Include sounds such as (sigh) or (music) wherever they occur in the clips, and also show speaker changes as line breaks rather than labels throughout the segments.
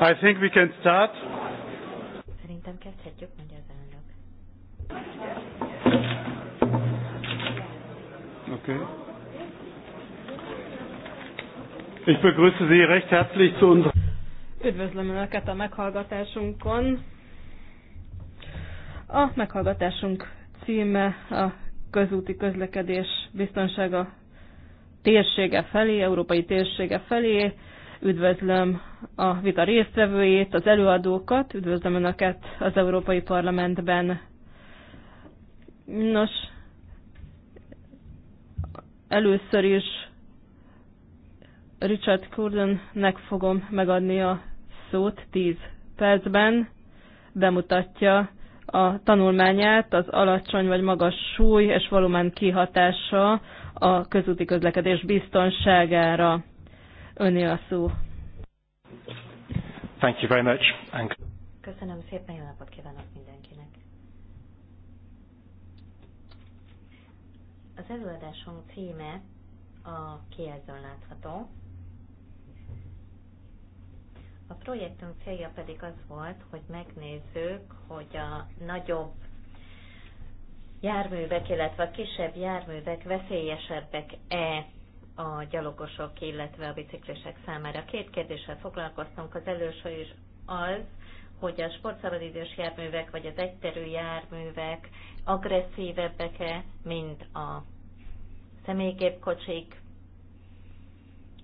I think we can start.
Szerintem kezdhetjük, mondja az elnök.
Okay. Ich begrüße
Sie recht herzlich zu unserer
Üdvözlöm Önöket a meghallgatásunkon. A meghallgatásunk címe a közúti közlekedés biztonsága térsége felé, európai térsége felé. Üdvözlöm a vita résztvevőjét, az előadókat, üdvözlöm Önöket az Európai Parlamentben. Nos, először is Richard Cordennek fogom megadni a szót 10 percben. Bemutatja a tanulmányát, az alacsony vagy magas súly és volumen kihatása a közúti közlekedés biztonságára. Öné a szó.
Thank you very much. And...
Köszönöm szépen, jó napot kívánok mindenkinek. Az előadásunk címe a kijelzőn látható. A projektünk célja pedig az volt, hogy megnézzük, hogy a nagyobb járművek, illetve a kisebb járművek veszélyesebbek-e a gyalogosok, illetve a biciklisek számára. Két kérdéssel foglalkoztunk. Az első is az, hogy a sportszabadidős járművek vagy az egyterű járművek agresszívebbek-e, mint a személygépkocsik,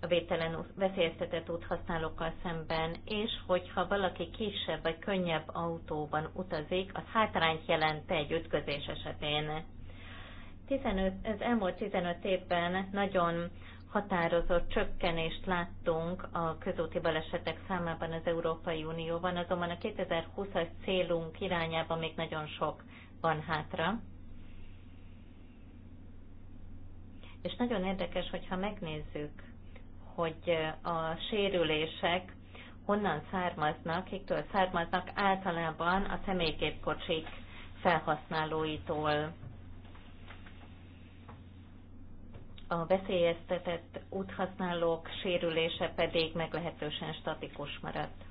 a vételen veszélyeztetett úthasználókkal szemben, és hogyha valaki kisebb vagy könnyebb autóban utazik, az hátrányt jelent egy ütközés esetén. 15, az elmúlt 15 évben nagyon határozott csökkenést láttunk a közúti balesetek számában az Európai Unióban, azonban a 2020-as célunk irányában még nagyon sok van hátra. És nagyon érdekes, hogyha megnézzük, hogy a sérülések honnan származnak, kiktől származnak, általában a személygépkocsik felhasználóitól a veszélyeztetett úthasználók sérülése pedig meglehetősen statikus maradt.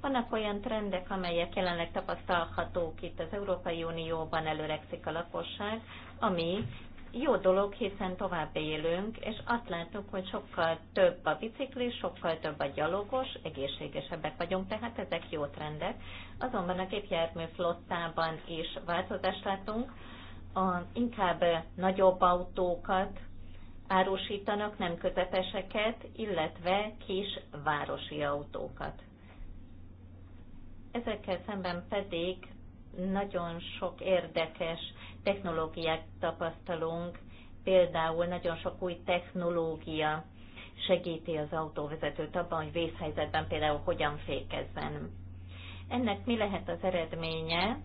Vannak olyan trendek, amelyek jelenleg tapasztalhatók itt az Európai Unióban előrekszik a lakosság, ami jó dolog, hiszen tovább élünk, és azt látjuk, hogy sokkal több a bicikli, sokkal több a gyalogos, egészségesebbek vagyunk, tehát ezek jó trendek. Azonban a gépjármű flottában is változást látunk, a, inkább nagyobb autókat árusítanak nem köteteseket, illetve kis városi autókat. Ezekkel szemben pedig nagyon sok érdekes technológiát tapasztalunk, például nagyon sok új technológia segíti az autóvezetőt abban, hogy vészhelyzetben például hogyan fékezzen. Ennek mi lehet az eredménye?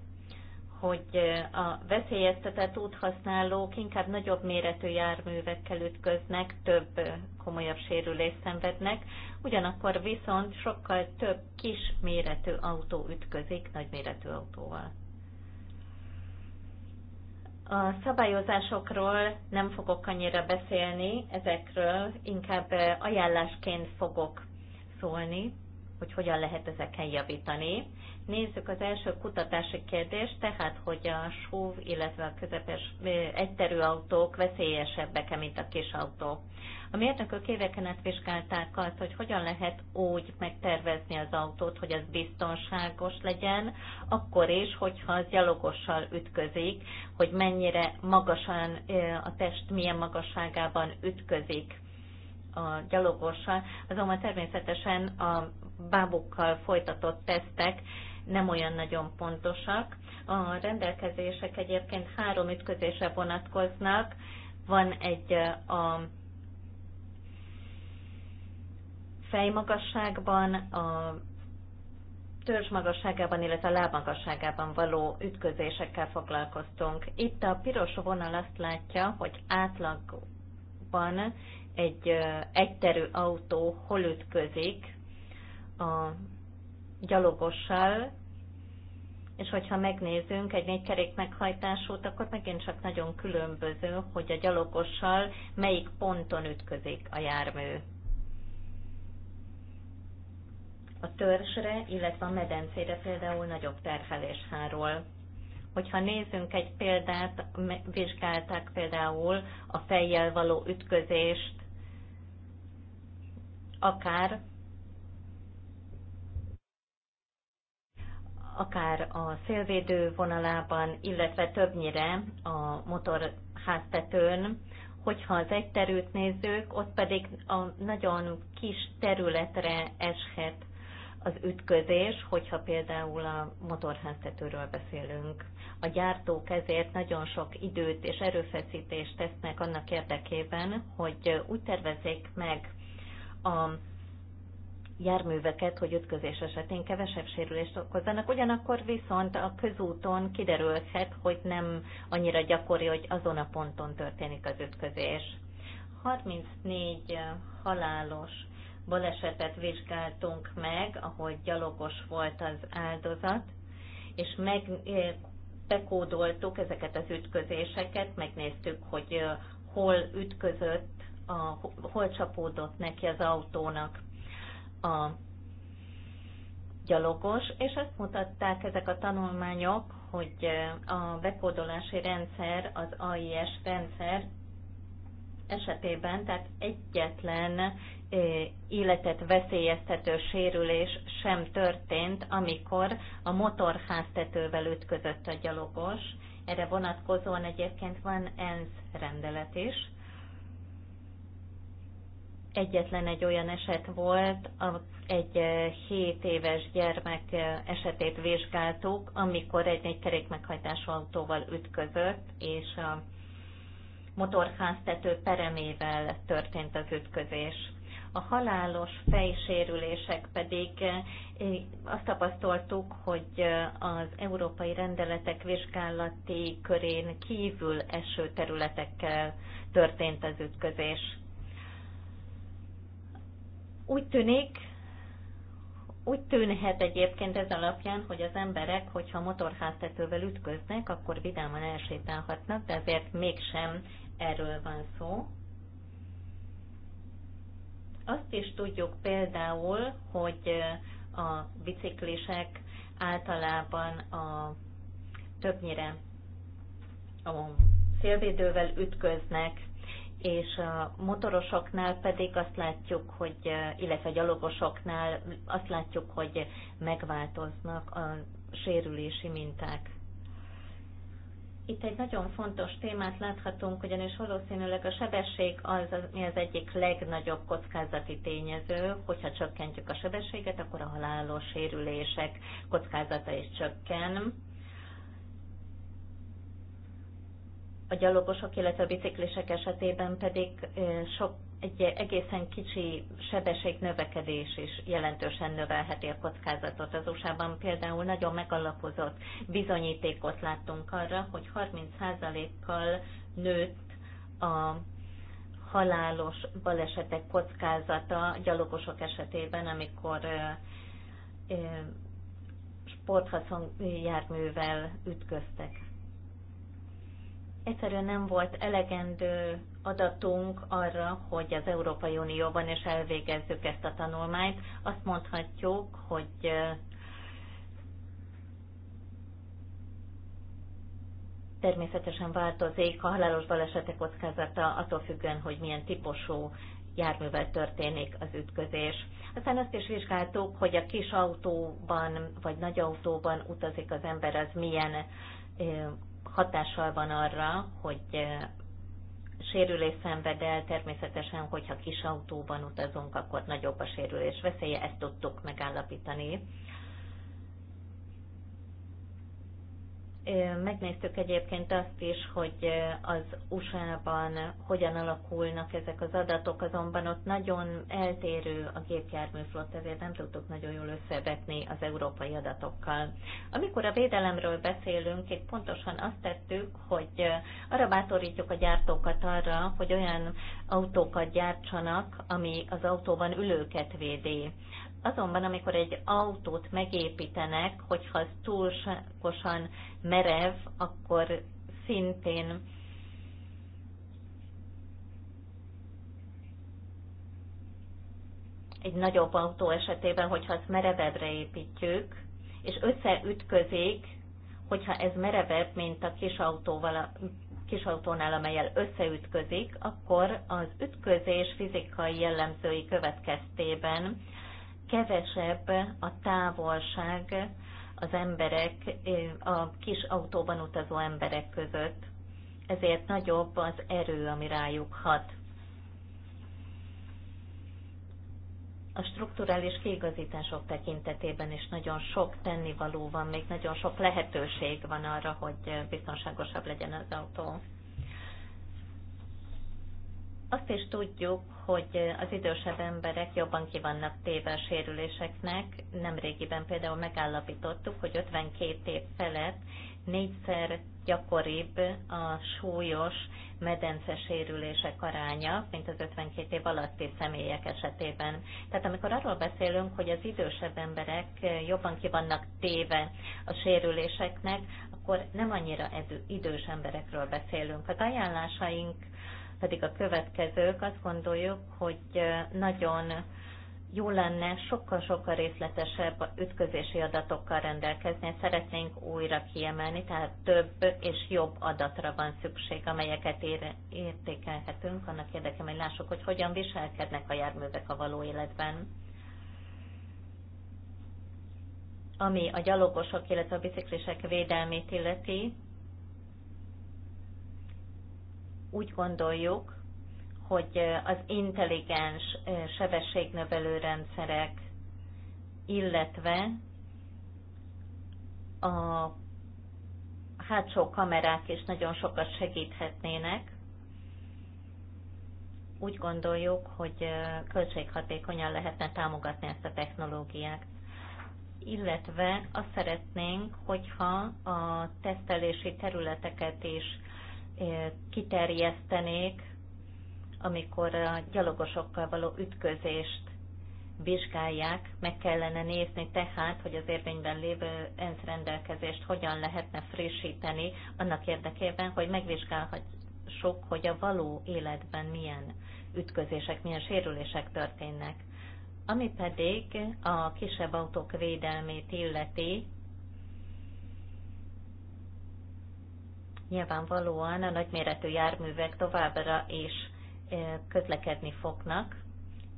hogy a veszélyeztetett úthasználók inkább nagyobb méretű járművekkel ütköznek, több komolyabb sérülést szenvednek, ugyanakkor viszont sokkal több kis méretű autó ütközik nagy méretű autóval. A szabályozásokról nem fogok annyira beszélni, ezekről inkább ajánlásként fogok szólni, hogy hogyan lehet ezeken javítani. Nézzük az első kutatási kérdést, tehát hogy a SUV, illetve a közepes egyterű autók veszélyesebbek-e, mint a kis autó. A mérnökök éveken át vizsgálták azt, hogy hogyan lehet úgy megtervezni az autót, hogy az biztonságos legyen, akkor is, hogyha az gyalogossal ütközik, hogy mennyire magasan a test milyen magasságában ütközik a gyalogossal, azonban természetesen a bábukkal folytatott tesztek nem olyan nagyon pontosak. A rendelkezések egyébként három ütközésre vonatkoznak. Van egy a fejmagasságban, a törzs magasságában, illetve a lábmagasságában való ütközésekkel foglalkoztunk. Itt a piros vonal azt látja, hogy átlagban egy egyterű autó hol ütközik a gyalogossal, és hogyha megnézünk egy négykerék meghajtásút, akkor megint csak nagyon különböző, hogy a gyalogossal melyik ponton ütközik a jármű. A törzsre, illetve a medencére például nagyobb terhelés hárul. Hogyha nézzünk egy példát, vizsgálták például a fejjel való ütközést, akár akár a szélvédő vonalában, illetve többnyire a motorháztetőn, hogyha az egyterűt nézők, ott pedig a nagyon kis területre eshet az ütközés, hogyha például a motorháztetőről beszélünk. A gyártók ezért nagyon sok időt és erőfeszítést tesznek annak érdekében, hogy úgy tervezzék meg a járműveket, hogy ütközés esetén kevesebb sérülést okozzanak. Ugyanakkor viszont a közúton kiderülhet, hogy nem annyira gyakori, hogy azon a ponton történik az ütközés. 34 halálos balesetet vizsgáltunk meg, ahol gyalogos volt az áldozat, és meg eh, bekódoltuk ezeket az ütközéseket, megnéztük, hogy eh, hol ütközött, a, hol csapódott neki az autónak a gyalogos, és ezt mutatták ezek a tanulmányok, hogy a bekódolási rendszer, az AIS rendszer esetében, tehát egyetlen életet veszélyeztető sérülés sem történt, amikor a motorháztetővel ütközött a gyalogos. Erre vonatkozóan egyébként van ENSZ rendelet is, egyetlen egy olyan eset volt, egy 7 eh, éves gyermek eh, esetét vizsgáltuk, amikor egy négykerék meghajtású autóval ütközött, és a motorháztető peremével történt az ütközés. A halálos fejsérülések pedig eh, azt tapasztaltuk, hogy az európai rendeletek vizsgálati körén kívül eső területekkel történt az ütközés úgy tűnik, úgy tűnhet egyébként ez alapján, hogy az emberek, hogyha motorháztetővel ütköznek, akkor vidáman elsétálhatnak, de azért mégsem erről van szó. Azt is tudjuk például, hogy a biciklisek általában a többnyire a szélvédővel ütköznek, és a motorosoknál pedig azt látjuk, hogy, illetve a gyalogosoknál azt látjuk, hogy megváltoznak a sérülési minták. Itt egy nagyon fontos témát láthatunk, ugyanis valószínűleg a sebesség az, ami az egyik legnagyobb kockázati tényező, hogyha csökkentjük a sebességet, akkor a halálos sérülések kockázata is csökken a gyalogosok, illetve a biciklisek esetében pedig sok, egy egészen kicsi sebességnövekedés is jelentősen növelheti a kockázatot. Az USA-ban például nagyon megalapozott bizonyítékot láttunk arra, hogy 30%-kal nőtt a halálos balesetek kockázata gyalogosok esetében, amikor sporthaszon járművel ütköztek egyszerűen nem volt elegendő adatunk arra, hogy az Európai Unióban is elvégezzük ezt a tanulmányt. Azt mondhatjuk, hogy természetesen változik a halálos balesetek kockázata attól függően, hogy milyen típusú járművel történik az ütközés. Aztán azt is vizsgáltuk, hogy a kis autóban vagy nagy autóban utazik az ember, az milyen hatással van arra, hogy sérülés szenved el, természetesen, hogyha kis autóban utazunk, akkor nagyobb a sérülés veszélye, ezt tudtuk megállapítani. Megnéztük egyébként azt is, hogy az USA-ban hogyan alakulnak ezek az adatok, azonban ott nagyon eltérő a gépjárműflott, ezért nem tudtuk nagyon jól összevetni az európai adatokkal. Amikor a védelemről beszélünk, itt pontosan azt tettük, hogy arra bátorítjuk a gyártókat arra, hogy olyan autókat gyártsanak, ami az autóban ülőket védi. Azonban, amikor egy autót megépítenek, hogyha az túlságosan merev, akkor szintén egy nagyobb autó esetében, hogyha azt merevebbre építjük, és összeütközik, hogyha ez merevebb, mint a kis, autóval, kis autónál, amelyel összeütközik, akkor az ütközés fizikai jellemzői következtében kevesebb a távolság az emberek, eh, a kis autóban utazó emberek között, ezért nagyobb az erő, ami rájuk hat. a strukturális kiigazítások tekintetében is nagyon sok tennivaló van, még nagyon sok lehetőség van arra, hogy biztonságosabb legyen az autó. Azt is tudjuk, hogy az idősebb emberek jobban kivannak téve a sérüléseknek. Nemrégiben például megállapítottuk, hogy 52 év felett négyszer gyakoribb a súlyos medence sérülések aránya, mint az 52 év alatti személyek esetében. Tehát amikor arról beszélünk, hogy az idősebb emberek jobban kivannak téve a sérüléseknek, akkor nem annyira idős emberekről beszélünk. Az ajánlásaink pedig a következők. Azt gondoljuk, hogy nagyon jó lenne sokkal-sokkal részletesebb ütközési adatokkal rendelkezni. Szeretnénk újra kiemelni, tehát több és jobb adatra van szükség, amelyeket értékelhetünk, annak érdekében, hogy lássuk, hogy hogyan viselkednek a járművek a való életben. Ami a gyalogosok, illetve a biciklisek védelmét illeti, úgy gondoljuk, hogy az intelligens sebességnövelő rendszerek, illetve a hátsó kamerák is nagyon sokat segíthetnének. Úgy gondoljuk, hogy költséghatékonyan lehetne támogatni ezt a technológiát. Illetve azt szeretnénk, hogyha a tesztelési területeket is kiterjesztenék, amikor a gyalogosokkal való ütközést vizsgálják, meg kellene nézni tehát, hogy az érvényben lévő ENSZ rendelkezést hogyan lehetne frissíteni annak érdekében, hogy megvizsgálhassuk, hogy a való életben milyen ütközések, milyen sérülések történnek. Ami pedig a kisebb autók védelmét illeti, Nyilvánvalóan a nagyméretű járművek továbbra is közlekedni fognak,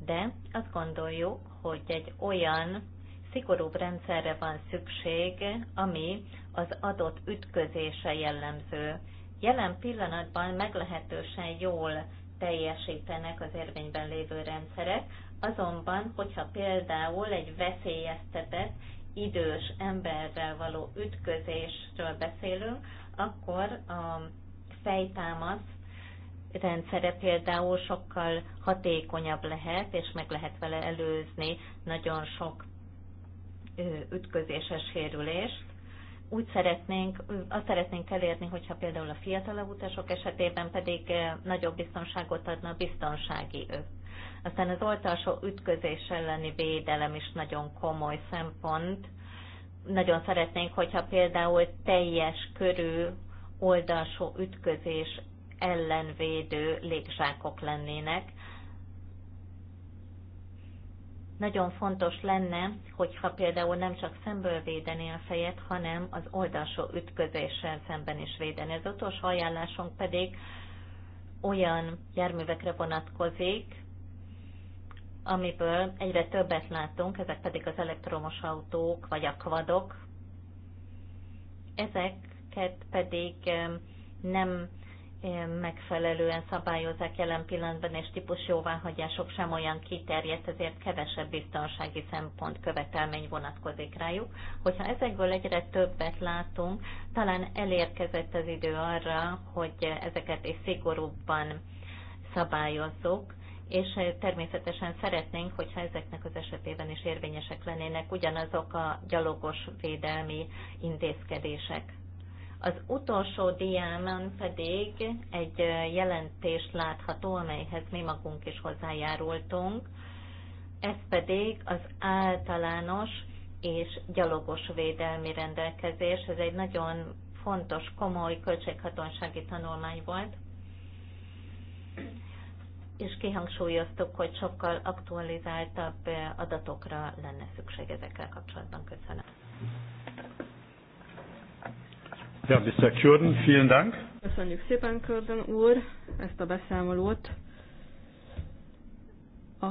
de azt gondoljuk, hogy egy olyan szigorúbb rendszerre van szükség, ami az adott ütközése jellemző. Jelen pillanatban meglehetősen jól teljesítenek az érvényben lévő rendszerek, azonban, hogyha például egy veszélyeztetett, idős emberrel való ütközésről beszélünk, akkor a fejtámasz rendszere például sokkal hatékonyabb lehet, és meg lehet vele előzni nagyon sok ütközéses sérülést. Úgy szeretnénk, azt szeretnénk elérni, hogyha például a fiatalabb utasok esetében pedig nagyobb biztonságot adna a biztonsági öv. Aztán az oltalsó ütközés elleni védelem is nagyon komoly szempont, nagyon szeretnénk, hogyha például teljes körű oldalsó ütközés ellenvédő légzsákok lennének. Nagyon fontos lenne, hogyha például nem csak szemből védeni a fejet, hanem az oldalsó ütközéssel szemben is védeni. Az utolsó ajánlásunk pedig olyan járművekre vonatkozik, amiből egyre többet látunk, ezek pedig az elektromos autók vagy a kvadok. Ezeket pedig nem megfelelően szabályozzák jelen pillanatban, és típus jóváhagyások sem olyan kiterjedt, ezért kevesebb biztonsági szempont követelmény vonatkozik rájuk. Hogyha ezekből egyre többet látunk, talán elérkezett az idő arra, hogy ezeket is szigorúbban szabályozzuk, és eh, természetesen szeretnénk, hogyha ezeknek az esetében is érvényesek lennének ugyanazok a gyalogos védelmi intézkedések. Az utolsó diámen pedig egy eh, jelentést látható, amelyhez mi magunk is hozzájárultunk, ez pedig az általános és gyalogos védelmi rendelkezés. Ez egy nagyon fontos, komoly költséghatonsági tanulmány volt, és kihangsúlyoztuk, hogy sokkal aktualizáltabb eh, adatokra lenne szükség ezekkel kapcsolatban. Köszönöm.
Ja, Mr. Kürden, vielen Dank.
Köszönjük szépen, Körden úr, ezt a beszámolót. A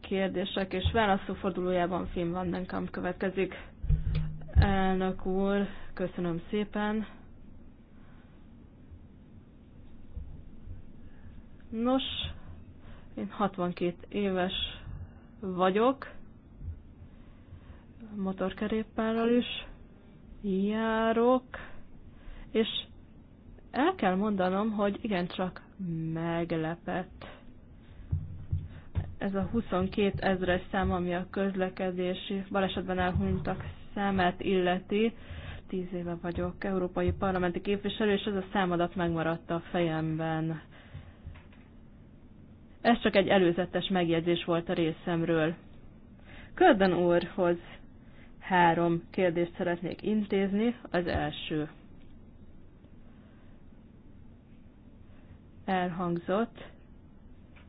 kérdések és válaszok fordulójában film van, nekem következik. Elnök úr, köszönöm szépen. Nos, én 62 éves vagyok, motorkeréppárral is járok, és el kell mondanom, hogy igencsak meglepett ez a 22 ezres szám, ami a közlekedési balesetben elhunytak számát illeti. Tíz éve vagyok európai parlamenti képviselő, és ez a számadat megmaradt a fejemben. Ez csak egy előzetes megjegyzés volt a részemről. Körben úrhoz három kérdést szeretnék intézni. Az első. Elhangzott,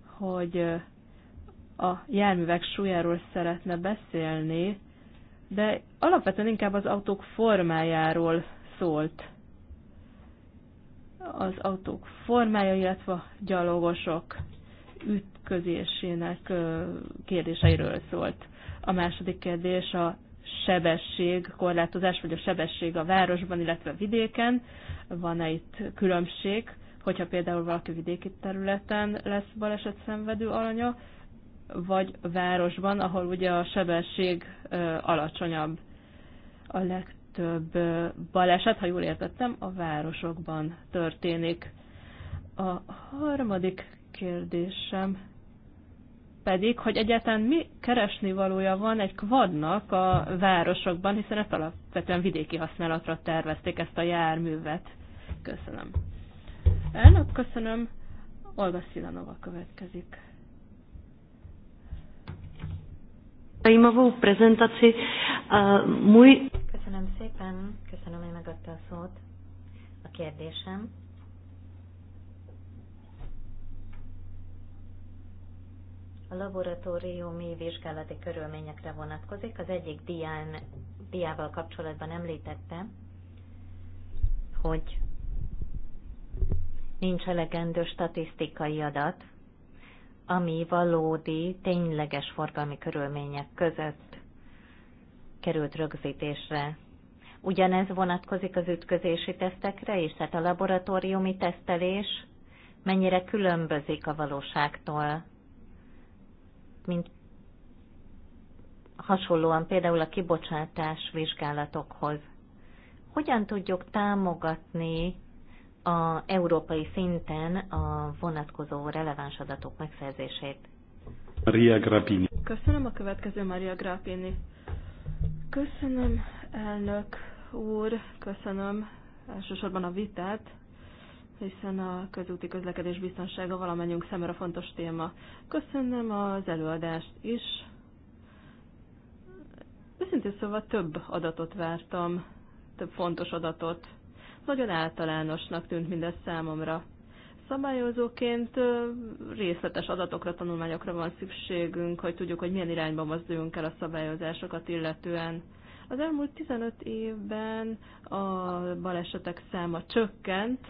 hogy a járművek súlyáról szeretne beszélni, de alapvetően inkább az autók formájáról szólt. Az autók formája, illetve a gyalogosok ütközésének kérdéseiről szólt. A második kérdés a sebesség, korlátozás, vagy a sebesség a városban, illetve vidéken. Van-e itt különbség, hogyha például valaki vidéki területen lesz baleset szenvedő alanya, vagy városban, ahol ugye a sebesség alacsonyabb. A legtöbb baleset, ha jól értettem, a városokban történik. A harmadik kérdésem pedig, hogy egyáltalán mi keresni valója van egy kvadnak a városokban, hiszen ezt alapvetően vidéki használatra tervezték ezt a járművet. Köszönöm. Elnök, köszönöm. Olga Szilanova következik. Zajímavou prezentaci. Uh, můj...
Köszönöm szépen, köszönöm, hogy megadta a szót. A kérdésem a laboratóriumi vizsgálati körülményekre vonatkozik. Az egyik dián, diával kapcsolatban említette, hogy nincs elegendő statisztikai adat, ami valódi, tényleges forgalmi körülmények között került rögzítésre. Ugyanez vonatkozik az ütközési tesztekre is, tehát a laboratóriumi tesztelés mennyire különbözik a valóságtól mint hasonlóan például a kibocsátás vizsgálatokhoz. Hogyan tudjuk támogatni a európai szinten a vonatkozó releváns adatok megszerzését?
Maria Grappini.
Köszönöm a következő Maria Grappini.
Köszönöm, elnök úr, köszönöm elsősorban a vitát, hiszen a közúti közlekedés biztonsága valamennyünk szemre fontos téma. Köszönöm az előadást is. Őszintén szóval több adatot vártam, több fontos adatot. Nagyon általánosnak tűnt mindez számomra. Szabályozóként részletes adatokra, tanulmányokra van szükségünk, hogy tudjuk, hogy milyen irányba mozduljunk el a szabályozásokat illetően. Az elmúlt 15 évben a balesetek száma csökkent,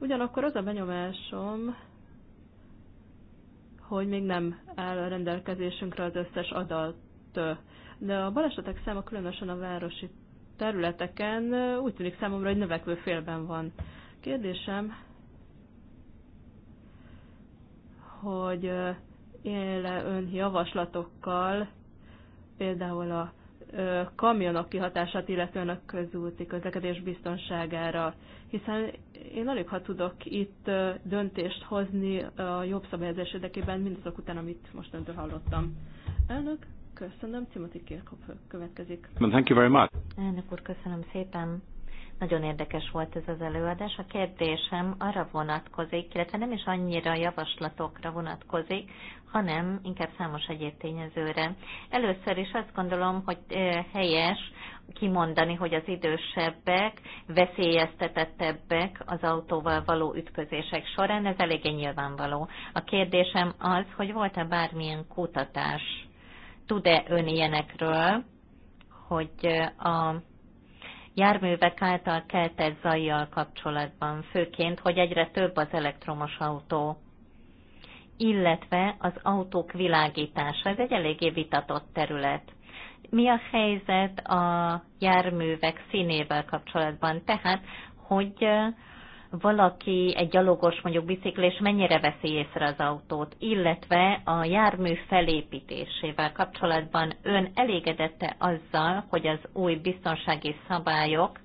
Ugyanakkor az a benyomásom, hogy még nem áll a rendelkezésünkre az összes adat. De a balesetek száma különösen a városi területeken úgy tűnik számomra, hogy növekvő félben van. Kérdésem, hogy él -e ön javaslatokkal, például a kamionok kihatását, illetően a közúti közlekedés biztonságára, hiszen én alig ha tudok itt döntést hozni a jobb szabályozás érdekében, mindazok után, amit most öntől hallottam. Elnök,
köszönöm, Timothy Kirchhoff következik. Thank you very much. Elnök úr, köszönöm szépen. Nagyon érdekes volt ez az előadás. A kérdésem arra vonatkozik, illetve nem is annyira javaslatokra vonatkozik, hanem inkább számos egyéb tényezőre. Először is azt gondolom, hogy helyes kimondani, hogy az idősebbek veszélyeztetettebbek az autóval való ütközések során, ez eléggé nyilvánvaló. A kérdésem az, hogy volt-e bármilyen kutatás, tud-e ön ilyenekről, hogy a járművek által keltett zajjal kapcsolatban, főként, hogy egyre több az elektromos autó, illetve az autók világítása. Ez egy eléggé vitatott terület. Mi a helyzet a járművek színével kapcsolatban? Tehát, hogy valaki, egy gyalogos mondjuk biciklés mennyire veszi észre az autót, illetve a jármű felépítésével kapcsolatban ön elégedette azzal, hogy az új biztonsági szabályok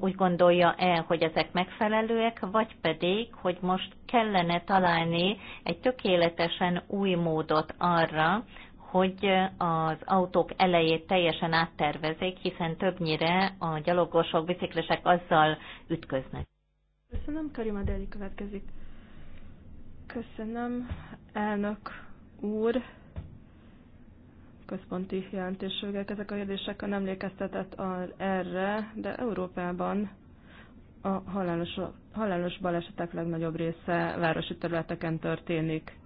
úgy gondolja el, hogy ezek megfelelőek, vagy pedig, hogy most kellene találni egy tökéletesen új módot arra, hogy az autók elejét teljesen áttervezik, hiszen többnyire a gyalogosok, biciklisek azzal ütköznek.
Köszönöm, Karim Adeli következik. Köszönöm, elnök úr. Központi jelentésségek, ezek a kérdések nem emlékeztetett erre, de Európában a halálos, halálos balesetek legnagyobb része városi területeken történik.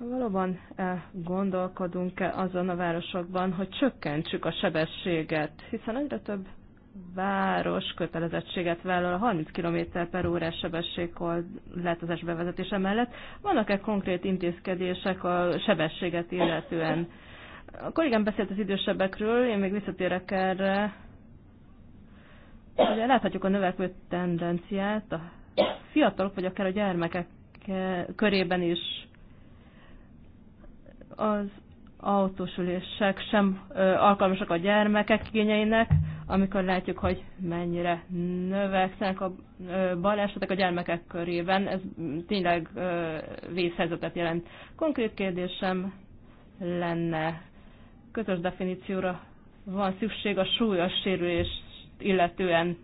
Valóban eh, gondolkodunk-e azon a városokban, hogy csökkentsük a sebességet, hiszen egyre több város kötelezettséget vállal a 30 km per órás sebességkorlátozás bevezetése mellett. Vannak-e konkrét intézkedések a sebességet illetően? A kollégám beszélt az idősebbekről, én még visszatérek erre. Ugye láthatjuk a növekvő tendenciát, a fiatalok vagy akár a gyermekek eh, körében is az autósülések sem alkalmasak a gyermekek igényeinek, amikor látjuk, hogy mennyire növekszenek a balesetek a gyermekek körében. Ez tényleg vészhelyzetet jelent. Konkrét kérdésem lenne, közös definícióra van szükség a súlyos sérülést illetően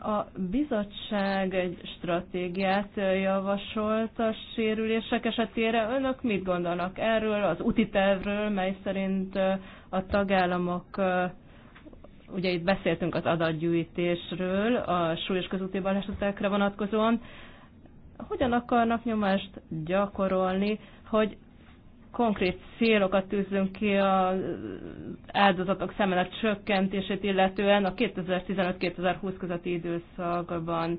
a bizottság egy stratégiát javasolt a sérülések esetére. Önök mit gondolnak erről, az úti tervről, mely szerint a tagállamok, ugye itt beszéltünk az adatgyűjtésről, a súlyos közúti balesetekre vonatkozóan, hogyan akarnak nyomást gyakorolni, hogy konkrét célokat tűzünk ki az áldozatok szemelet csökkentését illetően a 2015-2020 közötti időszakban.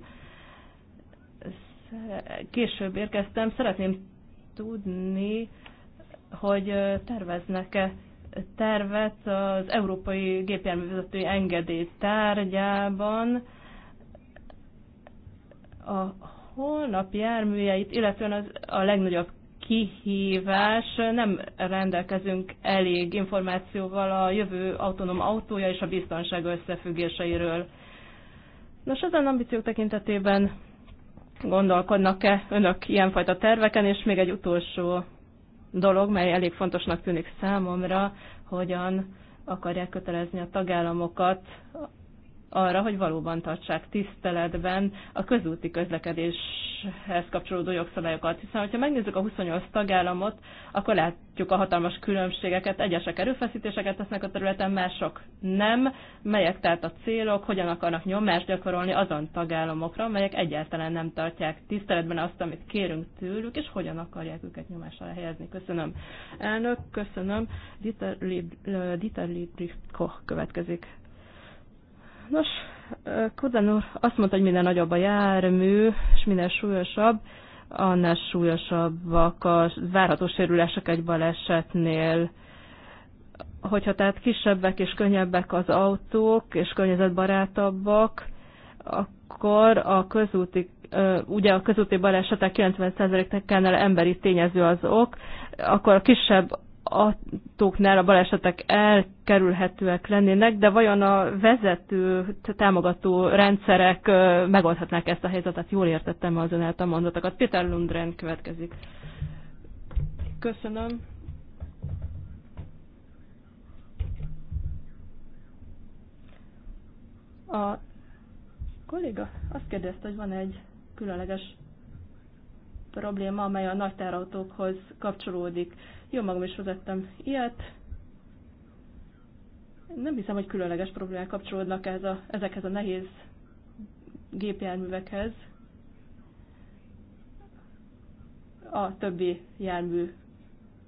Később érkeztem, szeretném tudni, hogy terveznek-e tervet az Európai Gépjárművezetői Engedély tárgyában a holnap járműjeit, illetve az, a legnagyobb kihívás, nem rendelkezünk elég információval a jövő autonóm autója és a biztonság összefüggéseiről. Nos, ezen ambíciók tekintetében gondolkodnak-e önök ilyenfajta terveken, és még egy utolsó dolog, mely elég fontosnak tűnik számomra, hogyan akarják kötelezni a tagállamokat arra, hogy valóban tartsák tiszteletben a közúti közlekedéshez kapcsolódó jogszabályokat. Hiszen, hogyha megnézzük a 28 tagállamot, akkor látjuk a hatalmas különbségeket, egyesek erőfeszítéseket tesznek a területen, mások nem, melyek tehát a célok, hogyan akarnak nyomást gyakorolni azon tagállamokra, melyek egyáltalán nem tartják tiszteletben azt, amit kérünk tőlük, és hogyan akarják őket nyomásra helyezni. Köszönöm. Elnök, köszönöm. Dieter, Lieb, Dieter Liebrich Koch következik. Nos, Kodan azt mondta, hogy minden nagyobb a jármű, és minden súlyosabb, annál súlyosabbak a várható sérülések egy balesetnél. Hogyha tehát kisebbek és könnyebbek az autók, és környezetbarátabbak, akkor a közúti ugye a közúti balesetek 90%-nál emberi tényező az ok, akkor a kisebb autóknál a balesetek elkerülhetőek lennének, de vajon a vezető támogató rendszerek megoldhatnák ezt a helyzetet? Jól értettem az ön a mondatokat. Peter Lundgren következik. Köszönöm. A kolléga azt kérdezte, hogy van egy különleges probléma, amely a nagy terautókhoz kapcsolódik. Jó magam is vezettem ilyet. Nem hiszem, hogy különleges problémák kapcsolódnak ez a, ezekhez a nehéz gépjárművekhez. A többi jármű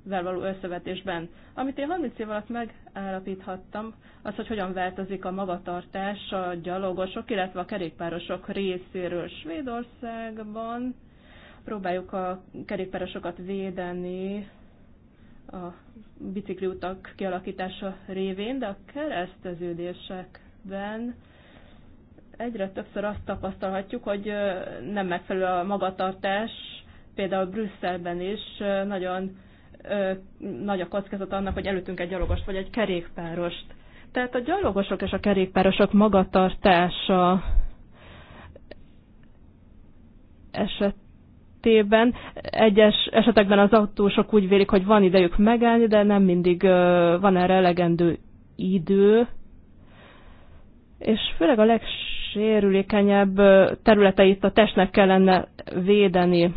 való összevetésben. Amit én 30 év alatt megállapíthattam, az, hogy hogyan változik a magatartás a gyalogosok, illetve a kerékpárosok részéről Svédországban. Próbáljuk a kerékpárosokat védeni a bicikliutak kialakítása révén, de a kereszteződésekben egyre többször azt tapasztalhatjuk, hogy nem megfelelő a magatartás, például Brüsszelben is nagyon nagy a kockázat annak, hogy előttünk egy gyalogost vagy egy kerékpárost. Tehát a gyalogosok és a kerékpárosok magatartása eset esetében egyes esetekben az autósok úgy vélik, hogy van idejük megállni, de nem mindig van erre elegendő idő, és főleg a legsérülékenyebb területeit a testnek kellene védeni.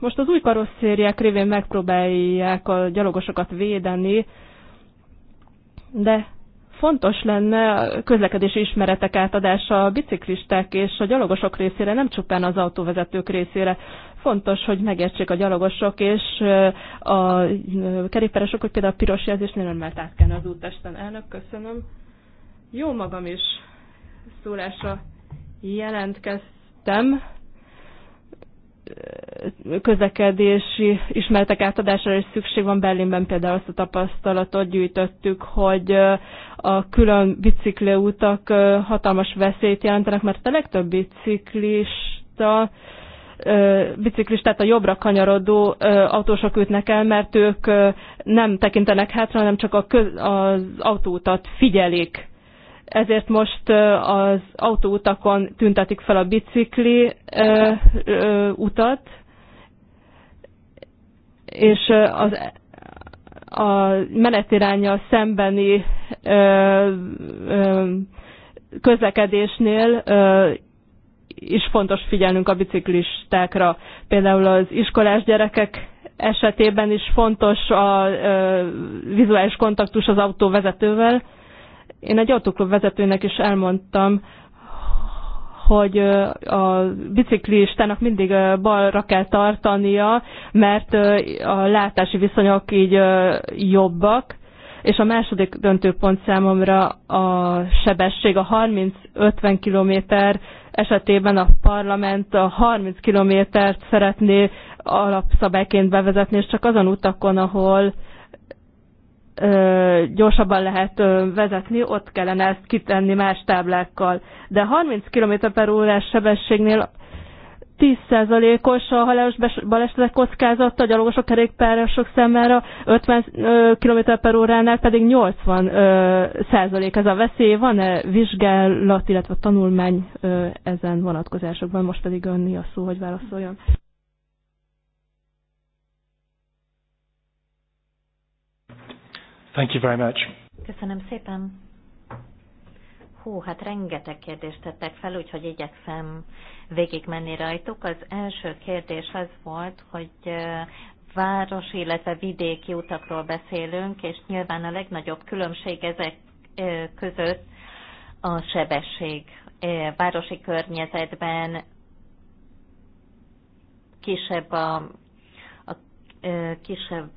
Most az új karosszériák révén megpróbálják a gyalogosokat védeni, de fontos lenne a közlekedési ismeretek átadása a biciklisták és a gyalogosok részére, nem csupán az autóvezetők részére. Fontos, hogy megértsék a gyalogosok és a kerékpárosok, hogy például a piros jelzésnél örmelt át kell az úttesten. Elnök, köszönöm. Jó magam is szólásra jelentkeztem közlekedési ismertek átadásra is szükség van. Berlinben például azt a tapasztalatot gyűjtöttük, hogy a külön bicikliútak hatalmas veszélyt jelentenek, mert a legtöbb biciklista biciklistát a jobbra kanyarodó autósok ütnek el, mert ők nem tekintenek hátra, hanem csak a köz, az autóutat figyelik. Ezért most az autóutakon tüntetik fel a bicikli utat, és az a menetirányjal szembeni ö, ö, közlekedésnél ö, is fontos figyelnünk a biciklistákra. Például az iskolás gyerekek esetében is fontos a ö, vizuális kontaktus az autó vezetővel. Én egy autóklub vezetőnek is elmondtam, hogy a biciklistának mindig balra kell tartania, mert a látási viszonyok így jobbak, és a második döntőpont számomra a sebesség, a 30-50 kilométer esetében a parlament a 30 kilométert szeretné alapszabályként bevezetni, és csak azon utakon, ahol ö, gyorsabban lehet ö, vezetni, ott kellene ezt kitenni más táblákkal. De 30 km per órás sebességnél 10%-os a halálos balesetek kockázata a gyalogosok kerékpárosok számára, 50 km per óránál pedig 80 ez a veszély. Van-e vizsgálat, illetve tanulmány ezen vonatkozásokban? Most pedig önni a
szó, hogy válaszoljon.
Thank you very much.
Köszönöm szépen. Hú, hát rengeteg kérdést tettek fel, úgyhogy igyekszem végigmenni rajtuk. Az első kérdés az volt, hogy város, illetve vidéki utakról beszélünk, és nyilván a legnagyobb különbség ezek között a sebesség. Városi környezetben kisebb a, a kisebb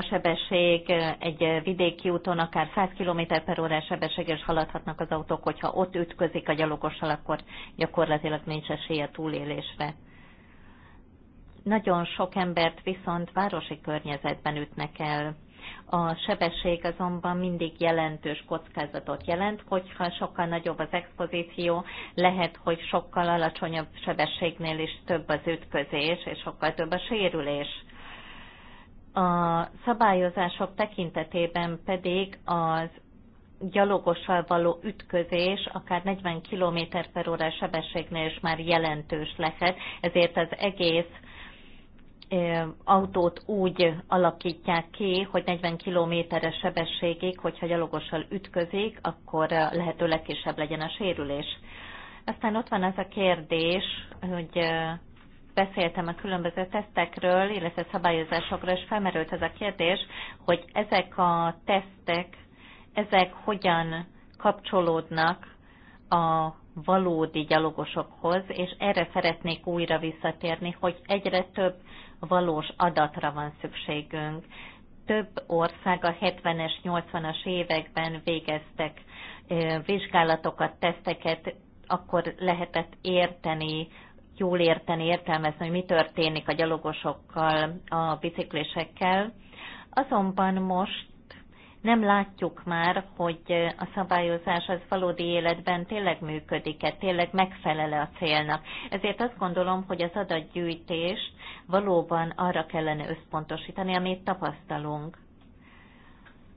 a sebesség egy vidéki úton akár 100 km per órás sebességes haladhatnak az autók, hogyha ott ütközik a gyalogossal, akkor gyakorlatilag nincs esélye túlélésre. Nagyon sok embert viszont városi környezetben ütnek el. A sebesség azonban mindig jelentős kockázatot jelent, hogyha sokkal nagyobb az expozíció, lehet, hogy sokkal alacsonyabb sebességnél is több az ütközés, és sokkal több a sérülés a szabályozások tekintetében pedig az gyalogossal való ütközés akár 40 km per óra sebességnél is már jelentős lehet, ezért az egész autót úgy alakítják ki, hogy 40 kilométeres sebességig, hogyha gyalogossal ütközik, akkor lehető legkisebb legyen a sérülés. Aztán ott van ez a kérdés, hogy beszéltem a különböző tesztekről, illetve szabályozásokról, és felmerült ez a kérdés, hogy ezek a tesztek, ezek hogyan kapcsolódnak a valódi gyalogosokhoz, és erre szeretnék újra visszatérni, hogy egyre több valós adatra van szükségünk. Több ország a 70-es, 80-as években végeztek vizsgálatokat, teszteket, akkor lehetett érteni jól érteni, értelmezni, hogy mi történik a gyalogosokkal, a biciklésekkel. Azonban most nem látjuk már, hogy a szabályozás az valódi életben tényleg működik-e, tényleg megfelele a célnak. Ezért azt gondolom, hogy az adatgyűjtést valóban arra kellene összpontosítani, amit tapasztalunk.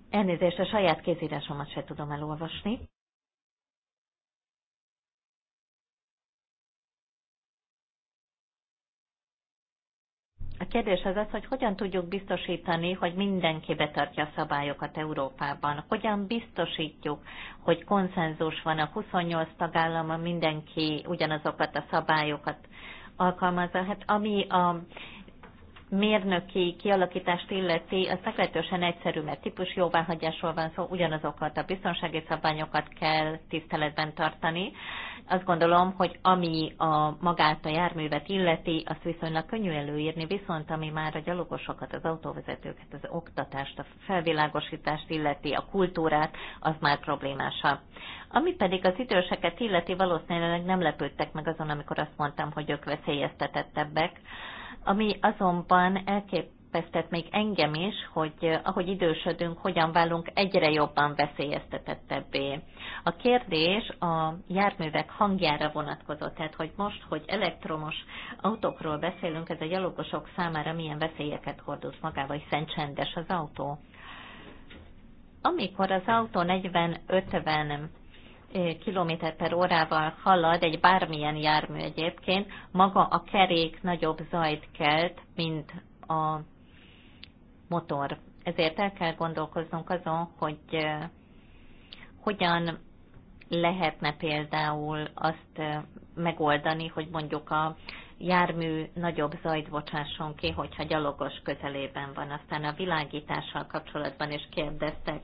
Elnézést, a saját kézírásomat se tudom elolvasni. A kérdés az az, hogy hogyan tudjuk biztosítani, hogy mindenki betartja a szabályokat Európában. Hogyan biztosítjuk, hogy konszenzus van a 28 tagállama, mindenki ugyanazokat a szabályokat alkalmazza. Hát ami a mérnöki kialakítást illeti, az meglehetősen egyszerű, mert típus jóváhagyásról van szó, ugyanazokat a biztonsági szabványokat kell tiszteletben tartani. Azt gondolom, hogy ami a magát a járművet illeti, azt viszonylag könnyű előírni, viszont ami már a gyalogosokat, az autóvezetőket, az oktatást, a felvilágosítást illeti, a kultúrát, az már problémása. Ami pedig az időseket illeti, valószínűleg nem lepődtek meg azon, amikor azt mondtam, hogy ők veszélyeztetettebbek. Ami azonban elképesztett még engem is, hogy eh, ahogy idősödünk, hogyan válunk egyre jobban veszélyeztetettebbé. A kérdés a járművek hangjára vonatkozott, tehát hogy most, hogy elektromos autókról beszélünk, ez a gyalogosok számára milyen veszélyeket hordoz magával, hiszen csendes az autó. Amikor az autó 40-50 km per órával halad egy bármilyen jármű egyébként, maga a kerék nagyobb zajt kelt, mint a motor. Ezért el kell gondolkoznunk azon, hogy hogyan lehetne például azt megoldani, hogy mondjuk a jármű nagyobb zajt bocsásson ki, hogyha gyalogos közelében van. Aztán a világítással kapcsolatban is kérdeztek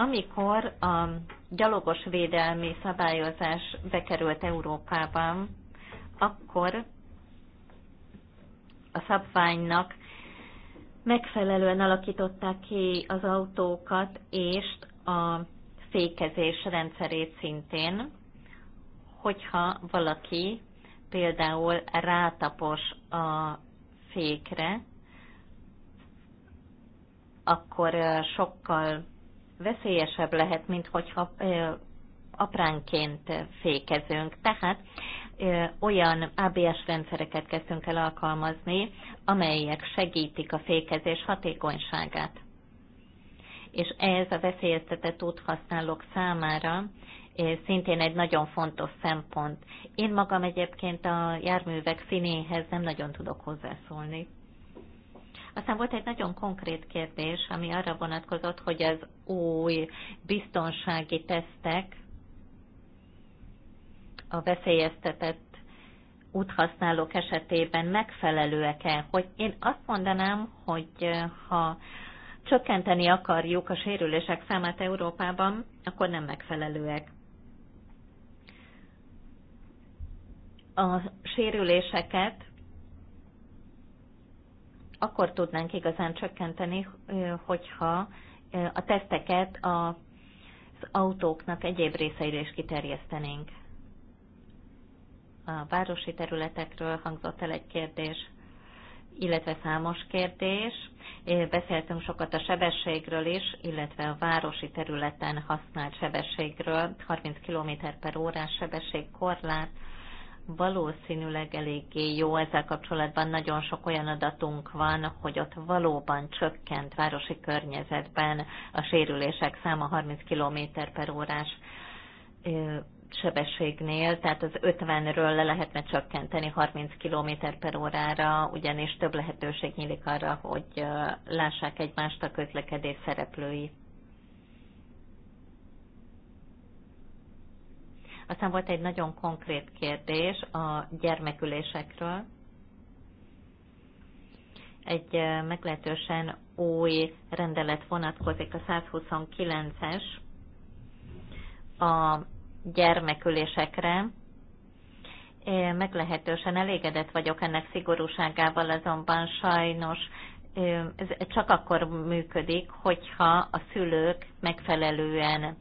amikor a gyalogos védelmi szabályozás bekerült Európában, akkor a szabványnak megfelelően alakították ki az autókat és a fékezés rendszerét szintén, hogyha valaki például rátapos a fékre, akkor sokkal veszélyesebb lehet, mint hogyha apránként fékezünk. Tehát olyan ABS rendszereket kezdtünk el alkalmazni, amelyek segítik a fékezés hatékonyságát. És ez a veszélyeztetett úthasználók számára szintén egy nagyon fontos szempont. Én magam egyébként a járművek színéhez nem nagyon tudok hozzászólni. Aztán volt egy nagyon konkrét kérdés, ami arra vonatkozott, hogy az új biztonsági tesztek a veszélyeztetett úthasználók esetében megfelelőek-e, hogy én azt mondanám, hogy eh, ha csökkenteni akarjuk a sérülések számát Európában, akkor nem megfelelőek. A sérüléseket akkor tudnánk igazán csökkenteni, hogyha a teszteket az autóknak egyéb részeire is kiterjesztenénk. A városi területekről hangzott el egy kérdés, illetve számos kérdés. Beszéltünk sokat a sebességről is, illetve a városi területen használt sebességről, 30 km per órás sebességkorlát, valószínűleg eléggé jó ezzel kapcsolatban. Nagyon sok olyan adatunk van, hogy ott valóban csökkent városi környezetben a sérülések száma 30 km per órás sebességnél, tehát az 50-ről le lehetne csökkenteni 30 km per órára, ugyanis több lehetőség nyílik arra, hogy lássák egymást a közlekedés szereplői. Aztán volt egy nagyon konkrét kérdés a gyermekülésekről. Egy meglehetősen új rendelet vonatkozik, a 129-es a gyermekülésekre, meglehetősen elégedett vagyok ennek szigorúságával, azonban sajnos ez csak akkor működik, hogyha a szülők megfelelően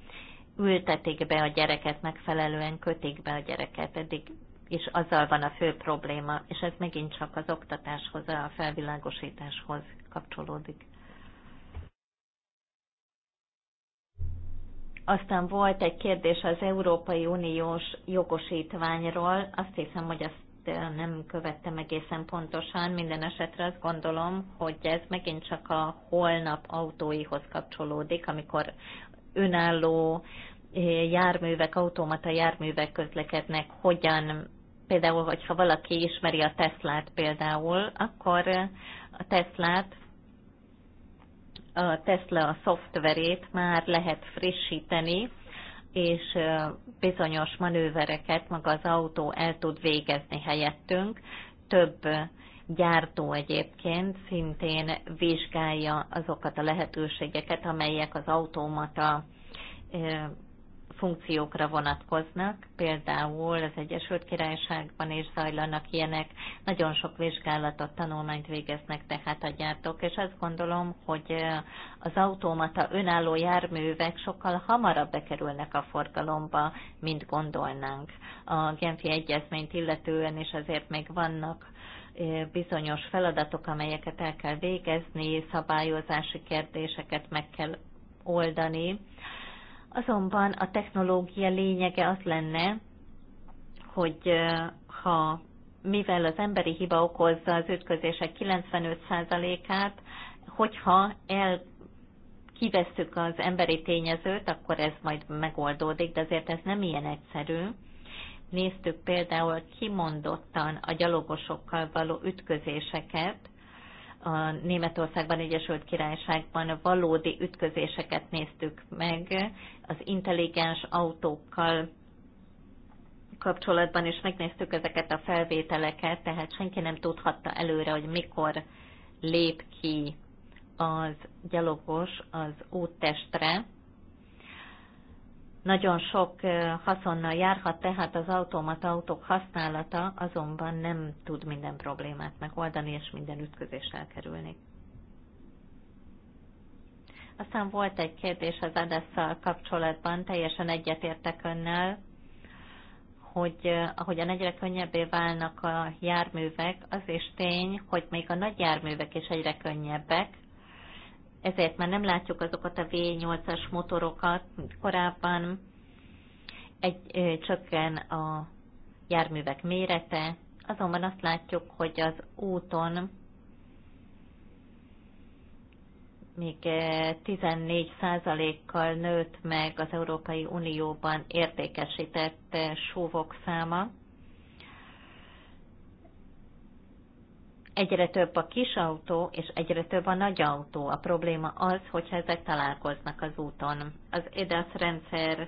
ültetik be a gyereket, megfelelően kötik be a gyereket, eddig és azzal van a fő probléma, és ez megint csak az oktatáshoz, a felvilágosításhoz kapcsolódik. Aztán volt egy kérdés az Európai Uniós jogosítványról, azt hiszem, hogy azt nem követtem egészen pontosan, minden esetre azt gondolom, hogy ez megint csak a holnap autóihoz kapcsolódik, amikor önálló eh, járművek, automata járművek közlekednek, hogyan például, hogyha valaki ismeri a Teslát például, akkor a Teslát, a Tesla a szoftverét már lehet frissíteni, és eh, bizonyos manővereket maga az autó el tud végezni helyettünk, több gyártó egyébként szintén vizsgálja azokat a lehetőségeket, amelyek az automata funkciókra vonatkoznak, például az Egyesült Királyságban is zajlanak ilyenek, nagyon sok vizsgálatot, tanulmányt végeznek tehát a gyártók, és azt gondolom, hogy az automata önálló járművek sokkal hamarabb bekerülnek a forgalomba, mint gondolnánk. A Genfi Egyezményt illetően is azért még vannak bizonyos feladatok, amelyeket el kell végezni, szabályozási kérdéseket meg kell oldani. Azonban a technológia lényege az lenne, hogy ha mivel az emberi hiba okozza az ütközések 95%-át, hogyha el kivesszük az emberi tényezőt, akkor ez majd megoldódik, de azért ez nem ilyen egyszerű néztük például kimondottan a gyalogosokkal való ütközéseket, a Németországban, Egyesült Királyságban valódi ütközéseket néztük meg, az intelligens autókkal kapcsolatban is megnéztük ezeket a felvételeket, tehát senki nem tudhatta előre, hogy mikor lép ki az gyalogos az úttestre, nagyon sok haszonnal járhat, tehát az automat autók használata azonban nem tud minden problémát megoldani, és minden ütközést elkerülni. Aztán volt egy kérdés az adásszal kapcsolatban, teljesen egyetértek önnel, hogy ahogyan egyre könnyebbé válnak a járművek, az is tény, hogy még a nagy járművek is egyre könnyebbek, ezért már nem látjuk azokat a V8-as motorokat, mint korábban. Egy, ö, csökken a járművek mérete, azonban azt látjuk, hogy az úton még 14%-kal nőtt meg az Európai Unióban értékesített súvok száma, egyre több a kis autó, és egyre több a nagy autó. A probléma az, hogyha ezek találkoznak az úton. Az EDAS rendszer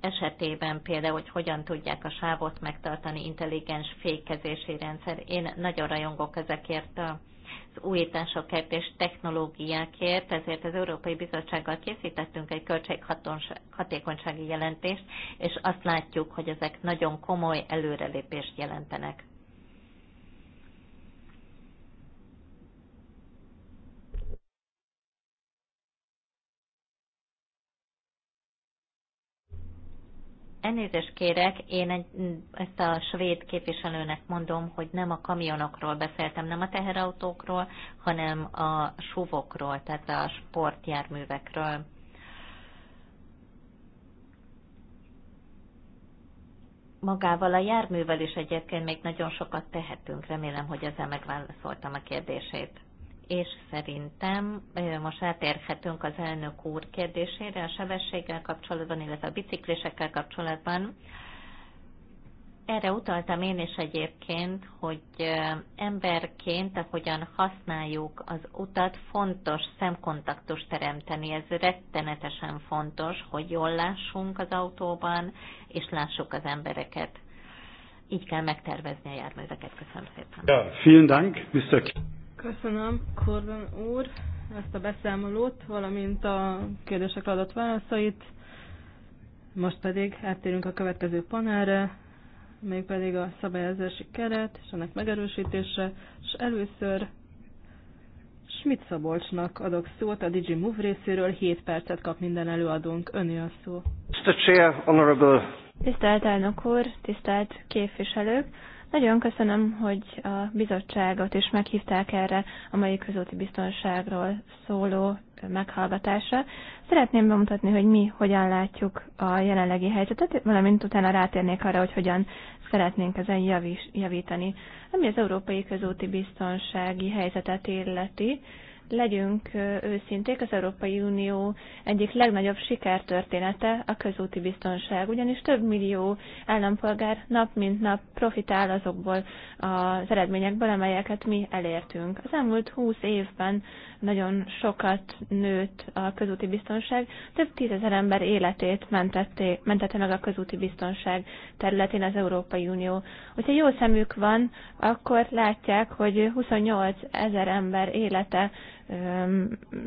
esetében például, hogy hogyan tudják a sávot megtartani intelligens fékezési rendszer. Én nagyon rajongok ezekért az újításokért és technológiákért, ezért az Európai Bizottsággal készítettünk egy költséghatékonysági jelentést, és azt látjuk, hogy ezek nagyon komoly előrelépést jelentenek. Elnézést kérek, én egy, mm, ezt a svéd képviselőnek mondom, hogy nem a kamionokról beszéltem, nem a teherautókról, hanem a suvokról, tehát a sportjárművekről. Magával a járművel is egyébként még nagyon sokat tehetünk. Remélem, hogy ezzel megválaszoltam a kérdését és szerintem most átérhetünk az elnök úr kérdésére a sebességgel kapcsolatban, illetve a biciklisekkel kapcsolatban. Erre utaltam én is egyébként, hogy emberként, ahogyan használjuk az utat, fontos szemkontaktust teremteni. Ez rettenetesen fontos, hogy jól lássunk az autóban, és lássuk az embereket. Így kell megtervezni a járműveket. Köszönöm szépen.
Ja, vielen Dank, Mr.
Köszönöm, kordon úr, ezt a beszámolót, valamint a kérdésekre adott válaszait. Most pedig áttérünk a következő panelre, még pedig a szabályozási keret és ennek megerősítése, és először Schmidt Szabolcsnak adok szót a Digi Move részéről, 7 percet kap minden előadónk. Öné a szó.
Mr. Chair, Honorable.
Tisztelt elnök úr, tisztelt képviselők! Nagyon köszönöm, hogy a
bizottságot is meghívták erre a mai közúti biztonságról szóló meghallgatásra. Szeretném bemutatni, hogy mi hogyan látjuk a jelenlegi helyzetet, valamint utána rátérnék arra, hogy hogyan szeretnénk ezen javítani. Ami az európai közúti biztonsági helyzetet illeti, legyünk őszinték, az Európai Unió egyik legnagyobb sikertörténete a közúti biztonság, ugyanis több millió állampolgár nap mint nap profitál azokból az eredményekből, amelyeket mi elértünk. Az elmúlt húsz évben nagyon sokat nőtt a közúti biztonság, több tízezer ember életét mentette, mentette meg a közúti biztonság területén az Európai Unió. Hogyha jó szemük van, akkor látják, hogy 28 ezer ember élete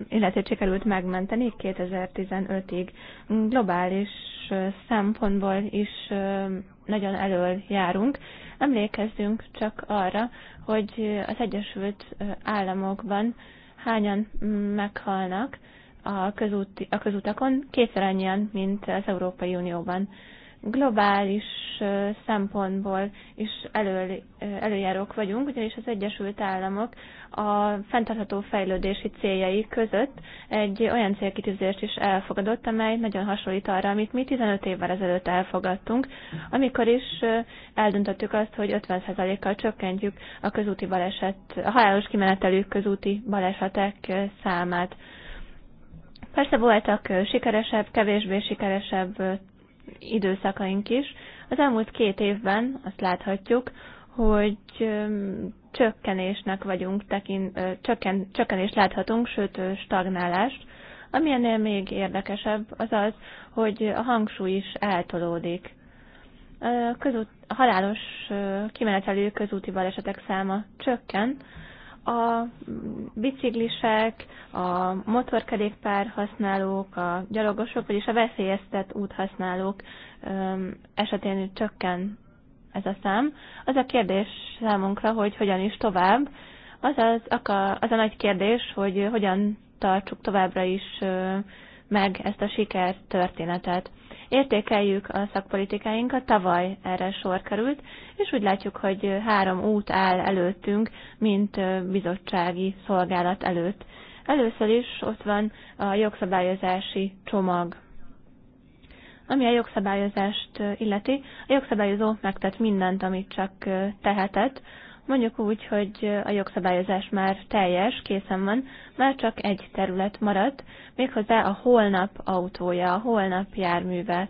életét sikerült megmenteni 2015-ig. Globális szempontból is nagyon elől járunk. Emlékezzünk csak arra, hogy az Egyesült Államokban hányan mm, meghalnak a, közúti, a közutakon, kétszer annyian, mint az Európai Unióban globális szempontból is elő, előjárók vagyunk, ugyanis az Egyesült Államok a fenntartható fejlődési céljai között egy olyan célkitűzést is elfogadott, amely nagyon hasonlít arra, amit mi 15 évvel ezelőtt elfogadtunk, amikor is eldöntöttük azt, hogy 50%-kal csökkentjük a közúti baleset, a halálos kimenetelő közúti balesetek számát. Persze voltak sikeresebb, kevésbé sikeresebb időszakaink is. Az elmúlt két évben azt láthatjuk, hogy csökkenésnek vagyunk, tekin, csökken, csökkenést láthatunk, sőt stagnálást. Ami ennél még érdekesebb, az az, hogy a hangsúly is eltolódik. A, közút, a halálos kimenetelő közúti balesetek száma csökken, a biciklisek, a motorkerékpár használók, a gyalogosok, vagyis a veszélyeztet úthasználók esetén csökken ez a szám. Az a kérdés számunkra, hogy hogyan is tovább, Az az a nagy kérdés, hogy hogyan tartsuk továbbra is meg ezt a történetet. Értékeljük a szakpolitikáinkat, tavaly erre sor került, és úgy látjuk, hogy három út áll előttünk, mint bizottsági szolgálat előtt. Először is ott van a jogszabályozási csomag. Ami a jogszabályozást illeti, a jogszabályozó megtett mindent, amit csak tehetett, Mondjuk úgy, hogy a jogszabályozás már teljes, készen van, már csak egy terület maradt, méghozzá a holnap autója, a holnap járműve.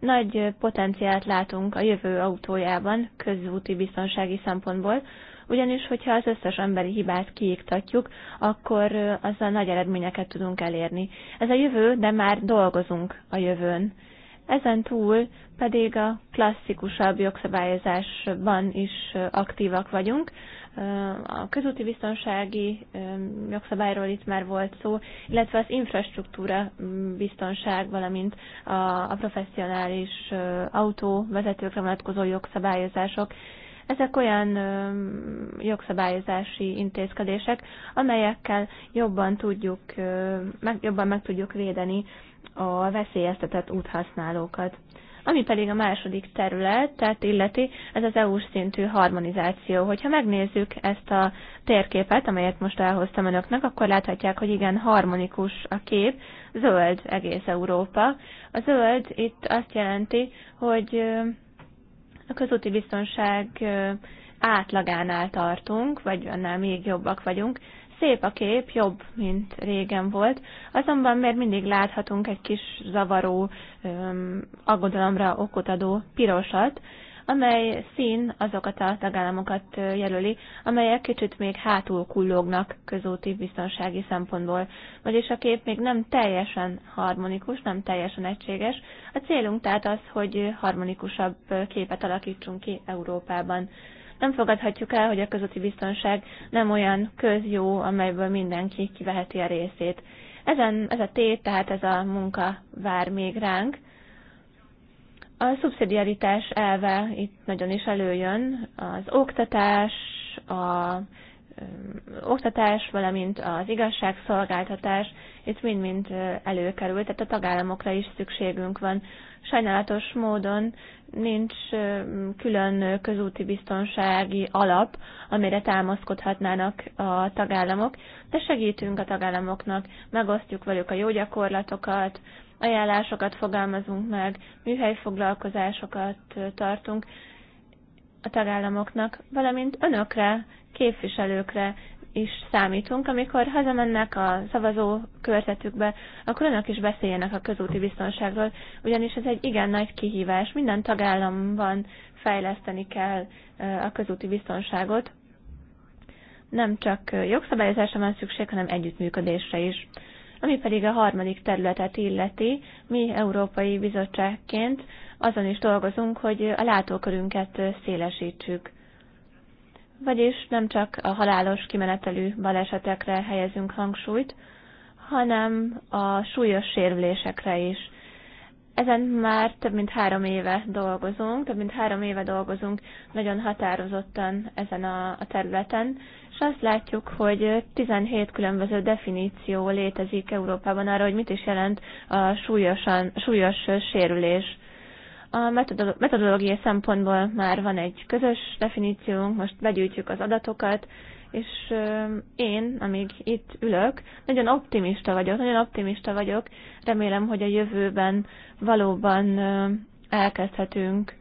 Nagy potenciált látunk a jövő autójában közúti biztonsági szempontból, ugyanis hogyha az összes emberi hibát kiiktatjuk, akkor azzal nagy eredményeket tudunk elérni. Ez a jövő, de már dolgozunk a jövőn. Ezen túl pedig a klasszikusabb jogszabályozásban is aktívak vagyunk. A közúti biztonsági jogszabályról itt már volt szó, illetve az infrastruktúra biztonság, valamint a, professzionális autóvezetőkre vonatkozó jogszabályozások. Ezek olyan jogszabályozási intézkedések, amelyekkel jobban tudjuk, jobban meg tudjuk védeni a veszélyeztetett úthasználókat. Ami pedig a második területet illeti, ez az EU-s szintű harmonizáció. Hogyha megnézzük ezt a térképet, amelyet most elhoztam önöknek, akkor láthatják, hogy igen, harmonikus a kép, zöld egész Európa. A zöld itt azt jelenti, hogy a közúti biztonság átlagánál tartunk, vagy annál még jobbak vagyunk, Szép a kép, jobb, mint régen volt, azonban mert mindig láthatunk egy kis zavaró, aggodalomra okot adó pirosat, amely szín azokat a tagállamokat jelöli, amelyek kicsit még hátul kullognak közúti biztonsági szempontból. Vagyis a kép még nem teljesen harmonikus, nem teljesen egységes. A célunk tehát az, hogy harmonikusabb képet alakítsunk ki Európában. Nem fogadhatjuk el, hogy a közötti biztonság nem olyan közjó, amelyből mindenki kiveheti a részét. Ezen, ez a tét, tehát ez a munka vár még ránk. A szubszidiaritás elve itt nagyon is előjön. Az oktatás, a oktatás, valamint az igazságszolgáltatás, itt mind-mind előkerül, tehát a tagállamokra is szükségünk van Sajnálatos módon nincs külön közúti biztonsági alap, amire támaszkodhatnának a tagállamok, de segítünk a tagállamoknak, megosztjuk velük a jó gyakorlatokat, ajánlásokat fogalmazunk meg, műhelyfoglalkozásokat tartunk a tagállamoknak, valamint önökre, képviselőkre is számítunk, amikor hazamennek a szavazó körzetükbe, akkor önök is beszéljenek a közúti biztonságról, ugyanis ez egy igen nagy kihívás. Minden tagállamban fejleszteni kell a közúti biztonságot. Nem csak jogszabályozásra van szükség, hanem együttműködésre is. Ami pedig a harmadik területet illeti, mi Európai Bizottságként azon is dolgozunk, hogy a látókörünket szélesítsük vagyis nem csak a halálos kimenetelű balesetekre helyezünk hangsúlyt, hanem a súlyos sérülésekre is. Ezen már több mint három éve dolgozunk, több mint három éve dolgozunk nagyon határozottan ezen a, a területen, és azt látjuk, hogy 17 különböző definíció létezik Európában arra, hogy mit is jelent a súlyosan, súlyos sérülés. A metodológiai szempontból már van egy közös definíciónk, most begyűjtjük az adatokat, és én, amíg itt ülök, nagyon optimista vagyok, nagyon optimista vagyok. Remélem, hogy a jövőben valóban elkezdhetünk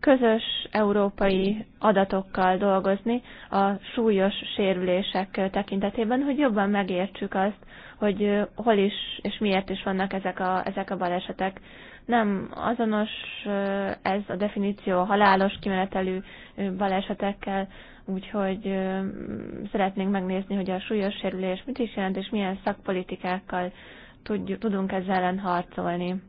közös európai adatokkal dolgozni a súlyos sérülések tekintetében, hogy jobban megértsük azt, hogy hol is és miért is vannak ezek a, ezek a balesetek nem azonos ez a definíció a halálos kimenetelű balesetekkel, úgyhogy szeretnénk megnézni, hogy a súlyos sérülés mit is jelent, és milyen szakpolitikákkal tudjuk, tudunk ezzel ellen harcolni.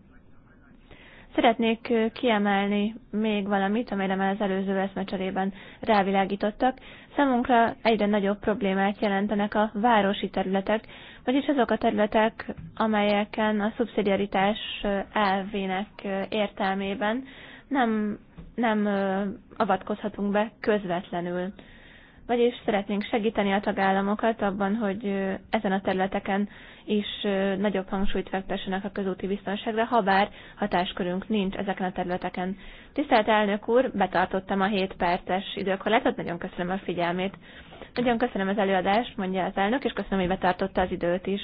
Szeretnék kiemelni még valamit, amelyre már az előző eszmecserében rávilágítottak. Számunkra egyre nagyobb problémát jelentenek a városi területek, vagyis azok a területek, amelyeken a szubszidiaritás elvének értelmében nem, nem avatkozhatunk be közvetlenül vagyis szeretnénk segíteni a tagállamokat abban, hogy ezen a területeken is nagyobb hangsúlyt fektessenek a közúti biztonságra, ha bár hatáskörünk nincs ezeken a területeken. Tisztelt elnök úr, betartottam a 7 perces időkorlátot, nagyon köszönöm a figyelmét.
Nagyon köszönöm az előadást, mondja az elnök, és köszönöm, hogy betartotta az időt is.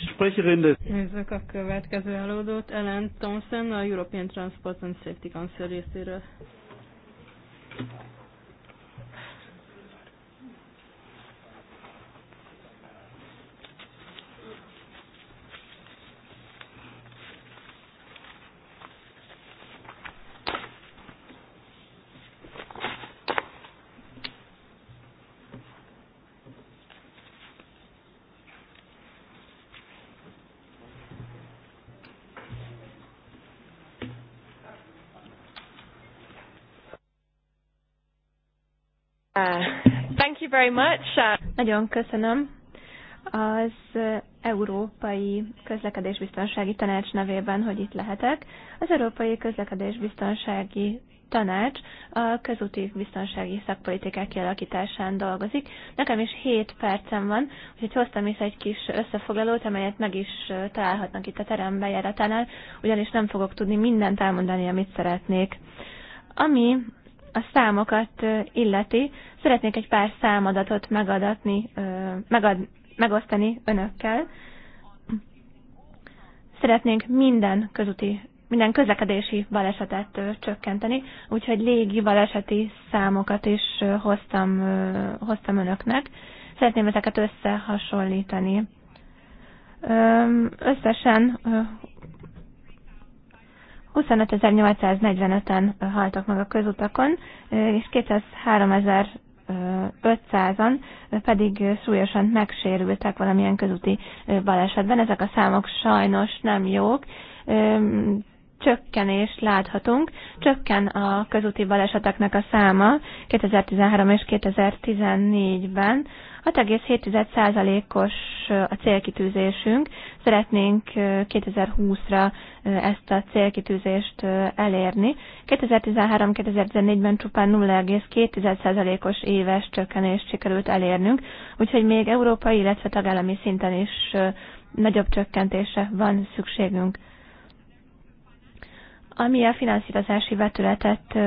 Nézzük a következő előadót, Ellen Thompson, a European Transport and Safety Council részéről.
Uh, thank you very much. Uh, Nagyon köszönöm. Az uh, Európai Közlekedésbiztonsági Tanács nevében, hogy itt lehetek. Az Európai Közlekedésbiztonsági Tanács a közúti biztonsági szakpolitikák kialakításán dolgozik. Nekem is 7 percem van, úgyhogy hoztam is egy kis összefoglalót, amelyet meg is találhatnak itt a terem bejáratánál, ugyanis nem fogok tudni mindent elmondani, amit szeretnék. Ami a számokat illeti, szeretnék egy pár számadatot megadatni, megad, megosztani önökkel. Szeretnénk minden közúti minden közlekedési balesetet csökkenteni, úgyhogy légi baleseti számokat is hoztam, hoztam önöknek. Szeretném ezeket összehasonlítani. Összesen 25.845-en haltak meg a közutakon, és 203.500-an pedig súlyosan megsérültek valamilyen közúti balesetben. Ezek a számok sajnos nem jók, Csökkenés láthatunk, csökken a közúti baleseteknek a száma 2013 és 2014-ben. 6,7%-os a célkitűzésünk. Szeretnénk 2020-ra ezt a célkitűzést elérni. 2013-2014-ben csupán 0,2%-os éves csökkenést sikerült elérnünk, úgyhogy még európai, illetve tagállami szinten is nagyobb csökkentése van szükségünk. Ami a finanszírozási vetületet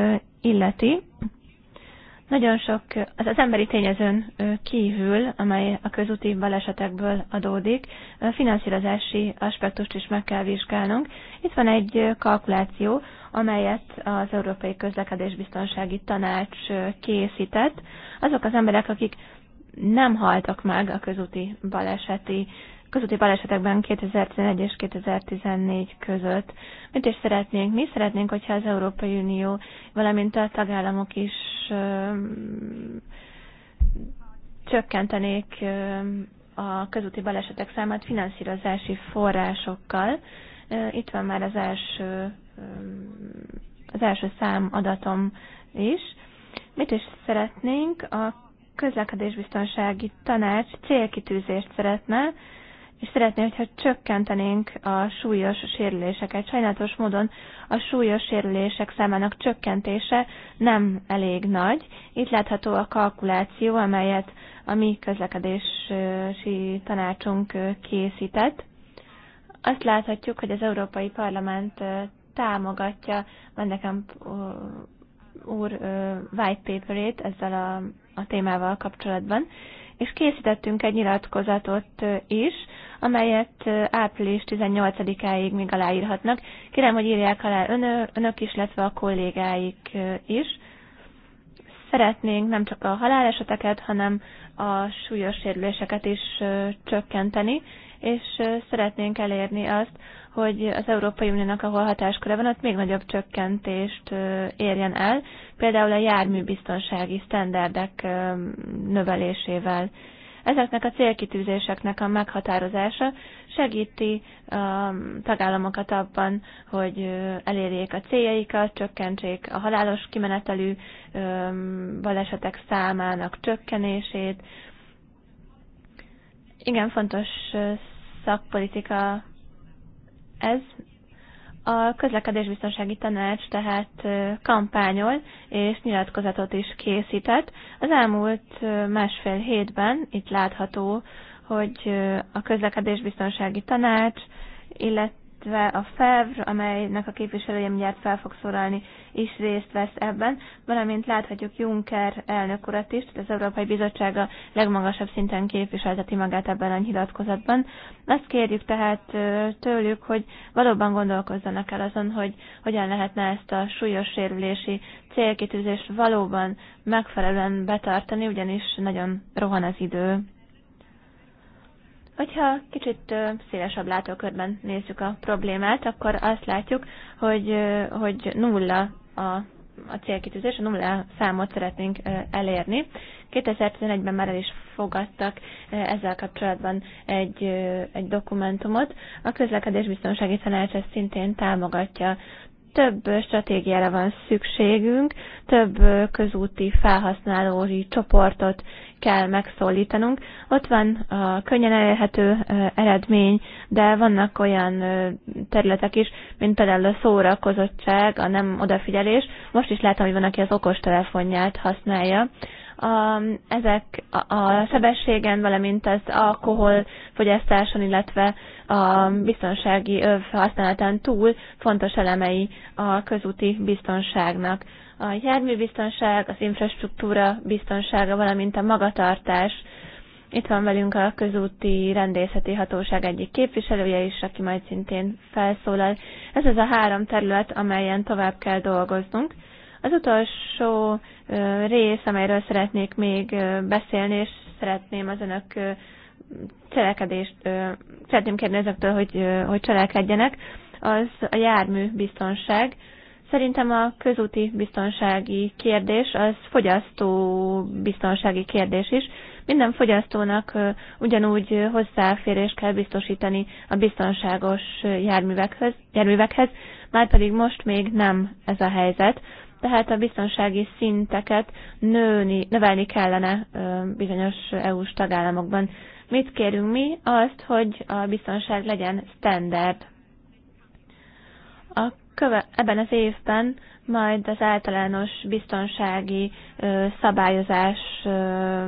illeti, nagyon sok, az, az emberi tényezőn kívül, amely a közúti balesetekből adódik, finanszírozási aspektust is meg kell vizsgálnunk. Itt van egy kalkuláció, amelyet az Európai Közlekedésbiztonsági Tanács készített. Azok az emberek, akik nem haltak meg a közúti baleseti közötti balesetekben 2011 és 2014 között. Mit is szeretnénk? Mi szeretnénk, hogyha az Európai Unió, valamint a tagállamok is csökkentenék a közúti balesetek számát finanszírozási forrásokkal. Itt van már az első, az első szám adatom is. Mit is szeretnénk? A közlekedésbiztonsági tanács célkitűzést szeretne, és szeretné, hogyha csökkentenénk a súlyos sérüléseket. Sajnálatos módon a súlyos sérülések számának csökkentése nem elég nagy. Itt látható a kalkuláció, amelyet a mi közlekedési tanácsunk készített. Azt láthatjuk, hogy az Európai Parlament támogatja Mendekem úr white paperét ezzel a, a témával kapcsolatban, és készítettünk egy nyilatkozatot is, amelyet április 18-áig még aláírhatnak. Kérem, hogy írják alá önök is, illetve a kollégáik is. Szeretnénk nem csak a haláleseteket, hanem a súlyos sérüléseket is csökkenteni, és szeretnénk elérni azt, hogy az Európai Uniónak, ahol hatásköre van, ott még nagyobb csökkentést érjen el, például a járműbiztonsági sztenderdek növelésével. Ezeknek a célkitűzéseknek a meghatározása segíti a tagállamokat abban, hogy elérjék a céljaikat, csökkentsék a halálos kimenetelű balesetek számának csökkenését. Igen, fontos szakpolitika ez, a közlekedésbiztonsági tanács tehát kampányol és nyilatkozatot is készített. Az elmúlt másfél hétben itt látható, hogy a közlekedésbiztonsági tanács, illetve illetve a FEVR, amelynek a képviselője mindjárt fel fog szólalni, is részt vesz ebben, valamint láthatjuk Juncker elnök urat is, az Európai Bizottsága legmagasabb szinten képviselteti magát ebben a nyilatkozatban. Azt kérjük tehát tőlük, hogy valóban gondolkozzanak el azon, hogy hogyan lehetne ezt a súlyos sérülési célkitűzést valóban megfelelően betartani, ugyanis nagyon rohan az idő. Hogyha kicsit szélesebb látókörben nézzük a problémát, akkor azt látjuk, hogy, hogy nulla a a célkitűzés, a nulla számot szeretnénk elérni. 2011-ben már el is fogadtak ezzel kapcsolatban egy, egy dokumentumot. A közlekedésbiztonsági tanács ezt szintén támogatja. Több stratégiára van szükségünk, több közúti felhasználói csoportot kell megszólítanunk. Ott van a könnyen elérhető eredmény, de vannak olyan területek is, mint például a szórakozottság, a nem odafigyelés. Most is látom, hogy van, aki az okostelefonját használja a, ezek a, a sebességen, valamint az alkohol fogyasztáson, illetve a biztonsági öv használatán túl fontos elemei a közúti biztonságnak a járműbiztonság, az infrastruktúra biztonsága, valamint a magatartás. Itt van velünk a közúti rendészeti hatóság egyik képviselője is, aki majd szintén felszólal. Ez az a három terület, amelyen tovább kell dolgoznunk. Az utolsó rész, amelyről szeretnék még beszélni, és szeretném az önök cselekedést, szeretném kérni ezektől, hogy, hogy cselekedjenek, az a jármű biztonság. Szerintem a közúti biztonsági kérdés az fogyasztó biztonsági kérdés is. Minden fogyasztónak ugyanúgy hozzáférés kell biztosítani a biztonságos járművekhez, járművekhez, már pedig most még nem ez a helyzet, tehát a biztonsági szinteket nőni, növelni kellene bizonyos EU-s tagállamokban. Mit kérünk mi? Azt, hogy a biztonság legyen standard. A köve, ebben az évben majd az általános biztonsági ö, szabályozás ö,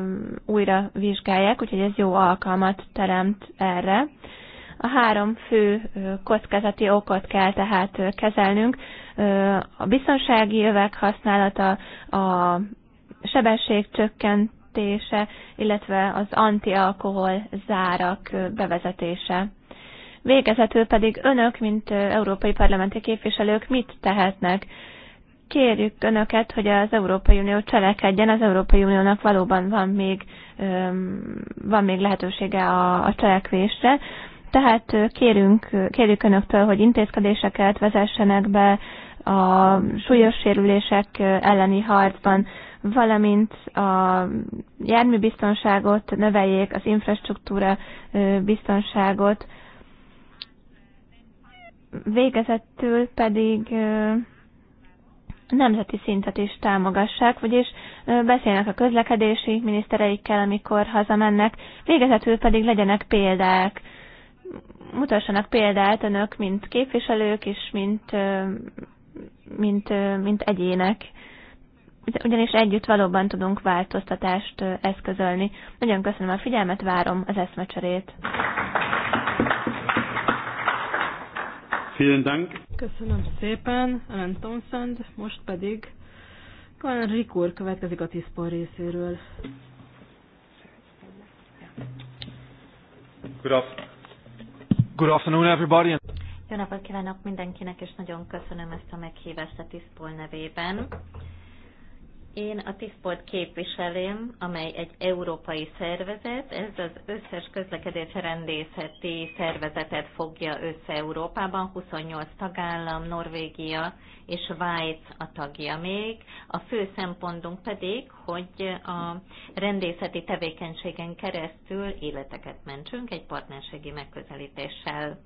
újra vizsgálják, úgyhogy ez jó alkalmat teremt erre. A három fő kockázati okot kell tehát kezelnünk. A biztonsági övek használata, a sebesség csökkentése, illetve az antialkohol zárak bevezetése. Végezetül pedig önök, mint európai parlamenti képviselők mit tehetnek? Kérjük önöket, hogy az Európai Unió cselekedjen, az Európai Uniónak valóban van még, van még lehetősége a, cselekvésre. Tehát kérünk, kérjük önöktől, hogy intézkedéseket vezessenek be a súlyos sérülések elleni harcban, valamint a járműbiztonságot növeljék, az infrastruktúra biztonságot, végezetül pedig nemzeti szintet is támogassák, vagyis beszélnek a közlekedési minisztereikkel, amikor hazamennek, végezetül pedig legyenek példák, mutassanak példát önök, mint képviselők és mint, mint, mint egyének. Ugyanis együtt valóban tudunk változtatást eszközölni. Nagyon köszönöm a figyelmet, várom az eszmecserét.
Vielen Dank.
Köszönöm szépen, Ellen Thompson. most pedig Karen Rikur következik a TISZPOR részéről.
Good, afternoon. Good afternoon, everybody.
Jó napot kívánok mindenkinek, és nagyon köszönöm ezt a meghívást a TISZPOL nevében. Én a TISZPOT képviselém, amely egy európai szervezet, ez az összes közlekedés rendészeti szervezetet fogja össze Európában, 28 tagállam, Norvégia és Vájc a tagja még. A fő szempontunk pedig, hogy a rendészeti tevékenységen keresztül életeket mentsünk egy partnerségi megközelítéssel.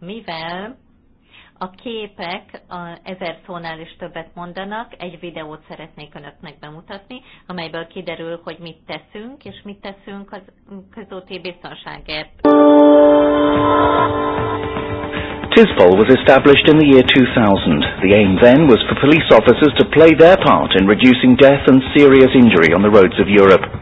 Mivel a képek a ezer szónál is többet mondanak. Egy videót szeretnék önöknek bemutatni, amelyből kiderül, hogy mit teszünk, és mit teszünk
az közúti biztonságért. TISPOL was established in the year 2000. The aim then was for police officers to play their part in reducing death and serious injury on the roads of Europe.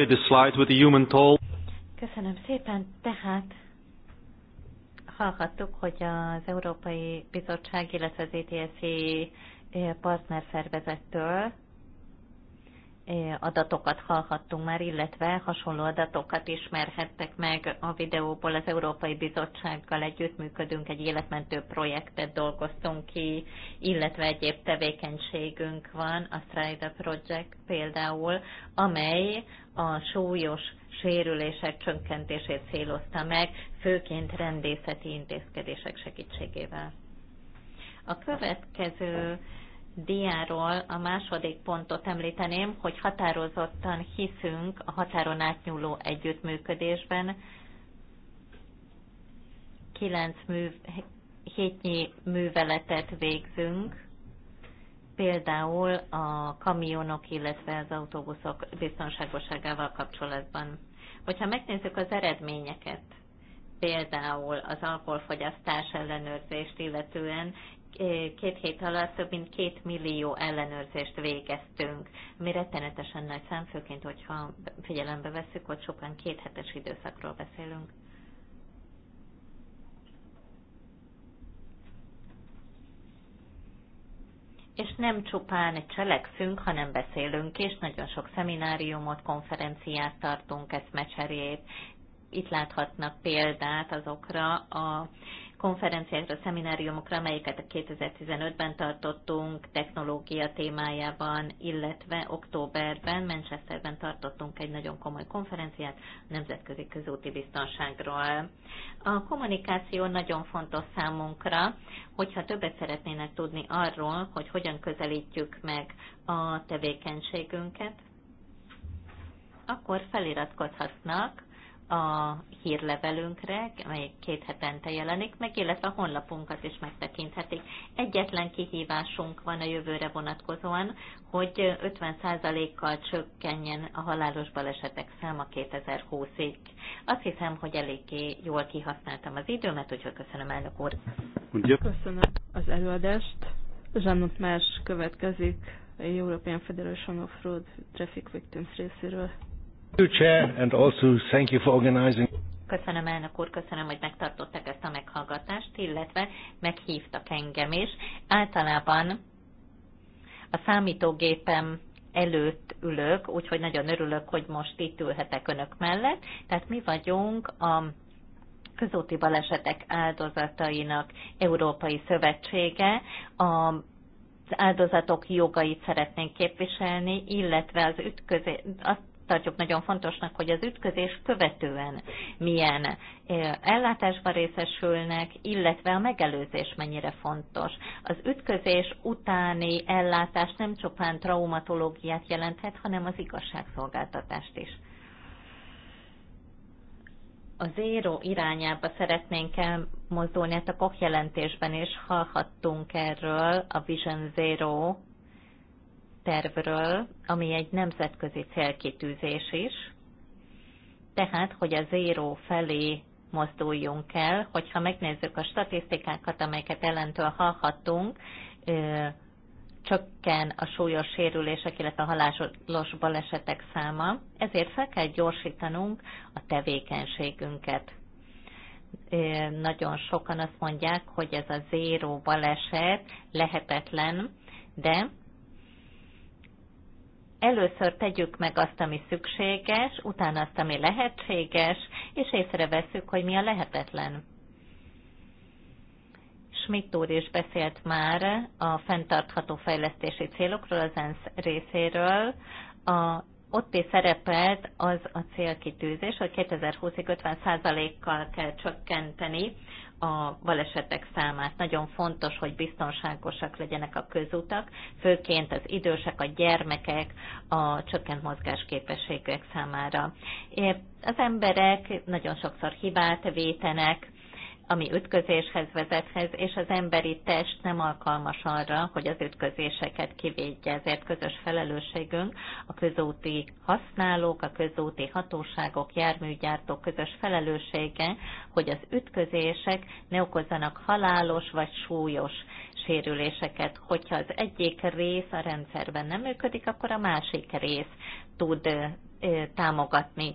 already this slide with the human toll.
Köszönöm szépen. Tehát hallhattuk, hogy az Európai Bizottság, illetve az ETSZ partnerszervezettől adatokat hallhattunk már, illetve hasonló adatokat ismerhettek meg a videóból. Az Európai Bizottsággal együttműködünk, egy életmentő projektet dolgoztunk ki, illetve egyéb tevékenységünk van, a Strida Project például, amely a súlyos sérülések csökkentését célozta meg, főként rendészeti intézkedések segítségével. A következő diáról a második pontot említeném, hogy határozottan hiszünk a határon átnyúló együttműködésben. Kilenc műv, hétnyi műveletet végzünk, például a kamionok, illetve az autóbuszok biztonságoságával kapcsolatban. Hogyha megnézzük az eredményeket, például az alkoholfogyasztás ellenőrzést illetően, két hét alatt több mint két millió ellenőrzést végeztünk, ami rettenetesen nagy szám, főként, hogyha figyelembe veszük, hogy csupán két hetes időszakról beszélünk. és nem csupán cselekszünk, hanem beszélünk és Nagyon sok szemináriumot, konferenciát tartunk, mecserét. Itt láthatnak példát azokra a konferenciákra, szemináriumokra, amelyeket 2015-ben tartottunk technológia témájában, illetve októberben Manchesterben tartottunk egy nagyon komoly konferenciát nemzetközi közúti biztonságról. A kommunikáció nagyon fontos számunkra, hogyha többet szeretnének tudni arról, hogy hogyan közelítjük meg a tevékenységünket, akkor feliratkozhatnak a hírlevelünkre, amely két hetente jelenik meg, illetve a honlapunkat is megtekinthetik. Egyetlen kihívásunk van a jövőre vonatkozóan, hogy 50%-kal csökkenjen a halálos balesetek száma 2020-ig. Azt hiszem, hogy eléggé jól kihasználtam az időmet, úgyhogy köszönöm, elnök úr. Köszönöm az előadást. Zsánut Más következik, European Federation of Road Traffic Victims részéről.
Köszönöm,
elnök úr, köszönöm, hogy megtartottak ezt a meghallgatást, illetve meghívtak engem is. Általában a számítógépem előtt ülök, úgyhogy nagyon örülök, hogy most itt ülhetek önök mellett. Tehát mi vagyunk a közúti balesetek áldozatainak Európai Szövetsége, a az áldozatok jogait szeretnénk képviselni, illetve az ütközé, azt tartjuk nagyon fontosnak, hogy az ütközés követően milyen ellátásban részesülnek, illetve a megelőzés mennyire fontos. Az ütközés utáni ellátás nem csupán traumatológiát jelenthet, hanem az igazságszolgáltatást is a zéro irányába szeretnénk elmozdulni, hát a kokjelentésben jelentésben is hallhattunk erről, a Vision Zero tervről, ami egy nemzetközi célkitűzés is, tehát, hogy a zéró felé mozduljunk el, hogyha megnézzük a statisztikákat, amelyeket ellentől hallhattunk, csökken a súlyos sérülések, illetve a halálos balesetek száma, ezért fel kell gyorsítanunk a tevékenységünket. Nagyon sokan azt mondják, hogy ez a zéró baleset lehetetlen, de először tegyük meg azt, ami szükséges, utána azt, ami lehetséges, és észreveszünk, hogy mi a lehetetlen. Schmidt úr is beszélt már a fenntartható fejlesztési célokról, az ENSZ részéről. A, ott is szerepelt az a célkitűzés, hogy 2020-ig 50%-kal kell csökkenteni a balesetek számát. Nagyon fontos, hogy biztonságosak legyenek a közutak, főként az idősek, a gyermekek, a csökkent mozgásképességek számára. Az emberek nagyon sokszor hibát vétenek, ami ütközéshez vezethez, és az emberi test nem alkalmas arra, hogy az ütközéseket kivédje. Ezért közös felelősségünk a közúti használók, a közúti hatóságok, járműgyártók közös felelőssége, hogy az ütközések ne okozzanak halálos vagy súlyos sérüléseket. Hogyha az egyik rész a rendszerben nem működik, akkor a másik rész tud támogatni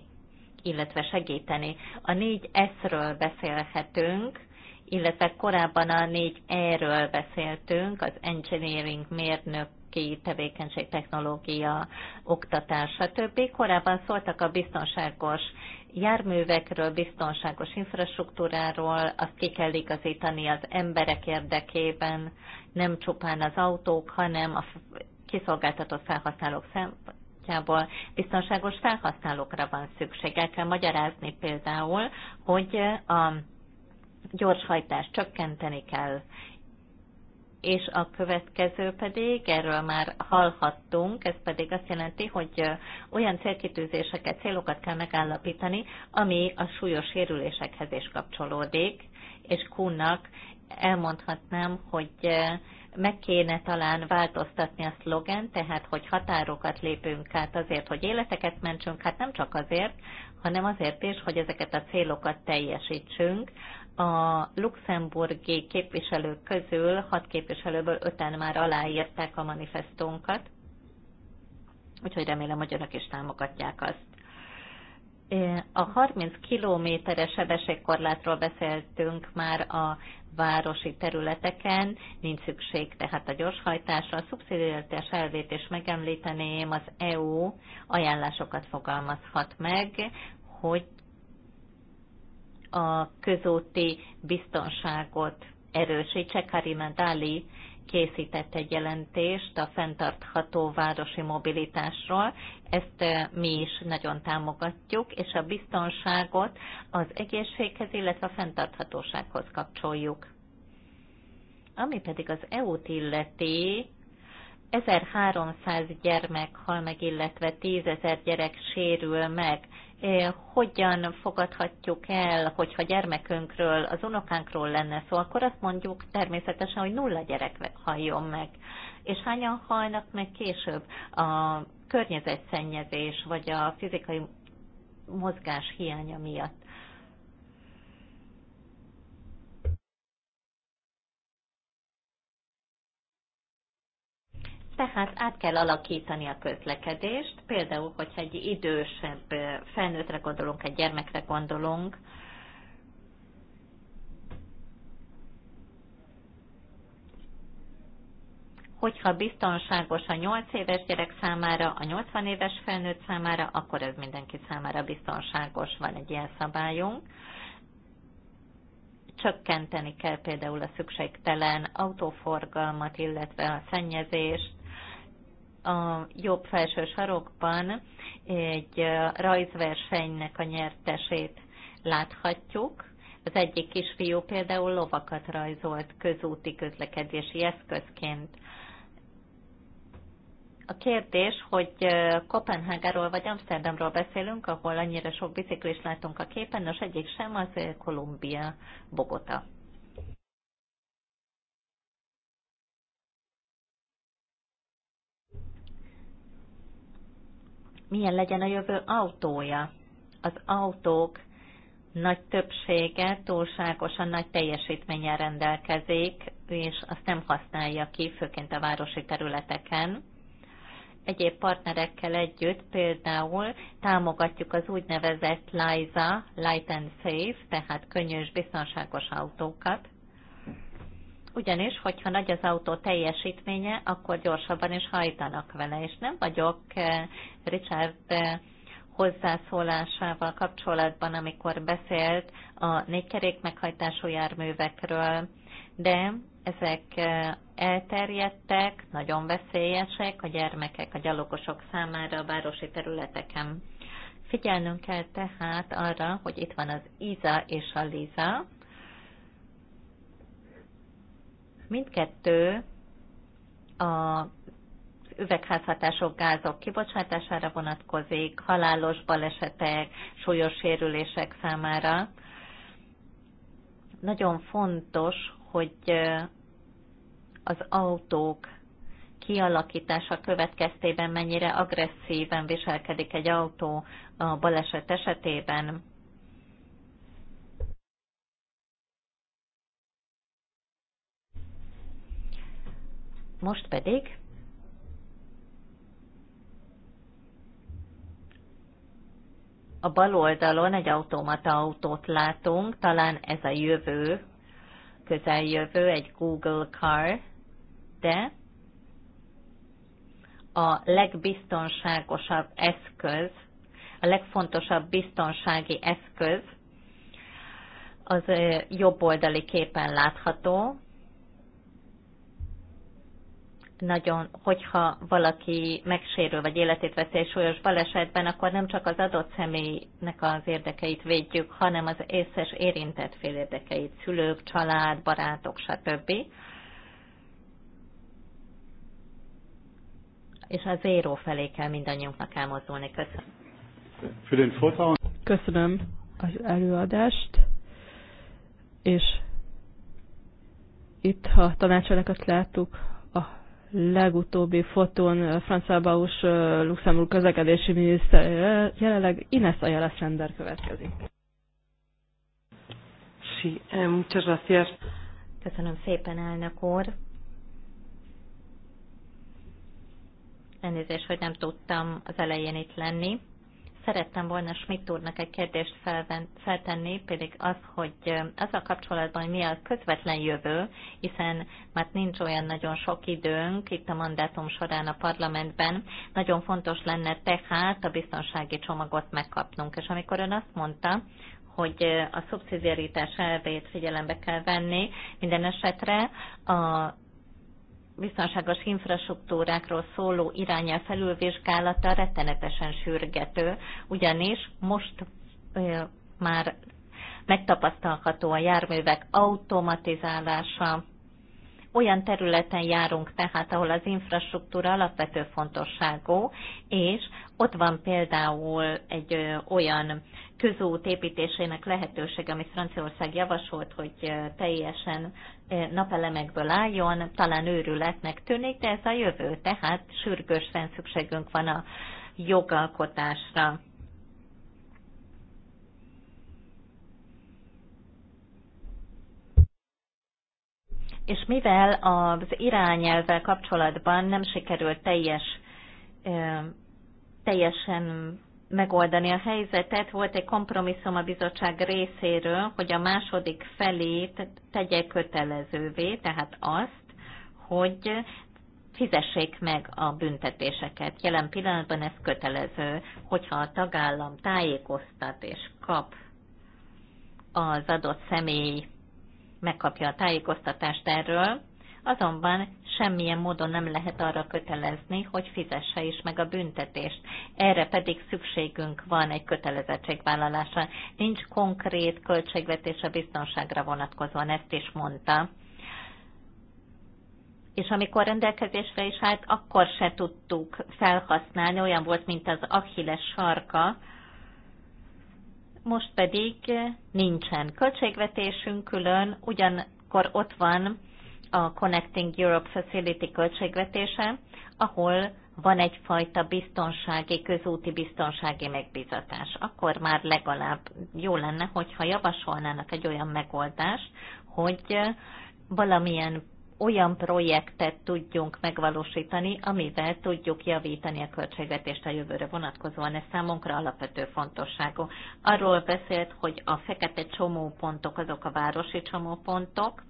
illetve segíteni. A négy s ről beszélhetünk, illetve korábban a négy e ről beszéltünk, az engineering mérnök tevékenység, technológia, oktatás, stb. Korábban szóltak a biztonságos járművekről, biztonságos infrastruktúráról, azt ki kell igazítani az emberek érdekében, nem csupán az autók, hanem a kiszolgáltatott felhasználók szempontjából szempontjából biztonságos felhasználókra van szükség. El kell magyarázni például, hogy eh, a gyorshajtást csökkenteni kell, és a következő pedig, erről már hallhattunk, ez pedig azt jelenti, hogy eh, olyan célkitűzéseket, célokat kell megállapítani, ami a súlyos sérülésekhez is kapcsolódik, és Kunnak elmondhatnám, hogy meg kéne talán változtatni a szlogen, tehát hogy határokat lépünk át azért, hogy életeket mentsünk, hát nem csak azért, hanem azért is, hogy ezeket a célokat teljesítsünk. A luxemburgi képviselők közül, hat képviselőből öten már aláírták a manifestónkat, úgyhogy remélem, hogy önök is támogatják azt. A 30 kilométeres sebességkorlátról beszéltünk már a városi területeken, nincs szükség tehát a gyorshajtásra. A szubszidiaritás elvét is megemlíteném, az EU ajánlásokat fogalmazhat meg, hogy a közúti biztonságot erősítse. Karima Dali készített egy jelentést a fenntartható városi mobilitásról. Ezt mi is nagyon támogatjuk, és a biztonságot az egészséghez, illetve a fenntarthatósághoz kapcsoljuk. Ami pedig az EU-t illeti, 1300 gyermek hal meg, illetve 10 000 gyerek sérül meg Eh, hogyan fogadhatjuk el, hogyha gyermekünkről, az unokánkról lenne szó, akkor azt mondjuk természetesen, hogy nulla gyerek halljon meg. És hányan halnak meg később? A környezetszennyezés, vagy a fizikai mozgás hiánya miatt. Tehát át kell alakítani a közlekedést, például, hogyha egy idősebb felnőttre gondolunk, egy gyermekre gondolunk, hogyha biztonságos a 8 éves gyerek számára, a 80 éves felnőtt számára, akkor ez mindenki számára biztonságos, van egy ilyen szabályunk. Csökkenteni kell például a szükségtelen autóforgalmat, illetve a szennyezést, a jobb felső sarokban egy rajzversenynek a nyertesét láthatjuk. Az egyik kisfiú például lovakat rajzolt közúti közlekedési eszközként. A kérdés, hogy Kopenhágáról vagy Amsterdamról beszélünk, ahol annyira sok biciklis látunk a képen, nos egyik sem, az Kolumbia, Bogota. milyen legyen a jövő autója. Az autók nagy többsége túlságosan nagy teljesítménnyel rendelkezik, és azt nem használja ki, főként a városi területeken. Egyéb partnerekkel együtt például támogatjuk az úgynevezett LISA, Light and Safe, tehát könnyű és biztonságos autókat, ugyanis, hogyha nagy az autó teljesítménye, akkor gyorsabban is hajtanak vele, és nem vagyok eh, Richard eh, hozzászólásával kapcsolatban, amikor beszélt a négykerék meghajtású járművekről, de ezek eh, elterjedtek, nagyon veszélyesek a gyermekek, a gyalogosok számára a városi területeken. Figyelnünk kell tehát arra, hogy itt van az Iza és a Liza, Mindkettő a üvegházhatások gázok kibocsátására vonatkozik, halálos balesetek, súlyos sérülések számára. Nagyon fontos, hogy az autók kialakítása következtében mennyire agresszíven viselkedik egy autó a baleset esetében Most pedig a bal oldalon egy automata autót látunk, talán ez a jövő, közeljövő, egy Google Car, de a legbiztonságosabb eszköz, a legfontosabb biztonsági eszköz az jobb oldali képen látható, nagyon, hogyha valaki megsérül, vagy életét veszély súlyos balesetben, akkor nem csak az adott személynek az érdekeit védjük, hanem az észes érintett fél érdekeit, szülők, család, barátok, stb. És az éró felé kell mindannyiunknak elmozdulni.
Köszönöm. Köszönöm az előadást, és itt ha tanácseleket láttuk, legutóbbi fotón eh, François Baus eh, Luxemburg közlekedési miniszter eh, jelenleg Ines Ayala Sender következik.
Sí, muchas gracias. Köszönöm szépen, elnök úr. Elnézést, hogy nem tudtam az elején itt lenni szerettem volna Schmidt úrnak egy kérdést feltenni, pedig az, hogy a kapcsolatban, hogy mi a közvetlen jövő, hiszen már nincs olyan nagyon sok időnk itt a mandátum során a parlamentben, nagyon fontos lenne tehát a biztonsági csomagot megkapnunk. És amikor ön azt mondta, hogy a szubszidiaritás elvét figyelembe kell venni, minden esetre a biztonságos infrastruktúrákról szóló irányel felülvizsgálata rettenetesen sürgető, ugyanis most ö, már megtapasztalható a járművek automatizálása, olyan területen járunk tehát, ahol az infrastruktúra alapvető fontosságú, és ott van például egy olyan közút építésének lehetőség, amit Franciaország javasolt, hogy teljesen napelemekből álljon, talán őrületnek tűnik, de ez a jövő, tehát sürgősen szükségünk van a jogalkotásra. és mivel az irányelvvel kapcsolatban nem sikerült teljes, teljesen megoldani a helyzetet, volt egy kompromisszum a bizottság részéről, hogy a második felét tegye kötelezővé, tehát azt, hogy fizessék meg a büntetéseket. Jelen pillanatban ez kötelező, hogyha a tagállam tájékoztat és kap az adott személy megkapja a tájékoztatást erről, azonban semmilyen módon nem lehet arra kötelezni, hogy fizesse is meg a büntetést. Erre pedig szükségünk van egy kötelezettségvállalásra. Nincs konkrét költségvetés a biztonságra vonatkozóan, ezt is mondta. És amikor rendelkezésre is állt, akkor se tudtuk felhasználni, olyan volt, mint az Achilles sarka, most pedig nincsen költségvetésünk külön, ugyankor ott van a Connecting Europe Facility költségvetése, ahol van egyfajta biztonsági, közúti biztonsági megbízatás. Akkor már legalább jó lenne, hogyha javasolnának egy olyan megoldást, hogy valamilyen olyan projektet tudjunk megvalósítani, amivel tudjuk javítani a költségvetést a jövőre vonatkozóan. Ez számunkra alapvető fontosságú. Arról beszélt, hogy a fekete csomópontok azok a városi csomópontok,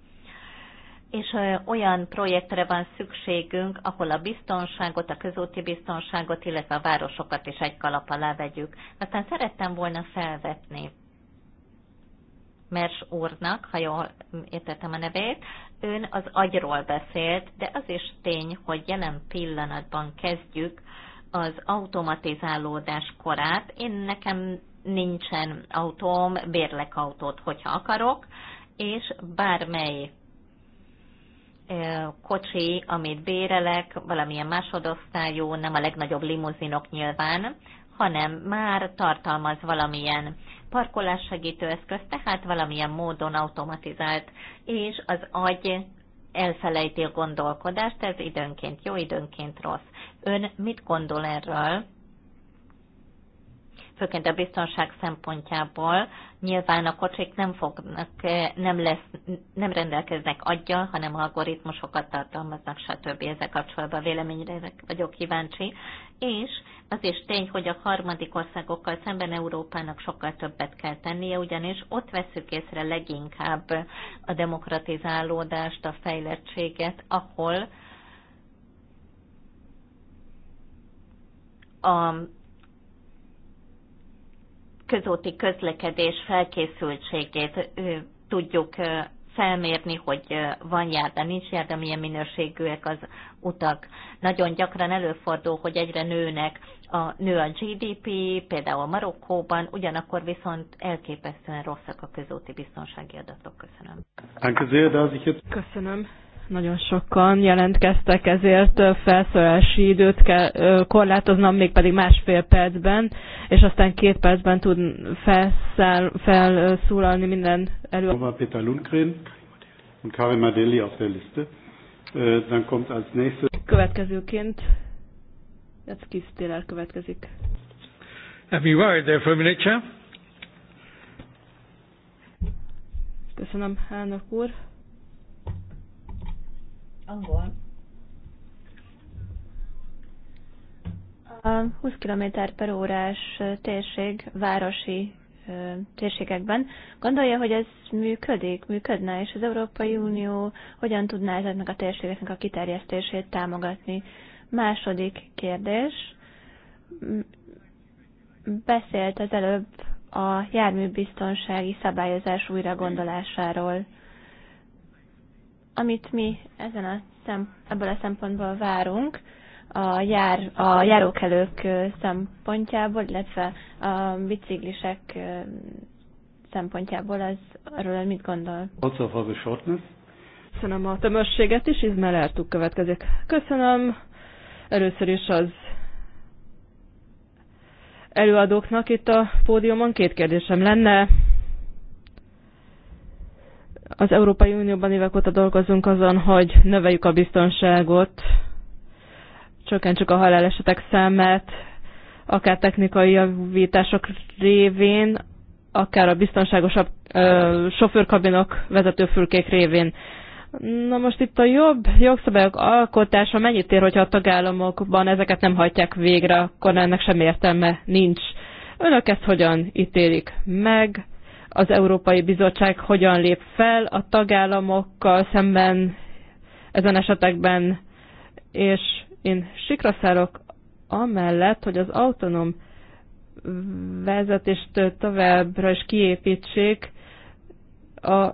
és olyan projektre van szükségünk, ahol a biztonságot, a közúti biztonságot, illetve a városokat is egy kalap alá vegyük. Aztán szerettem volna felvetni Mers úrnak, ha jól értettem a nevét, Ön az agyról beszélt, de az is tény, hogy jelen pillanatban kezdjük az automatizálódás korát. Én nekem nincsen autóm, bérlek autót, hogyha akarok, és bármely kocsi, amit bérelek, valamilyen másodosztályú, nem a legnagyobb limuzinok nyilván, hanem már tartalmaz valamilyen segítő eszköz, tehát valamilyen módon automatizált, és az agy elfelejti a gondolkodást, ez időnként jó, időnként rossz. Ön mit gondol erről? főként a biztonság szempontjából nyilván a kocsik nem fognak, eh, nem, lesz, nem rendelkeznek adja, hanem algoritmusokat tartalmaznak, stb. Ezek kapcsolatban véleményre vagyok kíváncsi. És az is tény, hogy a harmadik országokkal szemben Európának sokkal többet kell tennie, ugyanis ott veszük észre leginkább a demokratizálódást, a fejlettséget, ahol a közúti közlekedés felkészültségét tudjuk felmérni, hogy van járda, nincs járda, milyen minőségűek az utak. Nagyon gyakran előfordul, hogy egyre nőnek a, nő a GDP, például a Marokkóban, ugyanakkor viszont elképesztően rosszak a közúti biztonsági adatok. Köszönöm. Köszönöm.
Nagyon sokan jelentkeztek, ezért felszólási időt kell korlátoznom, mégpedig másfél percben, és aztán két percben tud felszáll, felszólalni minden
elő. Peter Lundgren und Karim Adeli auf der Liste. Dann kommt als nächstes...
Következőként Jacki Stéler következik.
Have you worried there for a minute,
Köszönöm, elnök úr
angol.
A 20 km per órás térség városi térségekben. Gondolja, hogy ez működik, működne, és az Európai Unió hogyan tudná ezeknek a térségeknek a kiterjesztését támogatni? Második kérdés. Beszélt az előbb a járműbiztonsági szabályozás újra gondolásáról amit mi ezen a szem, ebből a szempontból várunk, a, jár, a járókelők szempontjából, illetve a biciklisek
szempontjából, az arról mit gondol?
Also a the
Köszönöm a tömösséget is, Izmel Ertug következik. Köszönöm először is az előadóknak itt a pódiumon. Két kérdésem lenne. Az Európai Unióban évek óta dolgozunk azon, hogy növeljük a biztonságot, csökkentsük a halálesetek számát, akár technikai javítások révén, akár a biztonságosabb ö, sofőrkabinok, vezetőfülkék révén. Na most itt a jobb jogszabályok alkotása mennyit ér, hogyha a tagállamokban ezeket nem hajtják végre, akkor ennek sem értelme nincs. Önök ezt hogyan ítélik meg? az Európai Bizottság hogyan lép fel a tagállamokkal szemben ezen esetekben, és én sikra amellett, hogy az autonóm vezetést továbbra is kiépítsék, a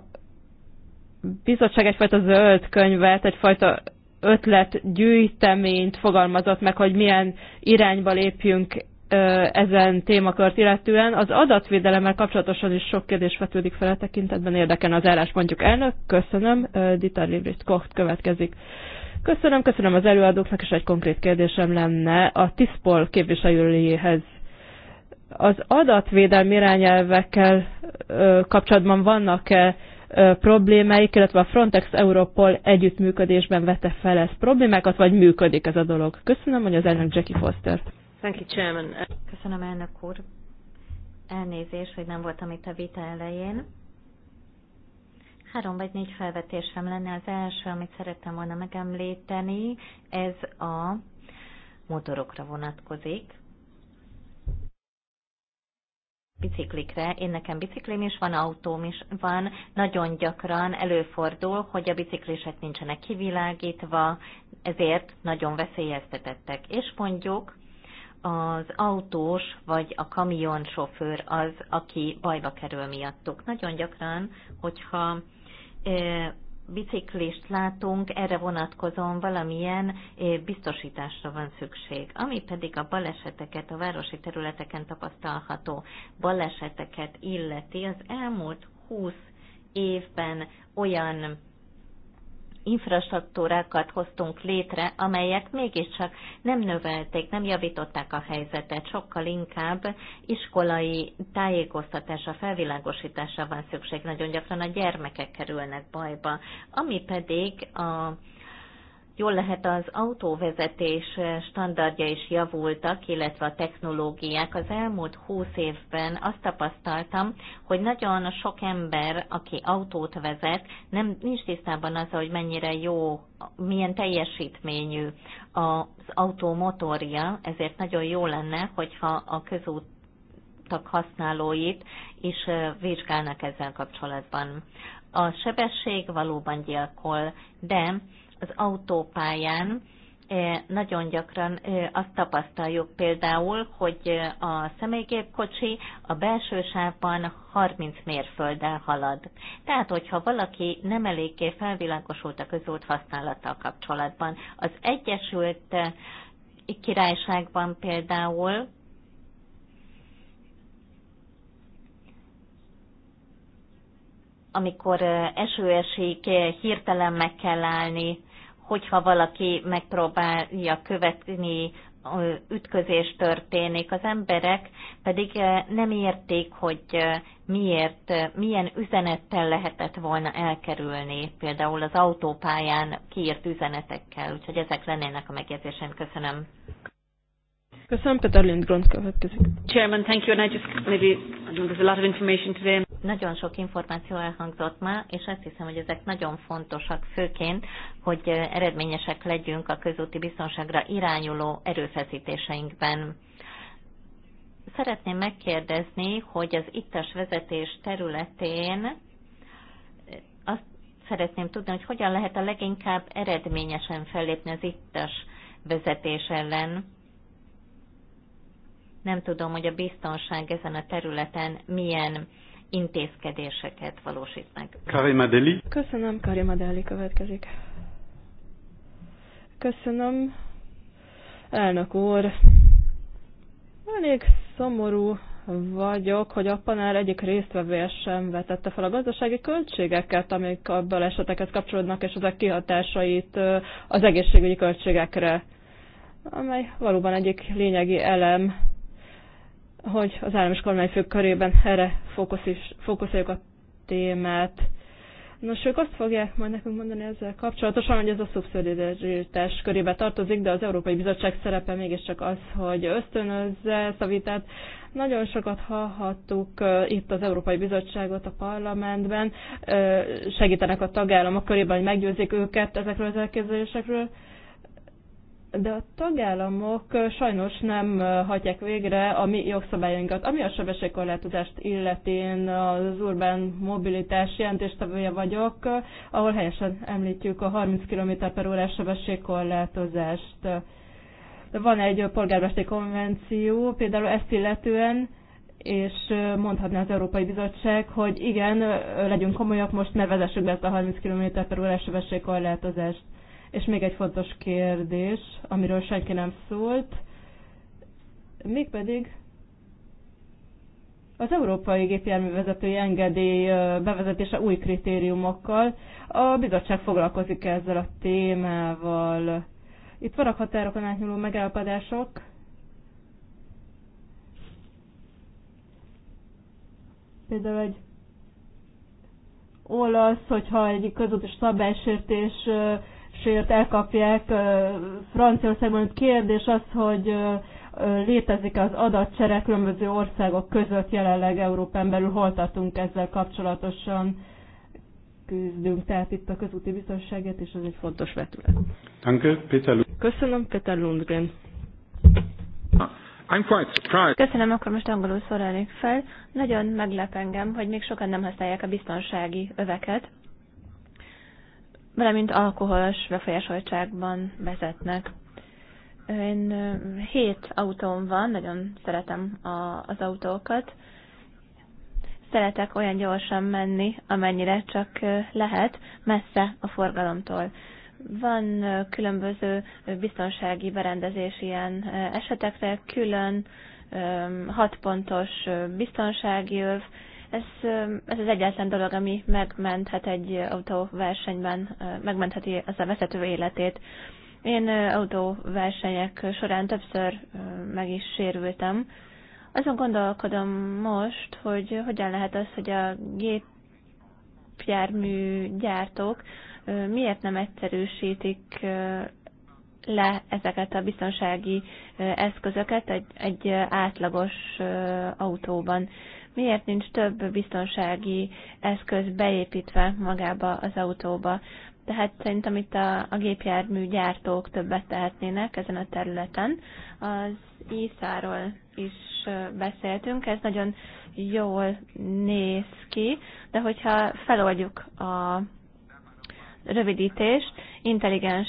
bizottság egyfajta zöld könyvet, egyfajta ötletgyűjteményt fogalmazott meg, hogy milyen irányba lépjünk ezen témakört illetően. Az adatvédelemmel kapcsolatosan is sok kérdés vetődik fel a e tekintetben, érdeken az mondjuk elnök. Köszönöm, Dieter Librit. Kocht következik. Köszönöm, köszönöm az előadóknak, és egy konkrét kérdésem lenne a TISZPOL képviselőjéhez. Az adatvédelmi irányelvekkel kapcsolatban vannak-e problémáik, illetve a Frontex Europol együttműködésben vette fel ezt problémákat, vagy működik ez a dolog? Köszönöm, hogy az elnök Jackie Foster. -t.
Thank you, Chairman. Köszönöm, elnök úr. Elnézés, hogy nem voltam itt a vita elején. Három vagy négy felvetésem lenne. Az első, amit szerettem volna megemlíteni, ez a motorokra vonatkozik biciklikre. Én nekem biciklim is van, autóm is van. Nagyon gyakran előfordul, hogy a biciklisek nincsenek kivilágítva, ezért nagyon veszélyeztetettek. És mondjuk az autós vagy a kamion sofőr, az, aki bajba kerül miattuk. Nagyon gyakran, hogyha biciklist látunk, erre vonatkozóan valamilyen biztosításra van szükség. Ami pedig a baleseteket, a városi területeken tapasztalható baleseteket illeti, az elmúlt 20 évben olyan infrastruktúrákat hoztunk létre, amelyek mégiscsak nem növelték, nem javították a helyzetet, sokkal inkább iskolai tájékoztatása, felvilágosítása van szükség. Nagyon gyakran a gyermekek kerülnek bajba, ami pedig a Jól lehet az autóvezetés standardja is javultak, illetve a technológiák. Az elmúlt húsz évben azt tapasztaltam, hogy nagyon sok ember, aki autót vezet, nem nincs tisztában az, hogy mennyire jó, milyen teljesítményű az autó motorja, ezért nagyon jó lenne, hogyha a közút használóit is vizsgálnak ezzel kapcsolatban. A sebesség valóban gyilkol, de az autópályán eh, nagyon gyakran eh, azt tapasztaljuk például, hogy eh, a személygépkocsi a belső sávban 30 mérfölddel halad. Tehát, hogyha valaki nem eléggé felvilágosult a közút használattal kapcsolatban, az Egyesült Királyságban például amikor eső esik, hirtelen meg kell állni, hogyha valaki megpróbálja követni, ütközés történik, az emberek pedig nem érték, hogy miért, milyen üzenettel lehetett volna elkerülni, például az autópályán kiírt üzenetekkel, úgyhogy ezek lennének a megjegyzésem. Köszönöm.
Köszönöm, Peter Lindgrond következik.
Chairman, thank you, and I just maybe I know there's a lot of information today. Nagyon sok információ elhangzott már, és azt hiszem, hogy ezek nagyon fontosak, főként, hogy eredményesek legyünk a közúti biztonságra irányuló erőfeszítéseinkben. Szeretném megkérdezni, hogy az ittas vezetés területén azt szeretném tudni, hogy hogyan lehet a leginkább eredményesen fellépni az ittas vezetés ellen nem tudom, hogy a biztonság ezen a területen milyen intézkedéseket valósít meg. Karim Adeli. Köszönöm,
Karim Adeli, következik. Köszönöm, elnök úr. Elég szomorú vagyok, hogy a panel egyik résztvevője sem vetette fel a gazdasági költségeket, amik a balesetekhez kapcsolódnak, és ezek kihatásait az egészségügyi költségekre, amely valóban egyik lényegi elem hogy az állam kormányfők körében erre fókuszoljuk a témát. Nos, ők azt fogják majd nekünk mondani ezzel kapcsolatosan, hogy ez a szubszidiaritás körébe tartozik, de az Európai Bizottság szerepe mégiscsak az, hogy ösztönözze ezt a vitát. Nagyon sokat hallhattuk itt az Európai Bizottságot a parlamentben, segítenek a tagállamok körében, hogy meggyőzik őket ezekről az elképzelésekről de a tagállamok sajnos nem hagyják végre a mi jogszabályainkat. Ami a sebességkorlátozást illeti, én az urbán mobilitás jelentéstevője vagyok, ahol helyesen említjük a 30 km per órás sebességkorlátozást. Van egy polgármesteri konvenció, például ezt illetően, és mondhatná az Európai Bizottság, hogy igen, legyünk komolyak, most ne vezessük be ezt a 30 km per órás sebességkorlátozást és még egy fontos kérdés, amiről senki nem szólt, mégpedig az európai gépjárművezetői engedély bevezetése új kritériumokkal. A bizottság foglalkozik ezzel a témával. Itt vannak határokon átnyúló megállapodások. Például egy olasz, hogyha egy közúti szabálysértés pénzért elkapják Franciaországban. Kérdés az, hogy létezik az adatcsere különböző országok között jelenleg Európán belül, hol tartunk ezzel kapcsolatosan küzdünk, tehát itt a közúti biztonságért, és ez egy fontos vetület. Köszönöm, Peter Lundgren.
I'm quite surprised.
Köszönöm, akkor most angolul szorálnék fel. Nagyon meglep engem, hogy még sokan nem használják a biztonsági öveket valamint alkoholos befolyásoltságban vezetnek. Én hét autóm van, nagyon szeretem a, az autókat. Szeretek olyan gyorsan menni, amennyire csak lehet, messze a forgalomtól. Van különböző biztonsági berendezés ilyen esetekre, külön hat pontos biztonsági öv, ez, ez az egyetlen dolog, ami megmenthet egy autóversenyben, megmentheti az a vezető életét. Én autóversenyek során többször meg is sérültem. Azon gondolkodom most, hogy hogyan lehet az, hogy a gépjármű gyártók miért nem egyszerűsítik le ezeket a biztonsági eszközöket egy, egy átlagos autóban. Miért nincs több biztonsági eszköz beépítve magába az autóba? Tehát szerintem itt a, a gépjármű gyártók többet tehetnének ezen a területen. Az ISA-ról is beszéltünk, ez nagyon jól néz ki, de hogyha feloldjuk a rövidítést, intelligens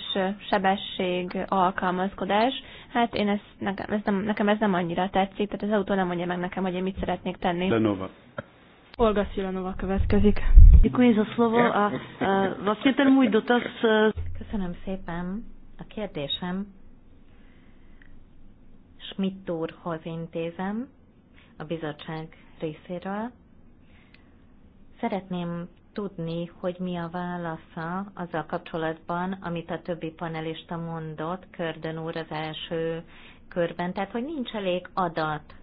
sebesség alkalmazkodás, Hát én ez, nekem, ez nem, nekem ez nem annyira tetszik, tehát az autó nem mondja meg nekem, hogy én mit szeretnék tenni. De Nova. Olga
Szilanova következik. Děkuji za slovo a vlastně ten můj dotaz... E, Köszönöm szépen. A kérdésem Schmidt úrhoz intézem a bizottság részéről. Szeretném tudni, hogy mi a válasza azzal kapcsolatban, amit a többi panelista mondott, Kördön úr az első körben, tehát hogy nincs elég adat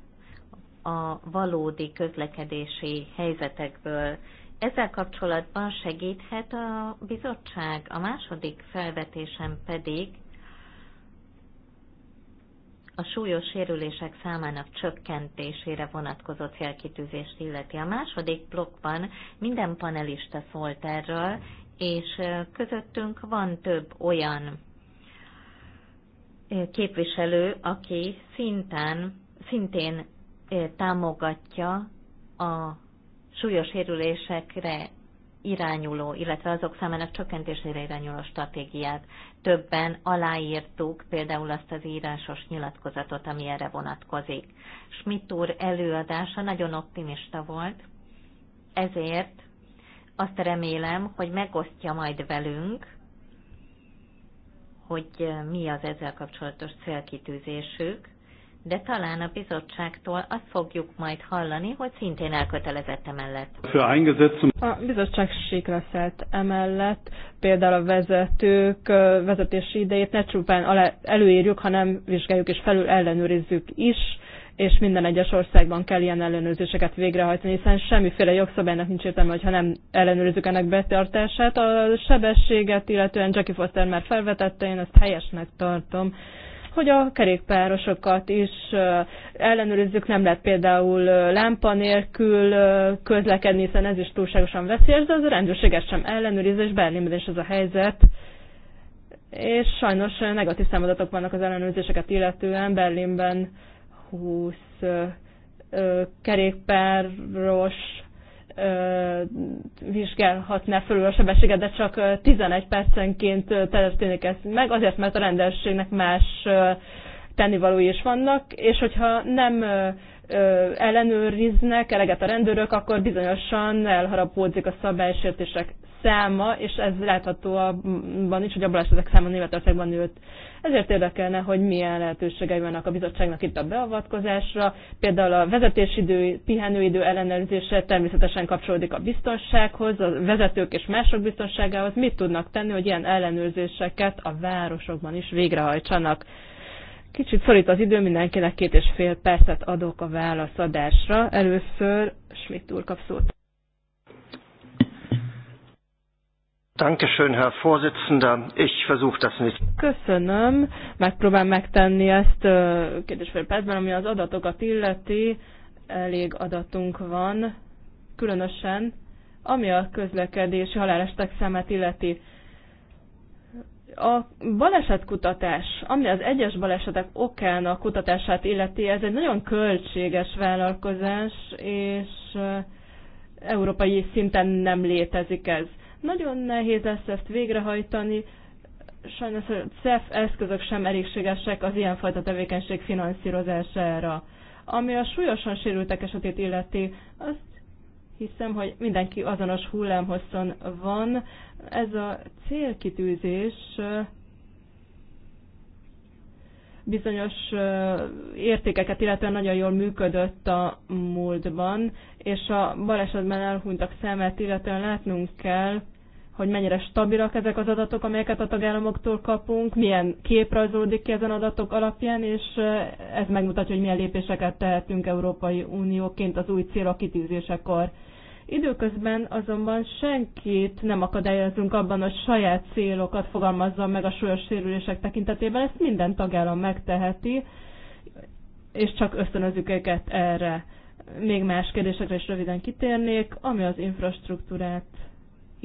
a valódi közlekedési helyzetekből. Ezzel kapcsolatban segíthet a bizottság. A második felvetésem pedig a súlyos sérülések számának csökkentésére vonatkozó célkitűzést illeti. A második blokkban minden panelista szólt erről, és közöttünk van több olyan képviselő, aki szintén szintén támogatja a súlyos sérülésekre irányuló, illetve azok számának csökkentésére irányuló stratégiát. Többen aláírtuk például azt az írásos nyilatkozatot, ami erre vonatkozik. Schmidt úr előadása nagyon optimista volt, ezért azt remélem, hogy megosztja majd velünk, hogy mi az ezzel kapcsolatos célkitűzésük, de talán a bizottságtól azt fogjuk majd hallani, hogy szintén elkötelezett emellett. A bizottság sikleszelt emellett, például a vezetők
vezetési idejét ne csupán alá, előírjuk, hanem vizsgáljuk és felül ellenőrizzük is, és minden egyes országban kell ilyen ellenőrzéseket végrehajtani, hiszen semmiféle jogszabálynak nincs értelme, hogyha nem ellenőrizzük ennek betartását. A sebességet, illetően Jackie Foster már felvetette, én ezt helyesnek tartom hogy a kerékpárosokat is ellenőrizzük, nem lehet például lámpa nélkül közlekedni, hiszen ez is túlságosan veszélyes, de az a rendőrséget sem ellenőriz, és Berlinben is ez a helyzet. És sajnos negatív számadatok vannak az ellenőrzéseket illetően. Berlinben 20 kerékpáros vizsgálhatná fölül a sebességet, de csak 11 percenként történik ez meg, azért, mert a rendőrségnek más tennivalói is vannak, és hogyha nem ellenőriznek eleget a rendőrök, akkor bizonyosan elharapódzik a szabálysértések száma, és ez látható abban is, hogy a balesetek száma Németországban nőtt. Ezért érdekelne, hogy milyen lehetőségei vannak a bizottságnak itt a beavatkozásra. Például a vezetésidő, pihenőidő ellenőrzése természetesen kapcsolódik a biztonsághoz, a vezetők és mások biztonságához. Mit tudnak tenni, hogy ilyen ellenőrzéseket a városokban is végrehajtsanak? Kicsit szorít az idő, mindenkinek két és fél percet adok a válaszadásra. Először Schmidt úr kap szót.
Dankeschön, Herr Vorsitzender. Ich versuche das nicht.
Köszönöm. Megpróbál megtenni ezt kérdésfél percben, ami az adatokat illeti. Elég adatunk van, különösen ami a közlekedési halálestek szemet illeti. A balesetkutatás, ami az egyes balesetek a kutatását illeti, ez egy nagyon költséges vállalkozás, és európai szinten nem létezik ez nagyon nehéz lesz ezt végrehajtani, sajnos a CEF eszközök sem elégségesek az ilyenfajta tevékenység finanszírozására. Ami a súlyosan sérültek esetét illeti, azt hiszem, hogy mindenki azonos hullámhosszon van. Ez a célkitűzés bizonyos értékeket, illetve nagyon jól működött a múltban, és a balesetben elhunytak számát, illetve látnunk kell, hogy mennyire stabilak ezek az adatok, amelyeket a tagállamoktól kapunk, milyen kép rajzolódik ki ezen adatok alapján, és ez megmutatja, hogy milyen lépéseket tehetünk Európai Unióként az új célok kitűzésekor. Időközben azonban senkit nem akadályozunk abban, hogy saját célokat fogalmazza meg a súlyos sérülések tekintetében, ezt minden tagállam megteheti, és csak ösztönözzük őket erre. Még más kérdésekre is röviden kitérnék, ami az infrastruktúrát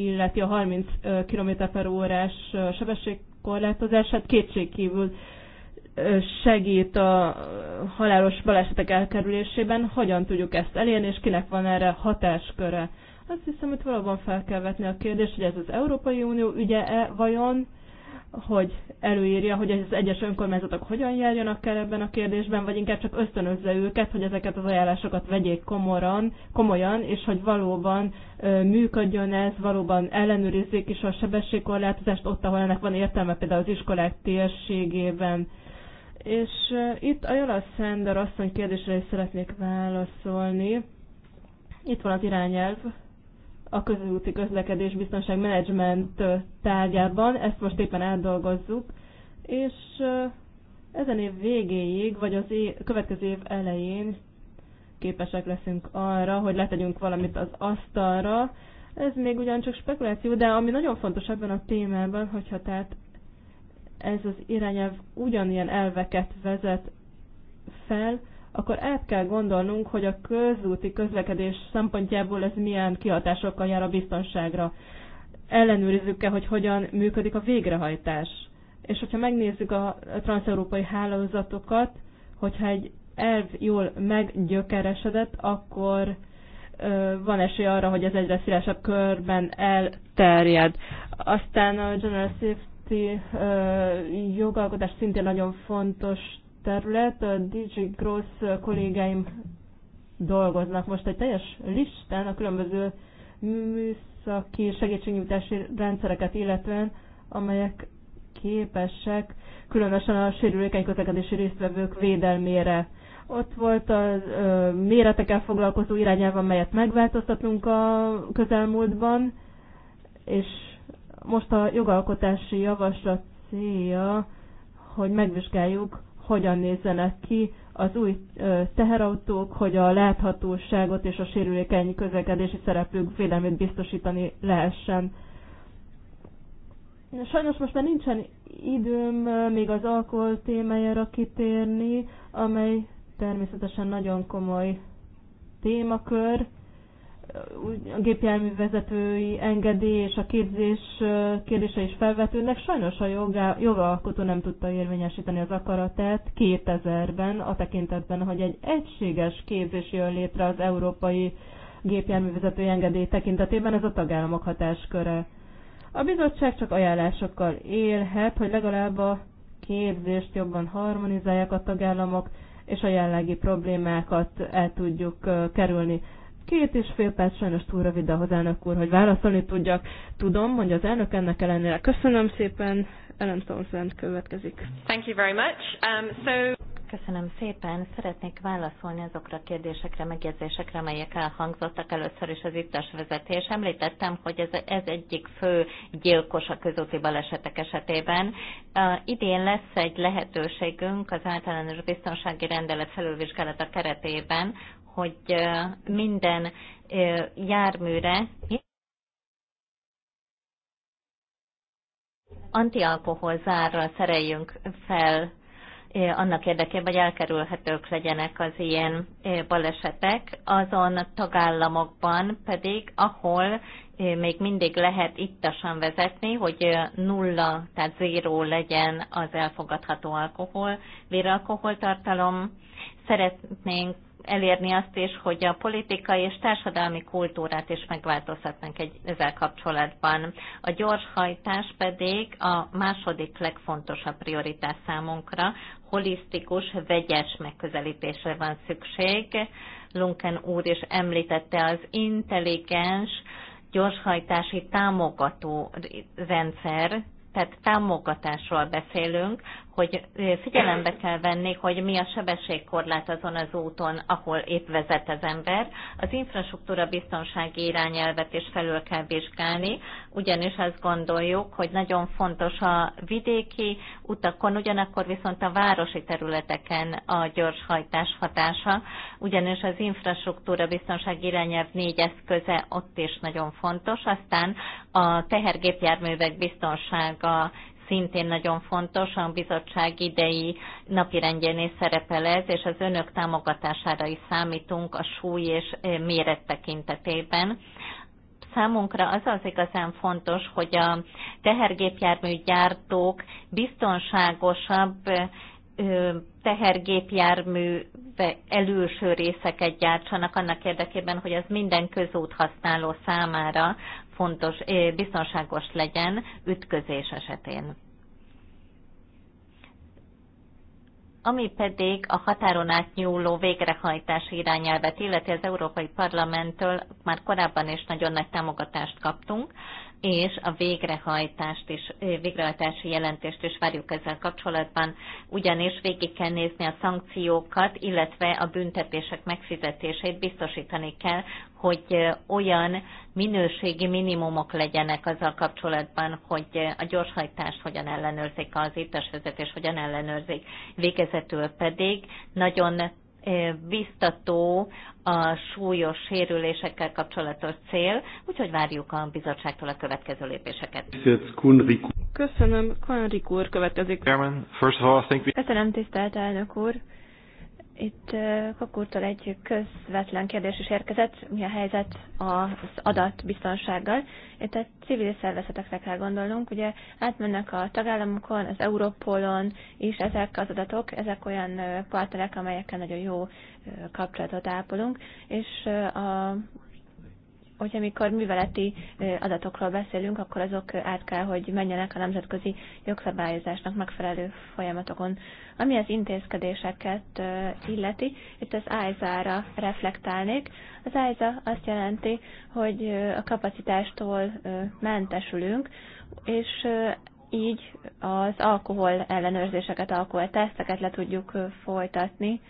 illeti a 30 km per órás sebességkorlátozását kétségkívül segít a halálos balesetek elkerülésében, hogyan tudjuk ezt elérni, és kinek van erre hatásköre. Azt hiszem, hogy valóban fel kell vetni a kérdést, hogy ez az Európai Unió ügye-e vajon, hogy előírja, hogy az egyes önkormányzatok hogyan járjanak el ebben a kérdésben, vagy inkább csak ösztönözze őket, hogy ezeket az ajánlásokat vegyék komoran, komolyan, és hogy valóban ö, működjön ez, valóban ellenőrizzék is a sebességkorlátozást ott, ahol ennek van értelme, például az iskolák térségében. És ö, itt a Jola Szender asszony kérdésre is szeretnék válaszolni. Itt van az irányelv, a közúti közlekedés biztonság menedzsment tárgyában. Ezt most éppen átdolgozzuk, és ezen év végéig, vagy az év, következő év elején képesek leszünk arra, hogy letegyünk valamit az asztalra. Ez még ugyancsak spekuláció, de ami nagyon fontos ebben a témában, hogyha tehát ez az irányelv ugyanilyen elveket vezet fel, akkor át kell gondolnunk, hogy a közúti közlekedés szempontjából ez milyen kihatásokkal jár a biztonságra. Ellenőrizzük-e, hogy hogyan működik a végrehajtás. És hogyha megnézzük a transeurópai hálózatokat, hogyha egy elv jól meggyökeresedett, akkor van esély arra, hogy ez egyre szélesebb körben elterjed. Aztán a General Safety jogalkotás szintén nagyon fontos terület, a DG Gross kollégáim dolgoznak most egy teljes listán a különböző műszaki segítségnyújtási rendszereket illetően, amelyek képesek különösen a sérülékeny közlekedési résztvevők védelmére. Ott volt a méretekkel foglalkozó irányelv, amelyet megváltoztatunk a közelmúltban, és most a jogalkotási javaslat célja, hogy megvizsgáljuk, hogyan nézzenek ki az új teherautók, hogy a láthatóságot és a sérülékeny közlekedési szereplők védelmét biztosítani lehessen. Sajnos most már nincsen időm még az alkohol témájára kitérni, amely természetesen nagyon komoly témakör a gépjárművezetői engedély és a képzés kérdése is felvetődnek. Sajnos a jogá, jogalkotó nem tudta érvényesíteni az akaratát 2000-ben, a tekintetben, hogy egy egységes képzés jön létre az európai gépjárművezetői engedély tekintetében, ez a tagállamok hatásköre. A bizottság csak ajánlásokkal élhet, hogy legalább a képzést jobban harmonizálják a tagállamok, és a jelenlegi problémákat el tudjuk kerülni. Két és fél perc sajnos túl rövid ahhoz elnök úr, hogy válaszolni tudjak. Tudom, hogy az elnök ennek ellenére. Köszönöm szépen,
Ellen Townsend következik. Thank you very much. Um, so... Köszönöm szépen. Szeretnék válaszolni azokra a kérdésekre, megjegyzésekre, amelyek elhangzottak először is az ittas vezetés. Említettem, hogy ez, ez egyik fő gyilkos a közúti balesetek esetében. Uh, idén lesz egy lehetőségünk az általános biztonsági rendelet felülvizsgálata keretében, hogy minden járműre antialkohol zárra szereljünk fel annak érdekében, hogy elkerülhetők legyenek az ilyen balesetek, azon tagállamokban pedig, ahol még mindig lehet ittasan vezetni, hogy nulla, tehát zéró legyen az elfogadható alkohol, véralkoholtartalom. Szeretnénk elérni azt is, hogy a politikai és társadalmi kultúrát is megváltoztatnánk egy, ezzel kapcsolatban. A gyorshajtás pedig a második legfontosabb prioritás számunkra, holisztikus, vegyes megközelítésre van szükség. Lunken úr is említette az intelligens, gyorshajtási támogató rendszer, tehát támogatásról beszélünk, hogy figyelembe kell venni, hogy mi a sebességkorlát azon az úton, ahol épp vezet az ember. Az infrastruktúra biztonsági irányelvet is felül kell vizsgálni, ugyanis azt gondoljuk, hogy nagyon fontos a vidéki utakon, ugyanakkor viszont a városi területeken a gyorshajtás hatása, ugyanis az infrastruktúra biztonsági irányelv négy eszköze ott is nagyon fontos. Aztán a tehergépjárművek biztonsága szintén nagyon fontos, a bizottság idei napirendjén is szerepel ez, és az önök támogatására is számítunk a súly és eh, méret tekintetében számunkra az az igazán fontos, hogy a tehergépjárműgyártók biztonságosabb eh, tehergépjármű előső részeket gyártsanak annak érdekében, hogy az minden közút használó számára fontos, eh, biztonságos legyen ütközés esetén. Ami pedig a határon átnyúló végrehajtási irányelvet illeti az Európai Parlamenttől már korábban is nagyon nagy támogatást kaptunk és a végrehajtást is, végrehajtási jelentést is várjuk ezzel kapcsolatban, ugyanis végig kell nézni a szankciókat, illetve a büntetések megfizetését biztosítani kell, hogy olyan minőségi minimumok legyenek azzal kapcsolatban, hogy a gyorshajtást hogyan ellenőrzik, az vezetés hogyan ellenőrzik. Végezetül pedig nagyon biztató a súlyos sérülésekkel kapcsolatos cél, úgyhogy várjuk a bizottságtól a következő lépéseket. Köszönöm, Konrik úr következik. Köszönöm, tisztelt elnök úr. Itt
Kakúrtól egy közvetlen kérdés is érkezett, mi a helyzet az adatbiztonsággal. Itt a civil szervezetekre kell gondolnunk, ugye átmennek a tagállamokon, az Európolon is ezek az adatok, ezek olyan partnerek, amelyekkel nagyon jó kapcsolatot ápolunk, és a hogy amikor műveleti adatokról beszélünk, akkor azok át kell, hogy menjenek a nemzetközi jogszabályozásnak megfelelő folyamatokon. Ami az intézkedéseket illeti, itt az ISA-ra reflektálnék. Az ISA azt jelenti, hogy a kapacitástól mentesülünk, és így az alkohol ellenőrzéseket, alkohol teszteket le tudjuk folytatni,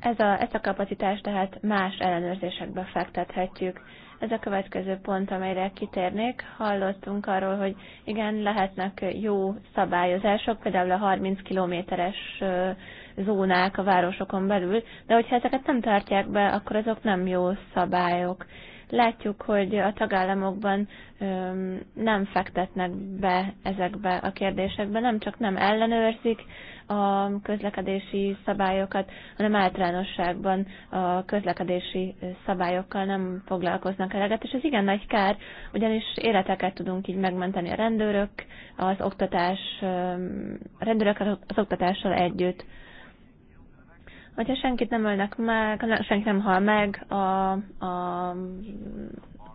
Ez a, ezt a kapacitást tehát más ellenőrzésekbe fektethetjük. Ez a következő pont, amelyre kitérnék. Hallottunk arról, hogy igen, lehetnek jó szabályozások, például a 30 kilométeres zónák a városokon belül, de hogyha ezeket nem tartják be, akkor azok nem jó szabályok. Látjuk, hogy a tagállamokban nem fektetnek be ezekbe a kérdésekbe, nem csak nem ellenőrzik a közlekedési szabályokat, hanem általánosságban a közlekedési szabályokkal nem foglalkoznak eleget, és ez igen nagy kár, ugyanis életeket tudunk így megmenteni a rendőrök, az oktatás, a rendőrök az oktatással együtt. Hogyha senkit nem ölnek meg, senki nem hal meg a, a,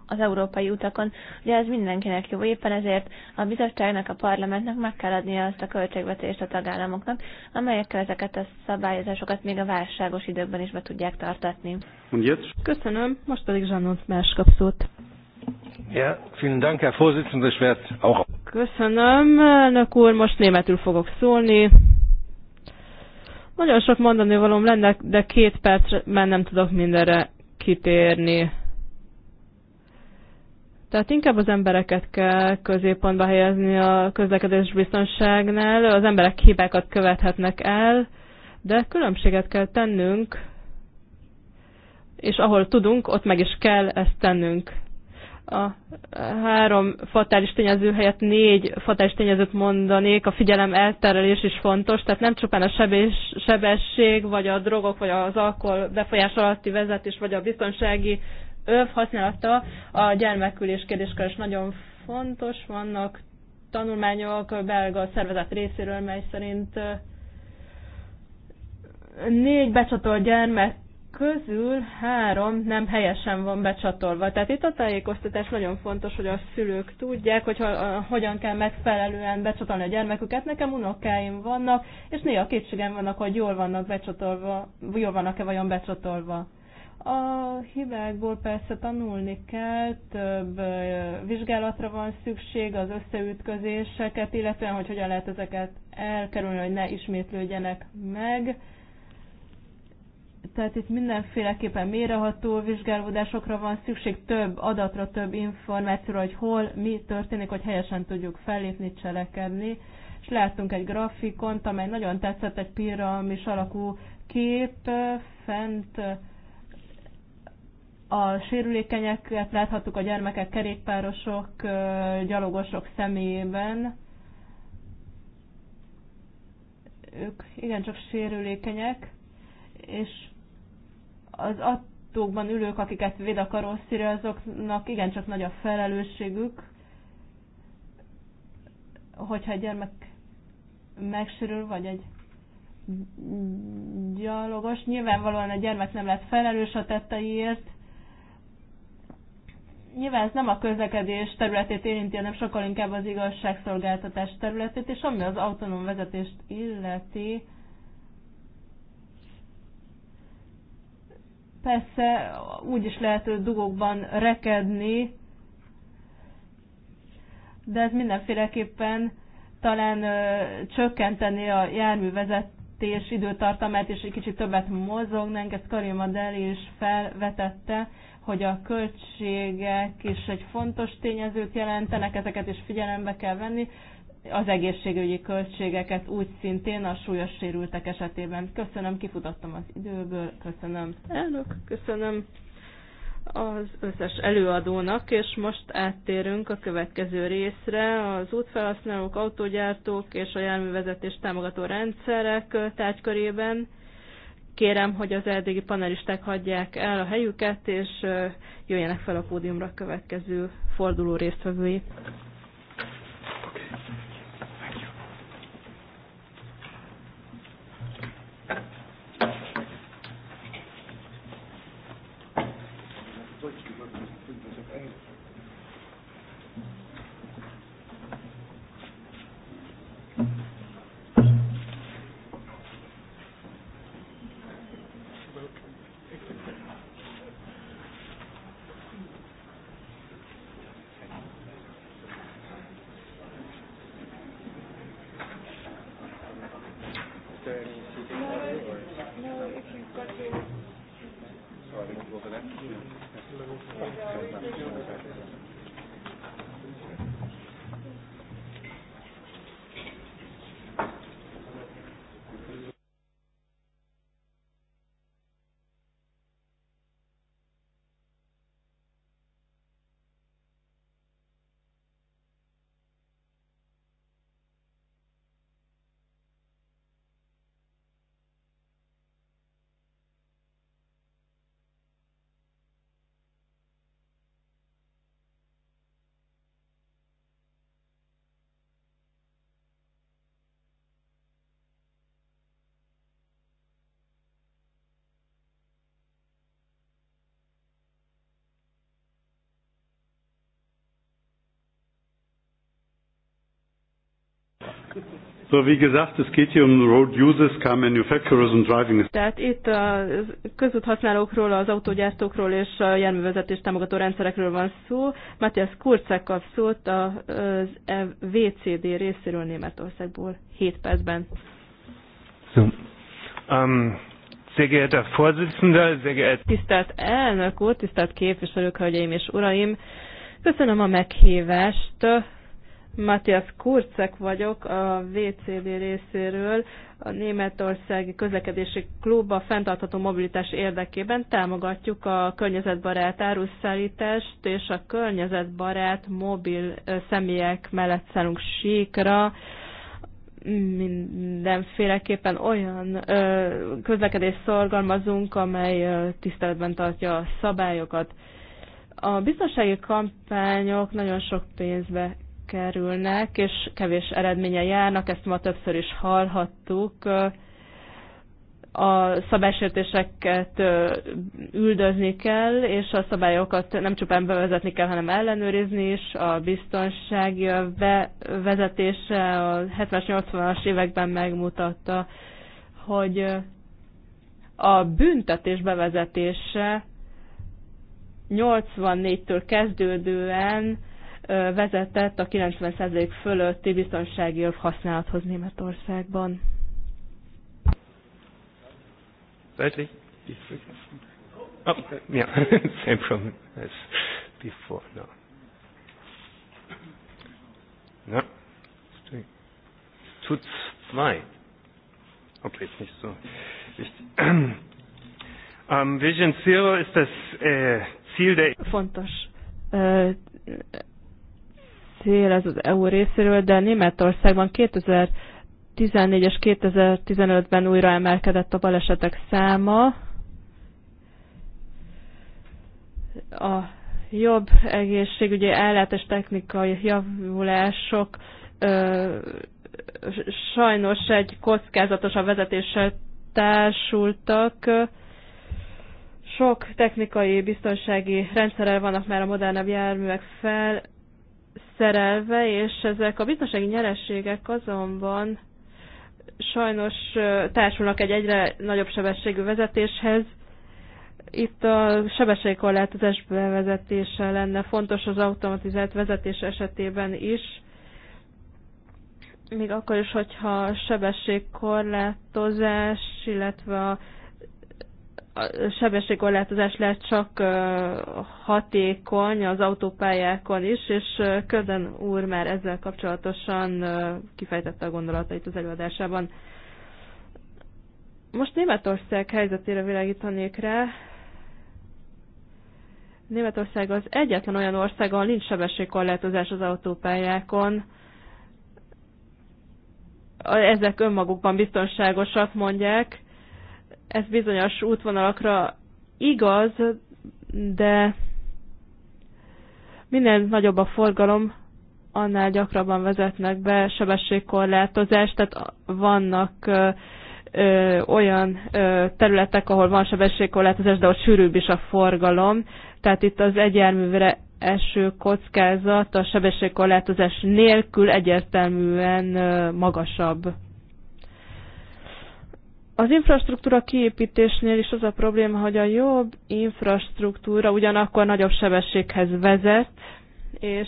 az európai utakon, ugye ez mindenkinek jó. Éppen ezért a bizottságnak, a parlamentnek meg kell adnia azt a költségvetést a tagállamoknak, amelyekkel ezeket a szabályozásokat még a válságos időkben is be tudják tartatni.
Köszönöm, most pedig Zsanont más kap szót.
Ja, vielen Dank, Herr Vorsitzender, ich werde auch...
Köszönöm, elnök úr, most németül fogok szólni. Nagyon sok mondani valóm lenne, de két percben nem tudok mindenre kitérni. Tehát inkább az embereket kell középpontba helyezni a közlekedés biztonságnál. Az emberek hibákat követhetnek el, de különbséget kell tennünk, és ahol tudunk, ott meg is kell ezt tennünk a három fatális tényező helyett négy fatális tényezőt mondanék, a figyelem elterelés is fontos, tehát nem csupán a sebés, sebesség, vagy a drogok, vagy az alkohol befolyás alatti vezetés, vagy a biztonsági öv használata, a gyermekülés kérdéskör is nagyon fontos, vannak tanulmányok a belga szervezet részéről, mely szerint négy becsatolt gyermek közül három nem helyesen van becsatolva. Tehát itt a tájékoztatás nagyon fontos, hogy a szülők tudják, hogy hogyan kell megfelelően becsatolni a gyermeküket. Nekem unokáim vannak, és néha kétségem vannak, hogy jól vannak becsatolva, jól vannak-e vajon becsatolva. A hibákból persze tanulni kell, több vizsgálatra van szükség, az összeütközéseket, illetve hogy hogyan lehet ezeket elkerülni, hogy ne ismétlődjenek meg tehát itt mindenféleképpen méreható vizsgálódásokra van szükség, több adatra, több információra, hogy hol mi történik, hogy helyesen tudjuk fellépni, cselekedni. És láttunk egy grafikont, amely nagyon tetszett, egy piramis alakú kép fent a sérülékenyeket láthattuk a gyermekek, kerékpárosok, gyalogosok szemében. Ők igencsak sérülékenyek, és az attókban ülők, akiket véd a karosszíri, azoknak igencsak nagy a felelősségük, hogyha egy gyermek megsérül, vagy egy gyalogos, nyilvánvalóan a gyermek nem lett felelős a tetteiért, nyilván ez nem a közlekedés területét érinti, hanem sokkal inkább az igazságszolgáltatás területét, és ami az autonóm vezetést illeti, Persze úgy is lehet dugokban rekedni, de ez mindenféleképpen talán ö, csökkenteni a járművezetés időtartamát, és egy kicsit többet mozognánk, ezt Karima Deli is felvetette, hogy a költségek is egy fontos tényezőt jelentenek, ezeket is figyelembe kell venni az egészségügyi költségeket úgy szintén a súlyos sérültek esetében. Köszönöm, kifutottam az időből, köszönöm elnök, köszönöm az összes előadónak, és most áttérünk a következő részre, az útfelhasználók, autógyártók és a járművezetés támogató rendszerek tárgykörében. Kérem, hogy az eddigi panelisták hagyják el a helyüket, és jöjjenek fel a pódiumra a következő forduló résztvevői.
So, wie gesagt, es geht hier um road users, car manufacturers and driving.
Tehát itt a közúthasználókról, az autógyártókról és a járművezetés támogató rendszerekről van szó. Matthias Kurcek kap szót az VCD részéről Németországból 7 percben. So. Um, sehr geehrter Vorsitzender, sehr geehrter... Tisztelt elnök úr, tisztelt képviselők, hölgyeim és uraim! Köszönöm a meghívást Matthias Kurcek vagyok a VCB részéről, a Németországi Közlekedési Klub a fenntartható mobilitás érdekében támogatjuk a környezetbarát áruszállítást és a környezetbarát mobil személyek mellett szállunk síkra, mindenféleképpen olyan ö, közlekedés szorgalmazunk, amely ö, tiszteletben tartja a szabályokat. A biztonsági kampányok nagyon sok pénzbe kerülnek, és kevés eredménye járnak, ezt ma többször is hallhattuk. A szabálysértéseket üldözni kell, és a szabályokat nem csupán bevezetni kell, hanem ellenőrizni is. A biztonsági vezetése a 70-80-as években megmutatta, hogy a büntetés bevezetése 84-től kezdődően vezetett a 90% fölötti biztonsági öv használathoz Németországban.
Weltlich? Oh, yeah, (laughs) same before. Na, zu zwei. Okay, jetzt nicht so wichtig. Ähm, (clears throat) Vision Zero ist das äh,
Ziel der... Fontos. Äh, cél ez az EU részéről, de Németországban 2014 és 2015-ben újra emelkedett a balesetek száma. A jobb egészségügyi ellátás technikai javulások ö, sajnos egy kockázatos a vezetéssel társultak. Sok technikai, biztonsági rendszerrel vannak már a modernebb járművek fel, szerelve, és ezek a biztonsági nyerességek azonban sajnos társulnak egy egyre nagyobb sebességű vezetéshez. Itt a sebességkorlátozás bevezetése lenne fontos az automatizált vezetés esetében is, még akkor is, hogyha a sebességkorlátozás, illetve a a sebességkorlátozás lehet csak hatékony az autópályákon is, és Köden úr már ezzel kapcsolatosan kifejtette a gondolatait az előadásában. Most Németország helyzetére világítanék rá. Németország az egyetlen olyan ország, ahol nincs sebességkorlátozás az autópályákon. Ezek önmagukban biztonságosak, mondják ez bizonyos útvonalakra igaz, de minél nagyobb a forgalom, annál gyakrabban vezetnek be sebességkorlátozást, tehát vannak ö, ö, olyan ö, területek, ahol van sebességkorlátozás, de ott sűrűbb is a forgalom, tehát itt az egyárművre eső kockázat a sebességkorlátozás nélkül egyértelműen magasabb. Az infrastruktúra kiépítésnél is az a probléma, hogy a jobb infrastruktúra ugyanakkor nagyobb sebességhez vezet, és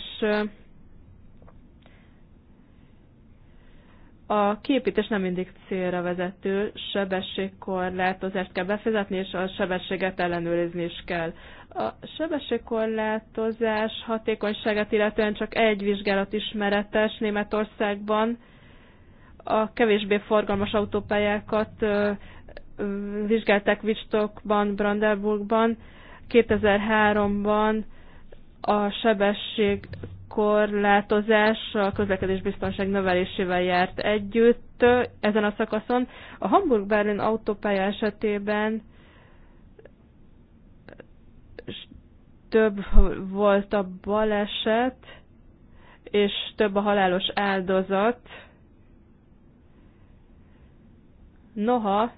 a kiépítés nem mindig célra vezető, sebességkorlátozást kell befizetni, és a sebességet ellenőrizni is kell. A sebességkorlátozás hatékonyságát illetően csak egy vizsgálat ismeretes Németországban, a kevésbé forgalmas autópályákat vizsgálták Wittstockban, Brandenburgban. 2003-ban a sebesség a közlekedésbiztonság növelésével járt együtt ezen a szakaszon. A Hamburg-Berlin autópálya esetében több volt a baleset, és több a halálos áldozat, Noha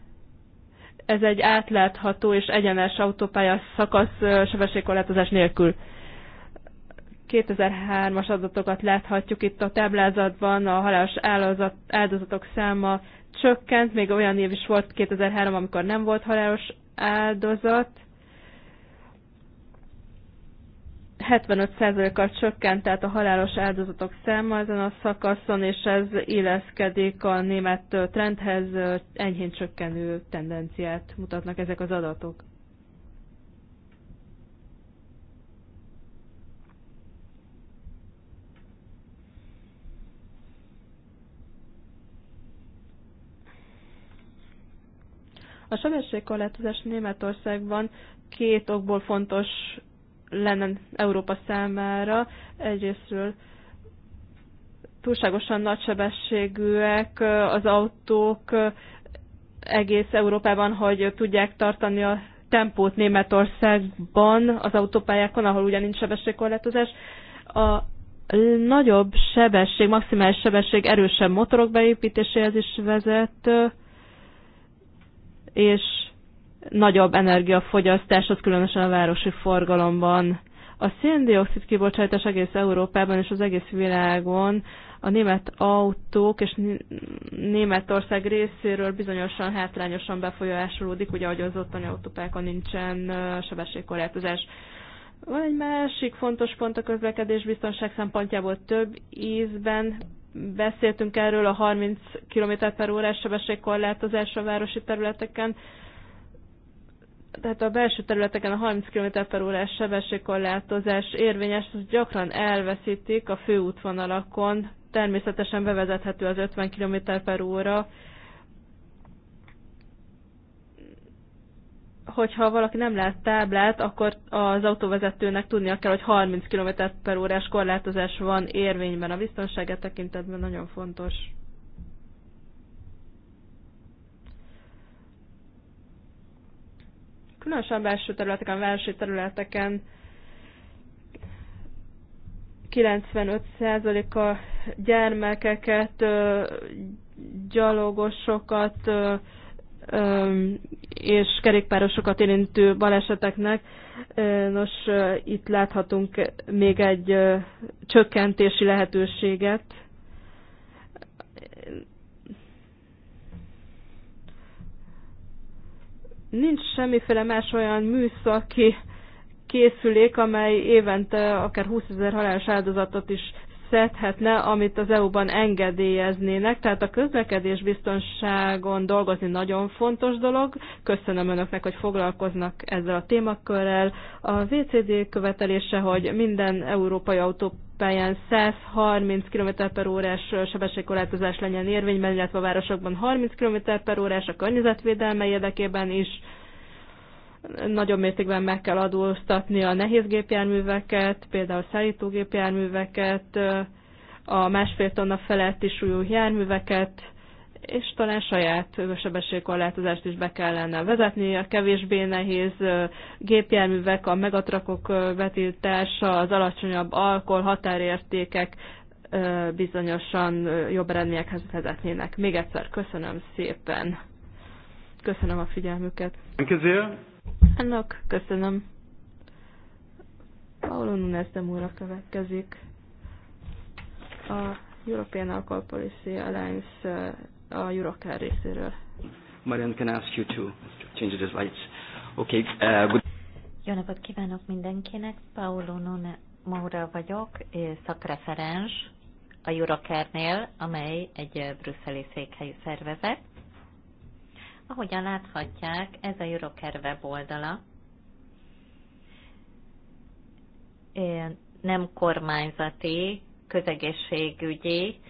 ez egy átlátható és egyenes autópálya szakasz sebességkorlátozás nélkül. 2003-as adatokat láthatjuk itt a táblázatban, a halálos áldozatok száma csökkent, még olyan év is volt 2003, amikor nem volt halálos áldozat, 75%-kal csökkent tehát a halálos áldozatok száma ezen a szakaszon, és ez illeszkedik a német trendhez, enyhén csökkenő tendenciát mutatnak ezek az adatok. A sebességkorlátozás Németországban két okból fontos lenne Európa számára. Egyrésztről túlságosan nagy sebességűek az autók egész Európában, hogy tudják tartani a tempót Németországban az autópályákon, ahol ugye nincs sebességkorlátozás. A nagyobb sebesség, maximális sebesség erősebb motorok beépítéséhez is vezet, és nagyobb energiafogyasztáshoz, különösen a városi forgalomban. A széndiokszid kibocsátás egész Európában és az egész világon a német autók és Németország részéről bizonyosan hátrányosan befolyásolódik, ugye ahogy az ottani autópákon nincsen sebességkorlátozás. Van egy másik fontos pont a közlekedés biztonság szempontjából több ízben beszéltünk erről a 30 km per órás sebességkorlátozás a városi területeken tehát a belső területeken a 30 km per órás sebességkorlátozás érvényes, az gyakran elveszítik a főútvonalakon, természetesen bevezethető az 50 km per óra, hogyha valaki nem lát táblát, akkor az autóvezetőnek tudnia kell, hogy 30 km per órás korlátozás van érvényben. A biztonsága tekintetben nagyon fontos. különösen belső területeken, belső területeken 95%-a gyermekeket, gyalogosokat és kerékpárosokat érintő baleseteknek. Nos, itt láthatunk még egy csökkentési lehetőséget Nincs semmiféle más olyan műszaki készülék, amely évente akár 20 ezer halálos áldozatot is szedhetne, amit az EU-ban engedélyeznének. Tehát a közlekedés biztonságon dolgozni nagyon fontos dolog. Köszönöm Önöknek, hogy foglalkoznak ezzel a témakörrel. A VCD követelése, hogy minden európai autópályán 130 km per órás sebességkorlátozás legyen érvényben, illetve a városokban 30 km per órás a környezetvédelme érdekében is Nagyobb mértékben meg kell adóztatni a nehéz gépjárműveket, például szállítógépjárműveket, a másfél tonna feletti súlyú járműveket, és talán saját sebességkorlátozást is be kellene vezetni. A kevésbé nehéz gépjárművek, a megatrakok betiltása, az alacsonyabb alkohol határértékek bizonyosan jobb eredményekhez vezetnének. Még egyszer köszönöm szépen. Köszönöm a figyelmüket.
Köszönöm.
Elnök, köszönöm. Paolo Nunes de Mura következik. A European Alcohol Policy Alliance a Eurocar részéről. Marian,
can I ask you to change the slides? Okay, uh, good.
Jó napot kívánok mindenkinek, Paolo Nune Maura vagyok, szakreferens a Eurocarnél, amely egy brüsszeli székhelyű szervezet. Ahogyan láthatják, ez a Euroker weboldala nem kormányzati, közegészségügyi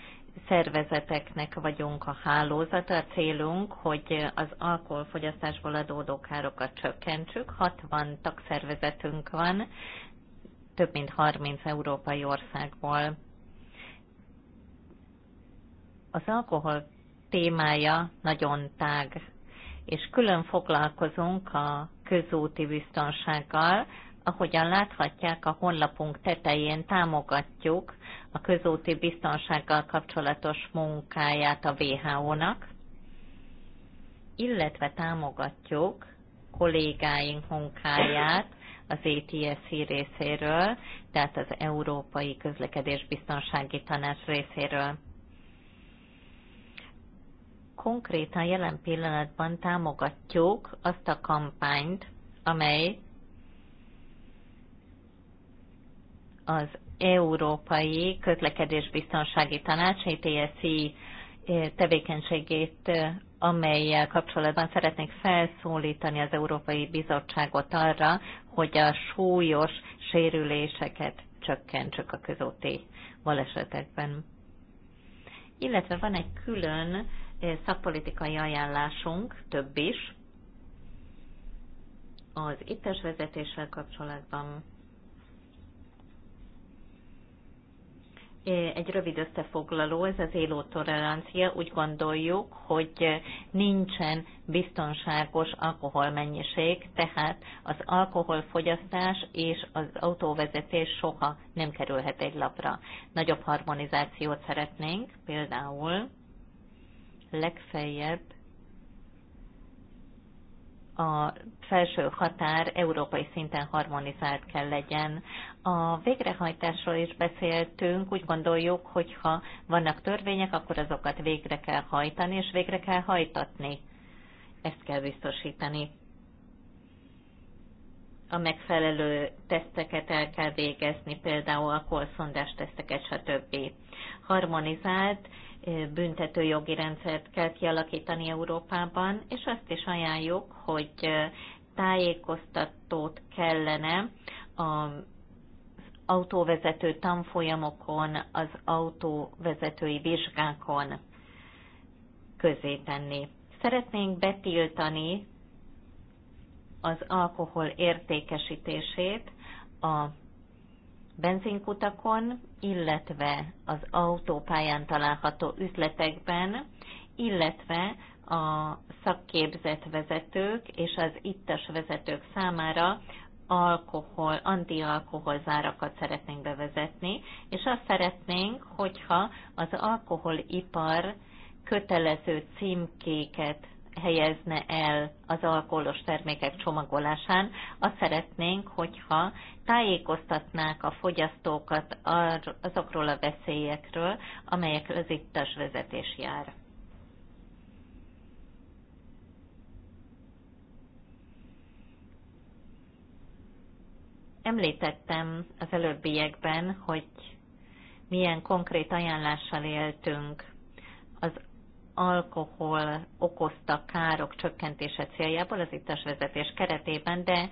szervezeteknek vagyunk a hálózata. A célunk, hogy az alkoholfogyasztásból adódó károkat csökkentsük. 60 tagszervezetünk van, több mint 30 európai országból. Az alkohol témája nagyon tág és külön foglalkozunk a közúti biztonsággal. Ahogyan láthatják, a honlapunk tetején támogatjuk a közúti biztonsággal kapcsolatos munkáját a WHO-nak, illetve támogatjuk kollégáink munkáját az ATSC részéről, tehát az Európai Közlekedés Biztonsági Tanács részéről konkrétan jelen pillanatban támogatjuk azt a kampányt, amely az Európai Biztonsági Tanács, ETSI eh, tevékenységét, eh, amelyel kapcsolatban szeretnék felszólítani az Európai Bizottságot arra, hogy a súlyos sérüléseket csökkentsük a közúti balesetekben. Illetve van egy külön szakpolitikai ajánlásunk, több is, az ittes vezetéssel kapcsolatban. Egy rövid összefoglaló, ez az éló tolerancia. Úgy gondoljuk, hogy nincsen biztonságos alkoholmennyiség, tehát az alkoholfogyasztás és az autóvezetés soha nem kerülhet egy lapra. Nagyobb harmonizációt szeretnénk, például legfeljebb a felső határ európai szinten harmonizált kell legyen. A végrehajtásról is beszéltünk, úgy gondoljuk, hogy ha vannak törvények, akkor azokat végre kell hajtani, és végre kell hajtatni. Ezt kell biztosítani. A megfelelő teszteket el kell végezni, például a kolszondás teszteket, stb. Harmonizált büntetőjogi rendszert kell kialakítani Európában, és azt is ajánljuk, hogy tájékoztatót kellene a autóvezető tanfolyamokon, az autóvezetői vizsgákon közé tenni. Szeretnénk betiltani az alkohol értékesítését a benzinkutakon, illetve az autópályán található üzletekben, illetve a szakképzett vezetők és az ittas vezetők számára alkohol, antialkohol zárakat szeretnénk bevezetni, és azt szeretnénk, hogyha az alkoholipar kötelező címkéket helyezne el az alkoholos termékek csomagolásán. Azt szeretnénk, hogyha tájékoztatnák a fogyasztókat azokról a veszélyekről, amelyek az ittas vezetés jár. Említettem az előbbiekben, hogy milyen konkrét ajánlással éltünk az alkohol okozta károk csökkentése céljából az ittas vezetés keretében, de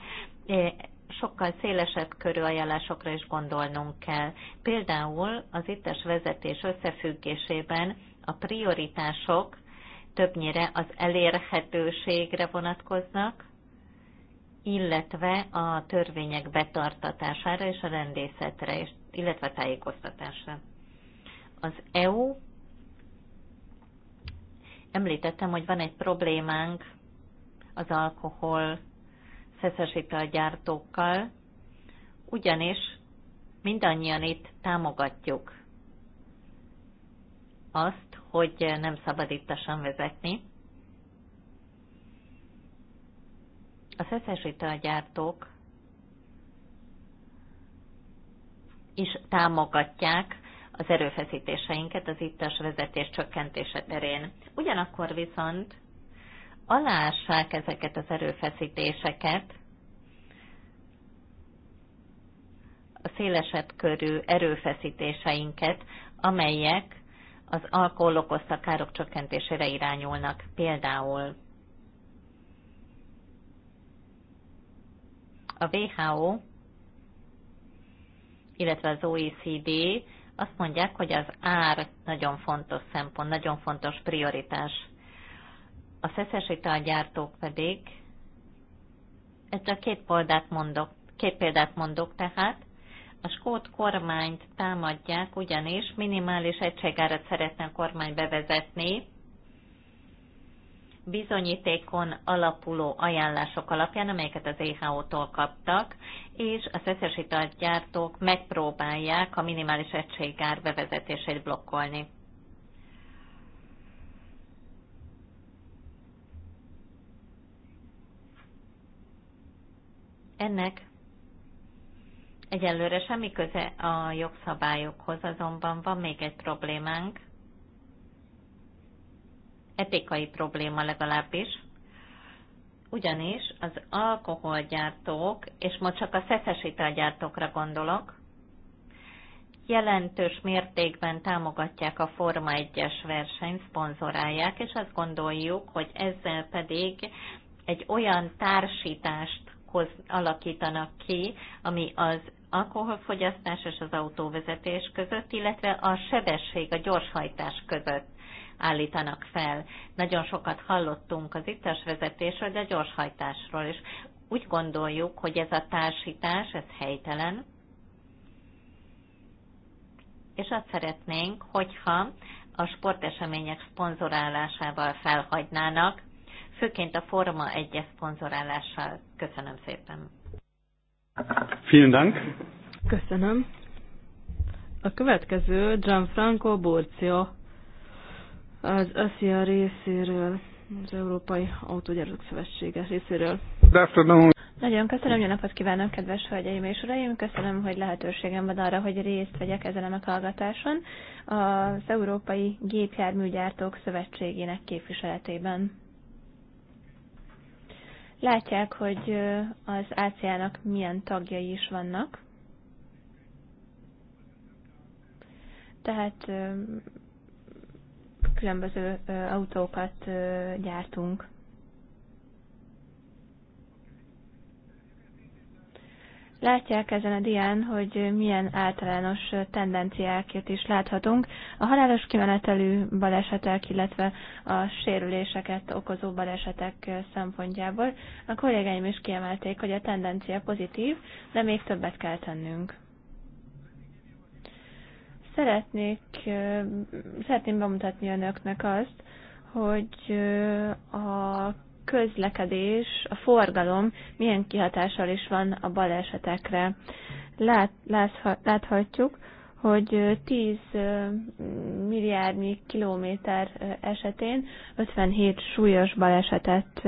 e, sokkal szélesebb körű ajánlásokra is gondolnunk kell. Például az ittas vezetés összefüggésében a prioritások többnyire az elérhetőségre vonatkoznak, illetve a törvények betartatására és a rendészetre, illetve a tájékoztatásra. Az EU Említettem, hogy van egy problémánk az alkohol szeszesitalgyártókkal, ugyanis mindannyian itt támogatjuk azt, hogy nem szabad ittasan vezetni. A szeszesitalgyártók is támogatják az erőfeszítéseinket az ittas vezetés csökkentése terén ugyanakkor viszont alássák ezeket az erőfeszítéseket, a szélesebb körű erőfeszítéseinket, amelyek az alkohol okozta károk csökkentésére irányulnak. Például a WHO, illetve az OECD azt mondják, hogy az ár nagyon fontos szempont, nagyon fontos prioritás. A szeszes gyártók pedig, ez csak két példát mondok, két példát mondok tehát, a skót kormányt támadják, ugyanis minimális egységárat szeretne a kormány bevezetni, bizonyítékon alapuló ajánlások alapján, amelyeket az EHO-tól kaptak, és az összes italgyártók megpróbálják a minimális egységár bevezetését blokkolni. Ennek egyelőre semmi köze a jogszabályokhoz, azonban van még egy problémánk – etikai probléma legalábbis, ugyanis az alkoholgyártók, és most csak a szeszes italgyártókra gondolok, jelentős mértékben támogatják a Forma 1-es versenyt, szponzorálják, és azt gondoljuk, hogy ezzel pedig egy olyan társítást hoz, alakítanak ki, ami az alkoholfogyasztás és az autóvezetés között, illetve a sebesség, a gyorshajtás között állítanak fel. Nagyon sokat hallottunk az ittas vezetésről, de a gyorshajtásról is. Úgy gondoljuk, hogy ez a társítás, ez helytelen, és azt szeretnénk, hogyha a sportesemények szponzorálásával felhagynának, főként a Forma 1 szponzorálással. Köszönöm szépen.
Vielen Dank.
Köszönöm.
A következő Gianfranco Burcio
az ASZIA részéről, az Európai Autógyártók
Szövetsége részéről. Nagyon köszönöm, jó napot kívánok, kedves hölgyeim és uraim! Köszönöm, hogy lehetőségem van arra, hogy részt vegyek ezen a meghallgatáson az Európai Gépjárműgyártók Szövetségének képviseletében. Látják, hogy az ACA-nak milyen tagjai is vannak. Tehát különböző autókat gyártunk. Látják ezen a dián, hogy milyen általános tendenciákat is láthatunk. A halálos kimenetelű balesetek, illetve a sérüléseket okozó balesetek szempontjából. A kollégáim is kiemelték, hogy a tendencia pozitív, de még többet kell tennünk. Szeretnék, szeretném bemutatni önöknek azt, hogy a közlekedés, a forgalom milyen kihatással is van a balesetekre. Lát, láthatjuk, hogy 10 milliárdnyi kilométer esetén 57 súlyos balesetet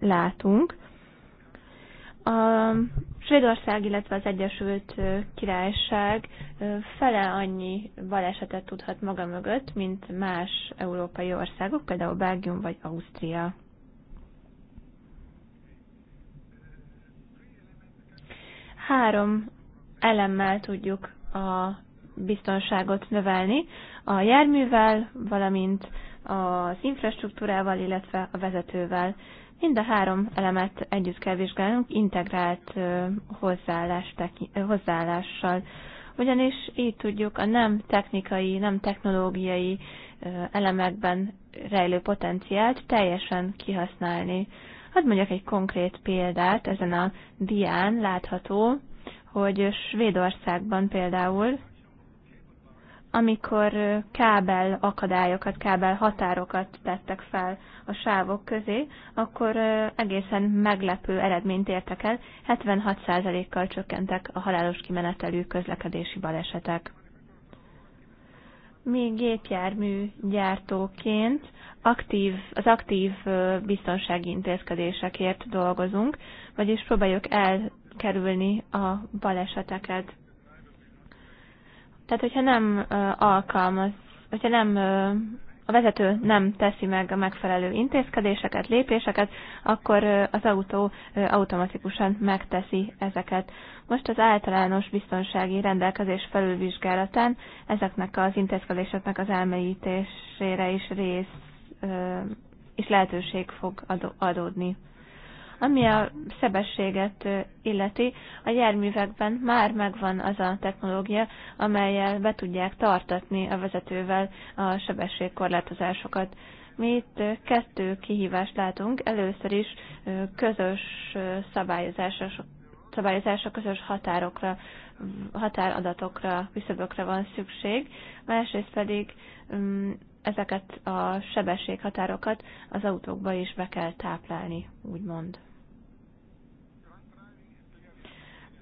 látunk. A Svédország, illetve az Egyesült Királyság fele annyi balesetet tudhat maga mögött, mint más európai országok, például Belgium vagy Ausztria. Három elemmel tudjuk a biztonságot növelni, a járművel, valamint az infrastruktúrával, illetve a vezetővel. Mind a három elemet együtt kell vizsgálnunk integrált hozzáállás, hozzáállással, ugyanis így tudjuk a nem technikai, nem technológiai elemekben rejlő potenciált teljesen kihasználni. Hadd mondjak egy konkrét példát, ezen a dián látható, hogy Svédországban például amikor kábel akadályokat, kábel határokat tettek fel a sávok közé, akkor egészen meglepő eredményt értek el, 76%-kal csökkentek a halálos kimenetelű közlekedési balesetek. Mi gépjármű gyártóként aktív, az aktív biztonsági intézkedésekért dolgozunk, vagyis próbáljuk elkerülni a baleseteket tehát, hogyha nem alkalmaz, hogyha nem a vezető nem teszi meg a megfelelő intézkedéseket, lépéseket, akkor az autó automatikusan megteszi ezeket. Most az általános biztonsági rendelkezés felülvizsgálatán ezeknek az intézkedéseknek az elmélyítésére is rész és lehetőség fog adódni. Ami a sebességet illeti, a járművekben már megvan az a technológia, amelyel be tudják tartatni a vezetővel a sebességkorlátozásokat. Mi itt kettő kihívást látunk. Először is közös szabályozásra, szabályozásra közös határokra, határadatokra, küszöbökre van szükség, másrészt pedig mm, ezeket a sebességhatárokat az autókba is be kell táplálni, úgymond.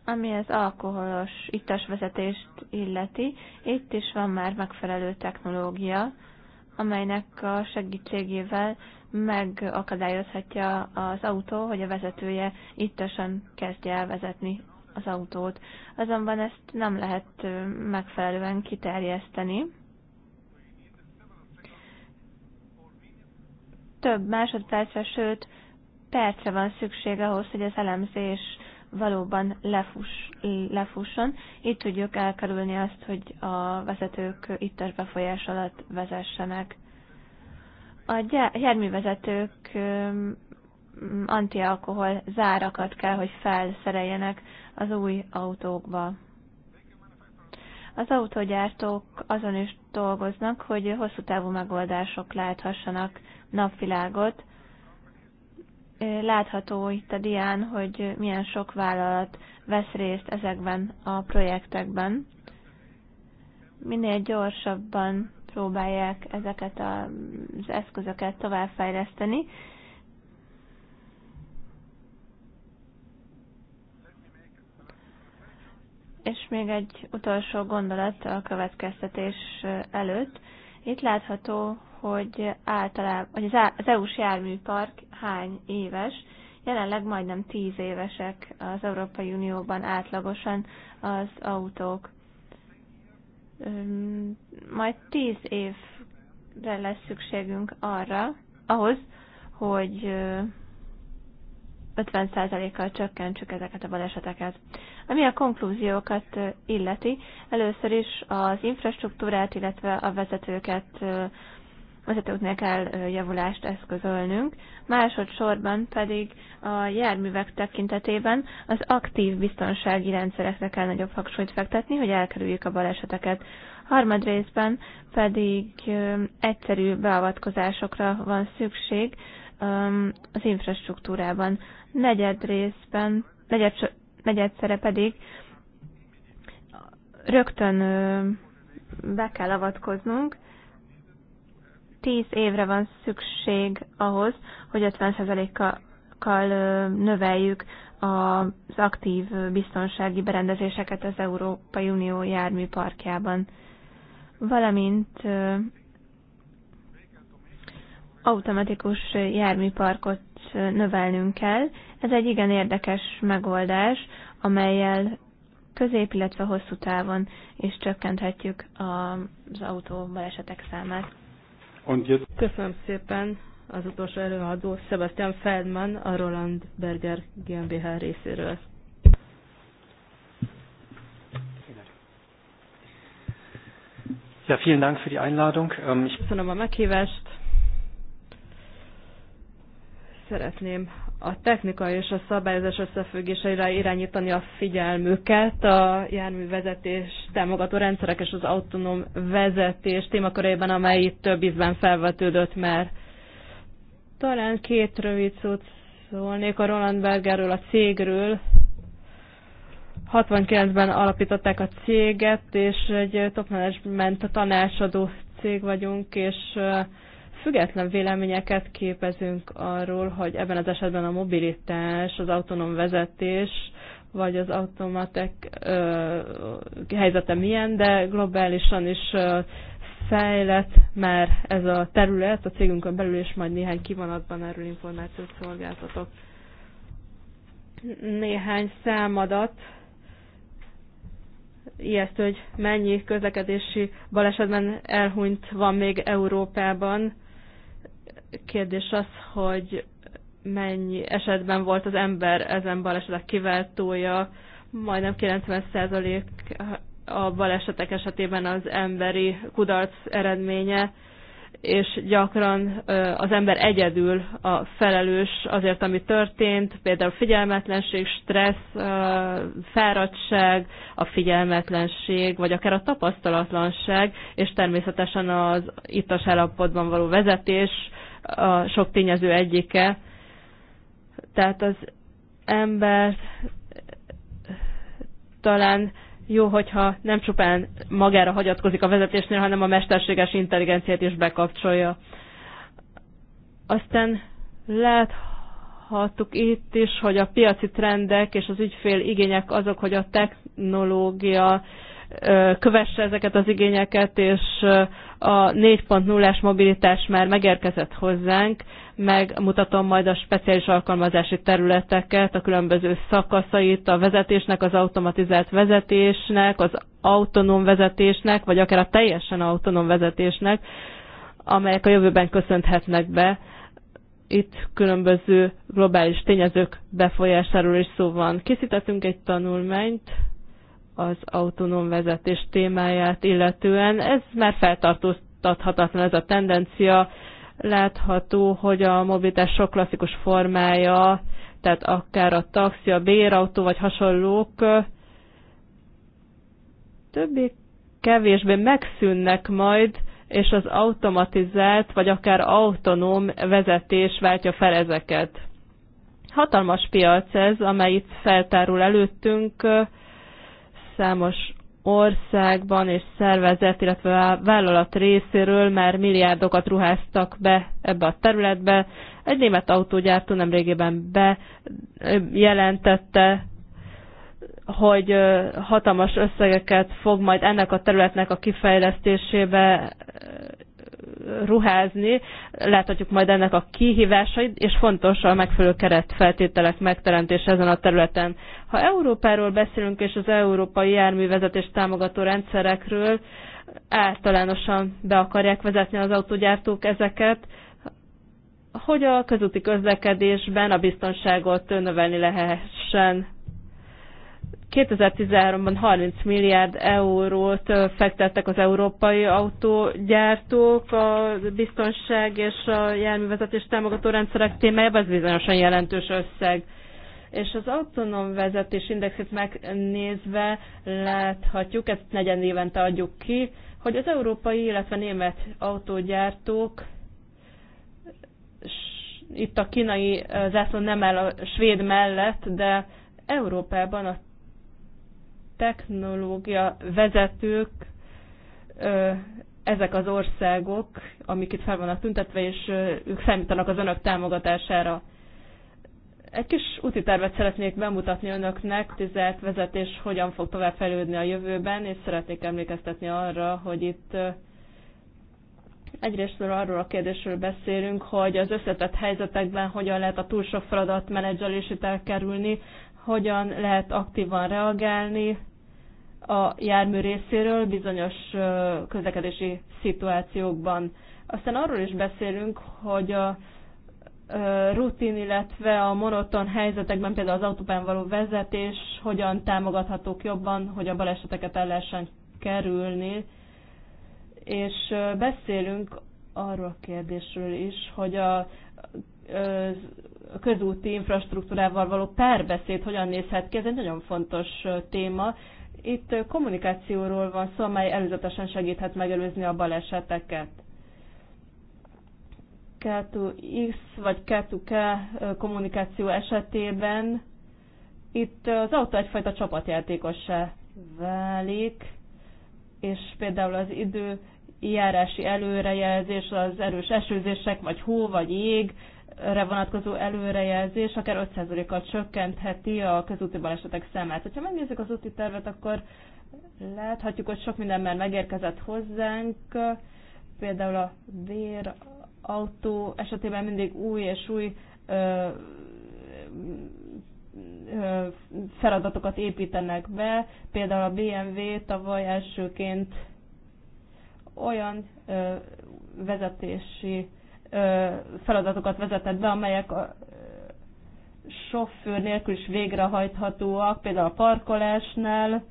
ami az alkoholos ittasvezetést illeti, itt is van már megfelelő technológia, amelynek a segítségével megakadályozhatja az autó, hogy a vezetője ittasan kezdje el vezetni az autót. Azonban ezt nem lehet megfelelően kiterjeszteni. Több másodpercre, sőt, percre van szükség ahhoz, hogy az elemzés valóban lefuss, lefusson. Így tudjuk elkerülni azt, hogy a vezetők ittes befolyás alatt vezessenek. A járművezetők antialkohol zárakat kell, hogy felszereljenek az új autókba. Az autógyártók azon is dolgoznak, hogy hosszú távú megoldások láthassanak napvilágot, Látható itt a dián, hogy milyen sok vállalat vesz részt ezekben a projektekben. Minél gyorsabban próbálják ezeket az eszközöket továbbfejleszteni, És még egy utolsó gondolat a következtetés előtt. Itt látható, hogy, általában, hogy az EU-s járműpark hány éves. Jelenleg majdnem tíz évesek az Európai Unióban átlagosan az autók. Majd tíz évre lesz szükségünk arra, ahhoz, hogy 50%-kal csökkentsük ezeket a baleseteket. Ami a konklúziókat illeti, először is az infrastruktúrát, illetve a vezetőket vezetőknél kell javulást eszközölnünk, másodszorban pedig a járművek tekintetében az aktív biztonsági rendszerekre kell nagyobb hangsúlyt fektetni, hogy elkerüljük a baleseteket. Harmadrészben pedig egyszerű beavatkozásokra van szükség az infrastruktúrában. Negyed részben, negyed, negyedszere pedig rögtön be kell avatkoznunk, 10 évre van szükség ahhoz, hogy 50%-kal növeljük az aktív biztonsági berendezéseket az Európai Unió járműparkjában, valamint automatikus járműparkot növelnünk kell. Ez egy igen érdekes megoldás, amelyel közép, illetve hosszú távon is csökkenthetjük az autó balesetek számát.
Köszönöm szépen az utolsó előadó, Sebastian Feldman, a Roland Berger GmbH részéről.
Ja, vielen Dank für die Einladung. Ähm, ich Köszönöm
a meghívást. Szeretném a technika és a szabályozás összefüggéseire irányítani a figyelmüket, a járművezetés támogató rendszerek és az autonóm vezetés témakörében, amely itt több ízben felvetődött mert Talán két rövid szót szólnék a Roland Bergerről, a cégről. 69-ben alapították a céget, és egy top management tanácsadó cég vagyunk, és független véleményeket képezünk arról, hogy ebben az esetben a mobilitás, az autonóm vezetés, vagy az automatek ö, helyzete milyen, de globálisan is ö, fejlett már ez a terület a cégünkön belül, és majd néhány kivonatban erről információt szolgáltatok. Néhány számadat, ijesztő, hogy mennyi közlekedési balesetben elhunyt van még Európában, kérdés az, hogy mennyi esetben volt az ember ezen balesetek kiváltója, majdnem 90% a balesetek esetében az emberi kudarc eredménye, és gyakran az ember egyedül a felelős azért, ami történt, például figyelmetlenség, stressz, fáradtság, a figyelmetlenség, vagy akár a tapasztalatlanság, és természetesen az ittas állapotban való vezetés, a sok tényező egyike. Tehát az ember talán jó, hogyha nem csupán magára hagyatkozik a vezetésnél, hanem a mesterséges intelligenciát is bekapcsolja. Aztán láthattuk itt is, hogy a piaci trendek és az ügyfél igények azok, hogy a technológia kövesse ezeket az igényeket, és a 4.0-as mobilitás már megérkezett hozzánk, megmutatom majd a speciális alkalmazási területeket, a különböző szakaszait a vezetésnek, az automatizált vezetésnek, az autonóm vezetésnek, vagy akár a teljesen autonóm vezetésnek, amelyek a jövőben köszönhetnek be. Itt különböző globális tényezők befolyásáról is szó van. Készítettünk egy tanulmányt, az autonóm vezetés témáját illetően. Ez már feltartóztathatatlan ez a tendencia. Látható, hogy a mobilitás sok klasszikus formája, tehát akár a taxi, a bérautó vagy hasonlók többé-kevésbé megszűnnek majd, és az automatizált vagy akár autonóm vezetés váltja fel ezeket. Hatalmas piac ez, amely itt feltárul előttünk, számos országban és szervezet, illetve a vállalat részéről már milliárdokat ruháztak be ebbe a területbe. Egy német autógyártó nemrégében bejelentette, hogy hatalmas összegeket fog majd ennek a területnek a kifejlesztésébe ruházni. Láthatjuk majd ennek a kihívásait, és fontos a megfelelő keretfeltételek megteremtése ezen a területen. Ha Európáról beszélünk, és az európai járművezetés támogató rendszerekről, általánosan be akarják vezetni az autógyártók ezeket, hogy a közúti közlekedésben a biztonságot növelni lehessen. 2013-ban 30 milliárd eurót fektettek az európai autógyártók a biztonság és a járművezetés támogató rendszerek témájában, ez bizonyosan jelentős összeg. És az autonóm vezetés indexét megnézve láthatjuk, ezt negyen évente adjuk ki, hogy az európai, illetve német autógyártók itt a kínai zászló nem áll a svéd mellett, de Európában a technológia vezetők ezek az országok, amik itt fel vannak tüntetve, és ők számítanak az önök támogatására. Egy kis úti tervet szeretnék bemutatni önöknek, tizált vezetés hogyan fog tovább fejlődni a jövőben, és szeretnék emlékeztetni arra, hogy itt egyrészt arról a kérdésről beszélünk, hogy az összetett helyzetekben hogyan lehet a túl sok feladat menedzselését elkerülni, hogyan lehet aktívan reagálni, a jármű részéről bizonyos közlekedési szituációkban. Aztán arról is beszélünk, hogy a rutin, illetve a monoton helyzetekben, például az autópályán való vezetés, hogyan támogathatók jobban, hogy a baleseteket el lehessen kerülni. És beszélünk arról a kérdésről is, hogy a közúti infrastruktúrával való párbeszéd hogyan nézhet ki, ez egy nagyon fontos téma, itt kommunikációról van szó, amely előzetesen segíthet megelőzni a baleseteket. K2X vagy K2K kommunikáció esetében itt az autó egyfajta csapatjátékossá válik, és például az idő járási előrejelzés, az erős esőzések, vagy hó, vagy jég, re vonatkozó előrejelzés akár 5%-kal csökkentheti a közúti balesetek számát. Ha megnézzük az úti tervet, akkor láthatjuk, hogy sok minden már megérkezett hozzánk, például a vér autó esetében mindig új és új ö, ö, feladatokat építenek be. Például a BMW tavaly elsőként olyan ö, vezetési feladatokat vezetett be, amelyek a sofőr nélkül is végrehajthatóak, például a parkolásnál,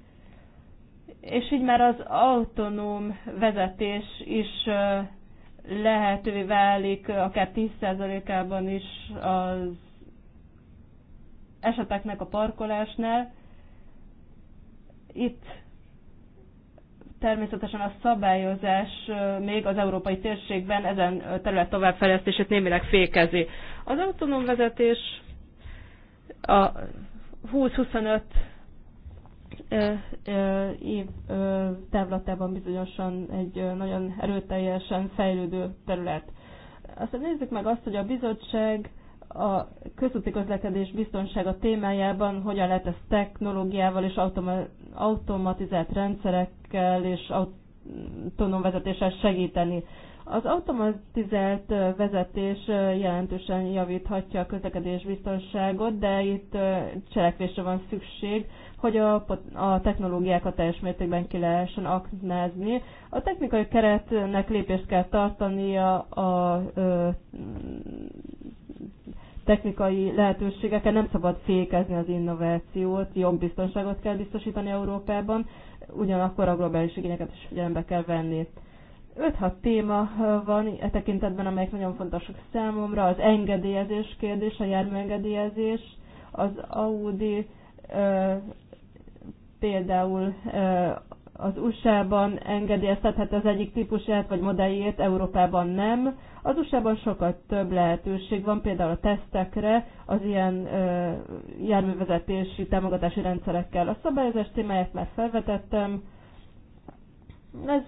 és így már az autonóm vezetés is lehetővé válik, akár 10%-ában is az eseteknek a parkolásnál. Itt Természetesen a szabályozás még az európai térségben ezen terület továbbfejlesztését némileg fékezi. Az autonóm vezetés a 20-25 év távlatában bizonyosan egy nagyon erőteljesen fejlődő terület. Aztán nézzük meg azt, hogy a bizottság a közúti közlekedés biztonsága témájában hogyan lehet ezt technológiával és automatizált rendszerekkel és autonóm vezetéssel segíteni. Az automatizált vezetés jelentősen javíthatja a közlekedés biztonságot, de itt cselekvésre van szükség, hogy a, a technológiákat teljes mértékben ki lehessen aknázni. A technikai keretnek lépést kell tartania a, a, a technikai lehetőségeken nem szabad fékezni az innovációt, jobb biztonságot kell biztosítani Európában, ugyanakkor a globális igényeket is figyelembe kell venni. 5-6 téma van e tekintetben, amelyek nagyon fontosak számomra. Az engedélyezés kérdés, a járműengedélyezés, az Audi e, például e, az USA-ban engedélyeztethet az egyik típusát vagy modelljét, Európában nem. Az USA-ban sokkal több lehetőség van, például a tesztekre, az ilyen ö, járművezetési támogatási rendszerekkel. A szabályozás témáját már felvetettem. Ez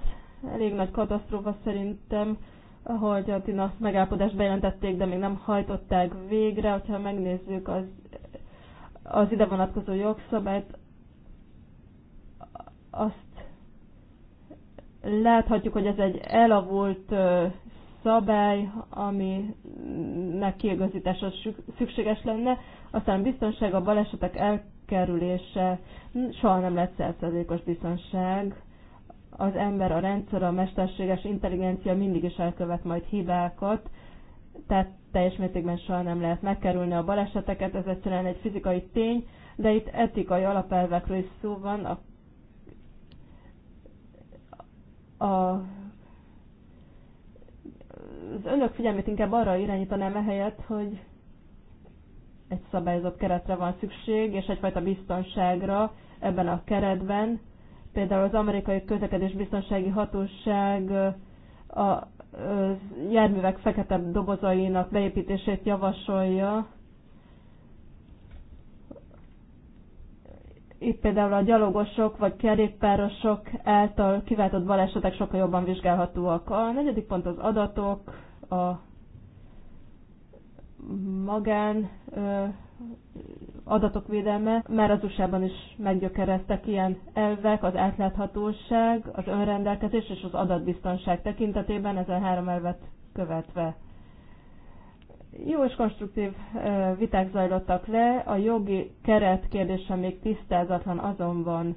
elég nagy katasztrófa szerintem, hogy a TINA megállapodást bejelentették, de még nem hajtották végre. Hogyha megnézzük az, az ide vonatkozó jogszabályt, azt Láthatjuk, hogy ez egy elavult szabály, aminek kiigazítása szükséges lenne, aztán biztonság a balesetek elkerülése, soha nem lett százszerzékos biztonság, az ember, a rendszer, a mesterséges intelligencia mindig is elkövet majd hibákat, tehát teljes mértékben soha nem lehet megkerülni a baleseteket, ez egyszerűen egy fizikai tény, de itt etikai alapelvekről is szó van, a A, az önök figyelmét inkább arra irányítanám ehelyett, hogy egy szabályozott keretre van szükség, és egyfajta biztonságra ebben a keretben. Például az amerikai közlekedés biztonsági hatóság a járművek fekete dobozainak beépítését javasolja, itt például a gyalogosok vagy kerékpárosok által kiváltott balesetek sokkal jobban vizsgálhatóak. A negyedik pont az adatok, a magán ö, adatok védelme. Már az usa is meggyökereztek ilyen elvek, az átláthatóság, az önrendelkezés és az adatbiztonság tekintetében ezen három elvet követve. Jó és konstruktív viták zajlottak le, a jogi keret kérdése még tisztázatlan azonban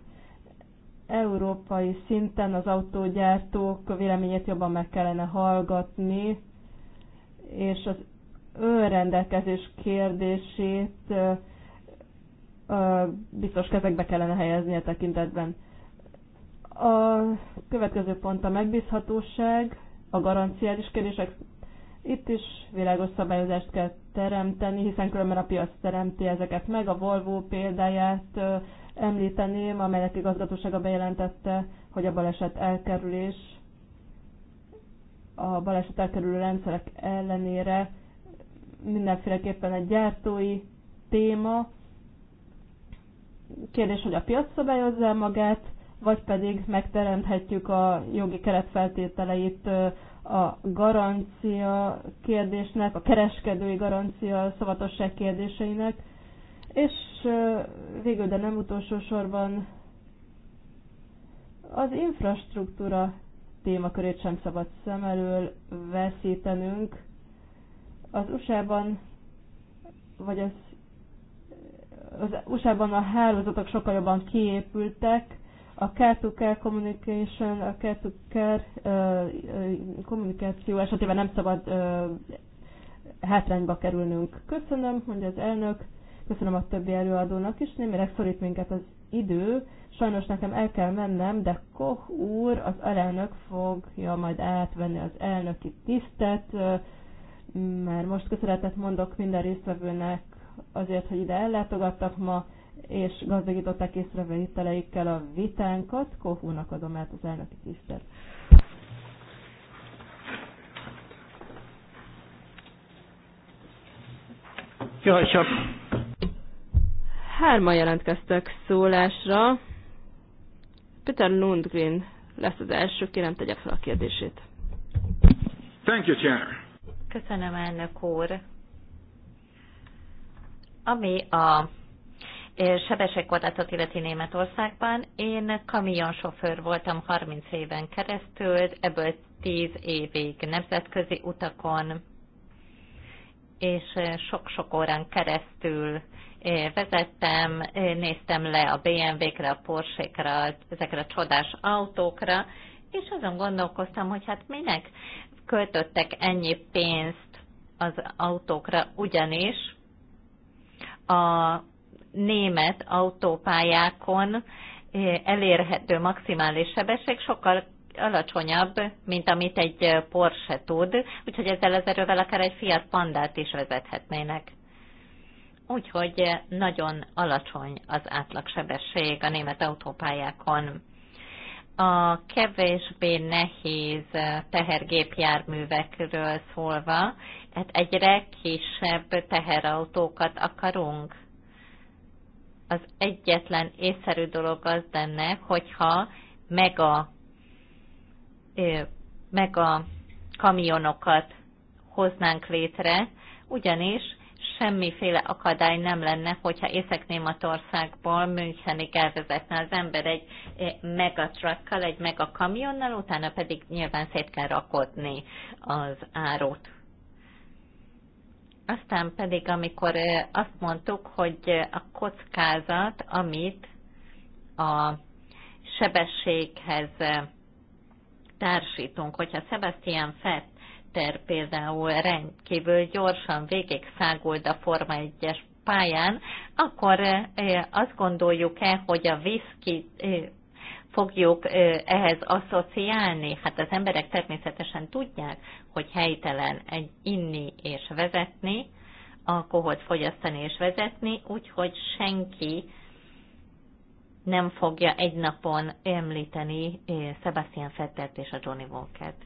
európai szinten az autógyártók véleményét jobban meg kellene hallgatni, és az önrendelkezés kérdését biztos kezekbe kellene helyezni a tekintetben. A következő pont a megbízhatóság, a garanciális kérdések itt is világos szabályozást kell teremteni, hiszen különben a piac teremti ezeket meg. A Volvo példáját említeném, amelyek igazgatósága bejelentette, hogy a baleset elkerülés, a baleset elkerülő rendszerek ellenére mindenféleképpen egy gyártói téma. Kérdés, hogy a piac szabályozza magát, vagy pedig megteremthetjük a jogi keretfeltételeit a garancia kérdésnek, a kereskedői garancia szavatosság kérdéseinek, és végül, de nem utolsó sorban az infrastruktúra témakörét sem szabad szem elől veszítenünk. Az USA-ban, vagy az, az USA-ban a hálózatok sokkal jobban kiépültek, a care-to-care communication, a care-to-care uh, kommunikáció esetében nem szabad hátrányba kerülnünk. Köszönöm, mondja az elnök, köszönöm a többi előadónak is, némileg szorít minket az idő, sajnos nekem el kell mennem, de Koch úr, az elnök fogja majd átvenni az elnöki tisztet, mert most köszönetet mondok minden résztvevőnek azért, hogy ide ellátogattak ma, és gazdagították észrevételeikkel a vitánkat. Kohúnak adom át az elnöki tisztet. Jó, csak. Hárman jelentkeztek szólásra. Peter Lundgren lesz az első, kérem tegye fel a kérdését.
Thank you, Chair. Köszönöm, elnök úr. Ami a sebességkorlátot illeti Németországban. Én kamionsofőr voltam 30 éven keresztül, ebből 10 évig nemzetközi utakon, és sok-sok órán keresztül vezettem, néztem le a BMW-kre, a Porsche-kre, ezekre a csodás autókra, és azon gondolkoztam, hogy hát minek költöttek ennyi pénzt az autókra, ugyanis a német autópályákon eh, elérhető maximális sebesség sokkal alacsonyabb, mint amit egy eh, Porsche tud, úgyhogy ezzel az erővel akár egy Fiat Pandát is vezethetnének. Úgyhogy eh, nagyon alacsony az átlagsebesség a német autópályákon. A kevésbé nehéz tehergépjárművekről szólva, hát egyre kisebb teherautókat akarunk az egyetlen észszerű dolog az lenne, hogyha meg a, meg a kamionokat hoznánk létre, ugyanis semmiféle akadály nem lenne, hogyha Észak-Németországból Münchenig elvezetne az ember egy megatruckkal, egy megakamionnal, utána pedig nyilván szét kell rakodni az árót. Aztán pedig, amikor azt mondtuk, hogy a kockázat, amit a sebességhez társítunk, hogyha Sebastian Fetter például rendkívül gyorsan végig száguld a Forma 1-es pályán, akkor azt gondoljuk-e, hogy a viszki fogjuk ehhez asszociálni? Hát az emberek természetesen tudják, hogy helytelen egy inni és vezetni, alkoholt fogyasztani és vezetni, úgyhogy senki nem fogja egy napon említeni Sebastian Fettert és a Johnny Walkert.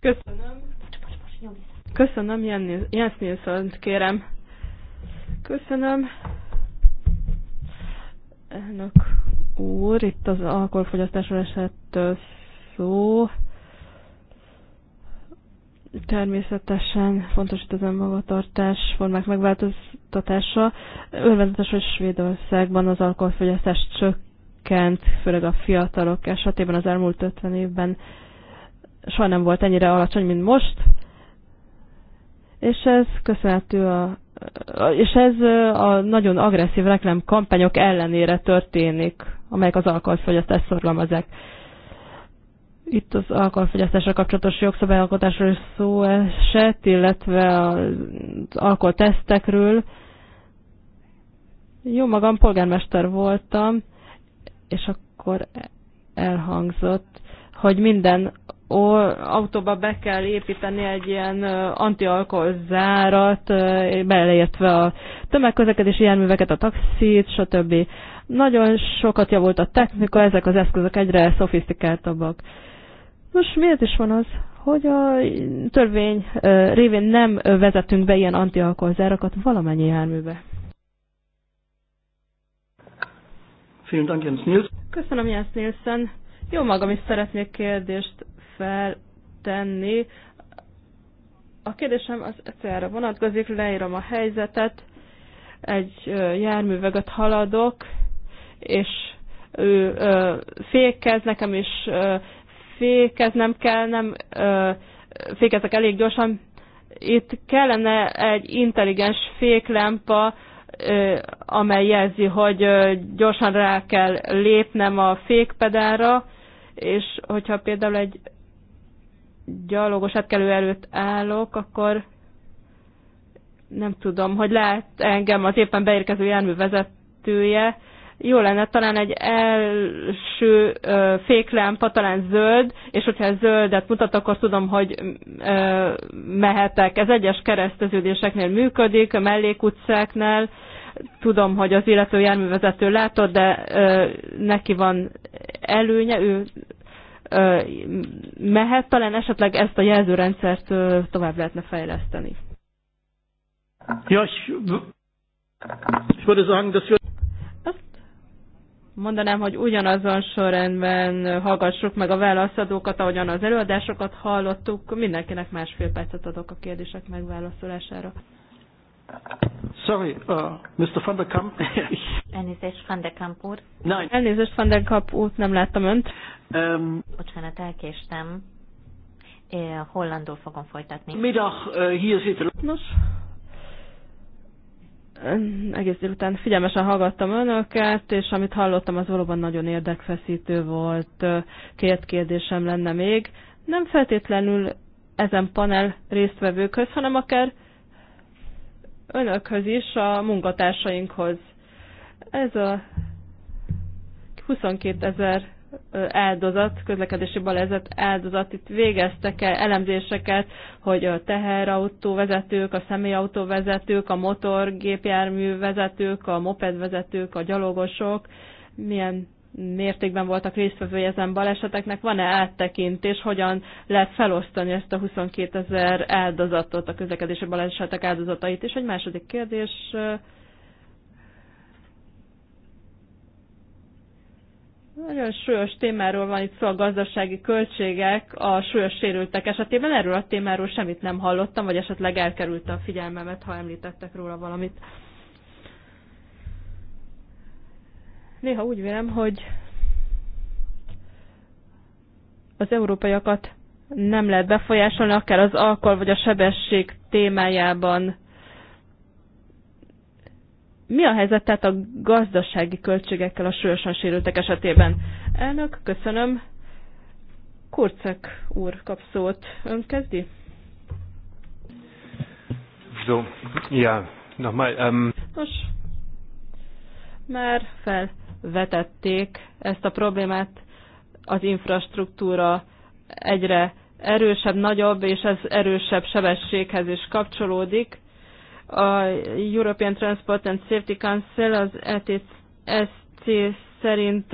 Köszönöm.
Köszönöm, Jens nilsson kérem. Köszönöm. Elnök úr, itt az alkoholfogyasztásról esett szó. Természetesen fontos itt az önmagatartás formák megváltoztatása. Örvendetes, hogy Svédországban az alkoholfogyasztás csökkent, főleg a fiatalok esetében az elmúlt 50 évben soha nem volt ennyire alacsony, mint most. És ez köszönhető a és ez a nagyon agresszív reklámkampányok ellenére történik, amelyek az alkoholfogyasztást szorgalmazzák. Itt az alkoholfogyasztásra kapcsolatos jogszabályalkotásról is szó esett, illetve az alkoholtesztekről. Jó magam, polgármester voltam, és akkor elhangzott, hogy minden autóba be kell építeni egy ilyen antialkohol zárat, beleértve a tömegközlekedési járműveket, a taxit, stb. Nagyon sokat javult a technika, ezek az eszközök egyre szofisztikáltabbak. Most miért is van az, hogy a törvény révén nem vezetünk be ilyen zárakat valamennyi járműbe? Köszönöm, Jens Nielsen. Jó magam is szeretnék kérdést feltenni. A kérdésem az egyszerre vonatkozik, leírom a helyzetet, egy járműveget haladok, és ő ö, fékez, nekem is ö, fékeznem kell, nem ö, fékezek elég gyorsan. Itt kellene egy intelligens féklámpa, ö, amely jelzi, hogy ö, gyorsan rá kell lépnem a fékpedára, és hogyha például egy gyalogos átkelő előtt állok, akkor nem tudom, hogy lehet engem az éppen beérkező jármű vezetője. Jó lenne talán egy első ö, féklámpa, talán zöld, és hogyha zöldet mutat, akkor tudom, hogy ö, mehetek. Ez egyes kereszteződéseknél működik, a mellékutcáknál. Tudom, hogy az illető járművezető látott, de ö, neki van előnye, ő mehet, talán esetleg ezt a jelzőrendszert tovább lehetne fejleszteni. Ja, mondanám, hogy ugyanazon sorrendben hallgassuk meg a válaszadókat, ahogyan az előadásokat hallottuk. Mindenkinek másfél percet adok a kérdések megválaszolására. Sorry, uh,
Mr.
Van der Kamp. (laughs) Elnézést, Van der Kamp úr. Nein. Elnézést, Van der Kamp úr, nem láttam önt. Um, Bocsánat, elkéstem. É, hollandul fogom folytatni. Middag,
uh, hier zit Nos, egész délután figyelmesen hallgattam önöket, és amit hallottam, az valóban nagyon érdekfeszítő volt. Két kérdésem lenne még. Nem feltétlenül ezen panel résztvevőkhöz, hanem akár önökhöz is, a munkatársainkhoz. Ez a 22 ezer áldozat, közlekedési balezet áldozat. Itt végeztek el elemzéseket, hogy a teherautó vezetők, a személyautó vezetők, a motorgépjármű vezetők, a moped vezetők, a gyalogosok milyen mértékben voltak résztvevői ezen baleseteknek, van-e áttekintés, hogyan lehet felosztani ezt a 22 ezer áldozatot, a közlekedési balesetek áldozatait, és egy második kérdés, Nagyon súlyos témáról van itt szó a gazdasági költségek a súlyos sérültek esetében. Erről a témáról semmit nem hallottam, vagy esetleg elkerült a figyelmemet, ha említettek róla valamit. Néha úgy vélem, hogy az európaiakat nem lehet befolyásolni, akár az alkohol vagy a sebesség témájában mi a helyzet tehát a gazdasági költségekkel a súlyosan sérültek esetében? Elnök, köszönöm. Kurcek úr kap szót. Ön kezdi?
So, ja, my, um...
Nos, már felvetették ezt a problémát. Az infrastruktúra egyre erősebb, nagyobb, és ez erősebb sebességhez is kapcsolódik a European Transport and Safety Council, az ETSC szerint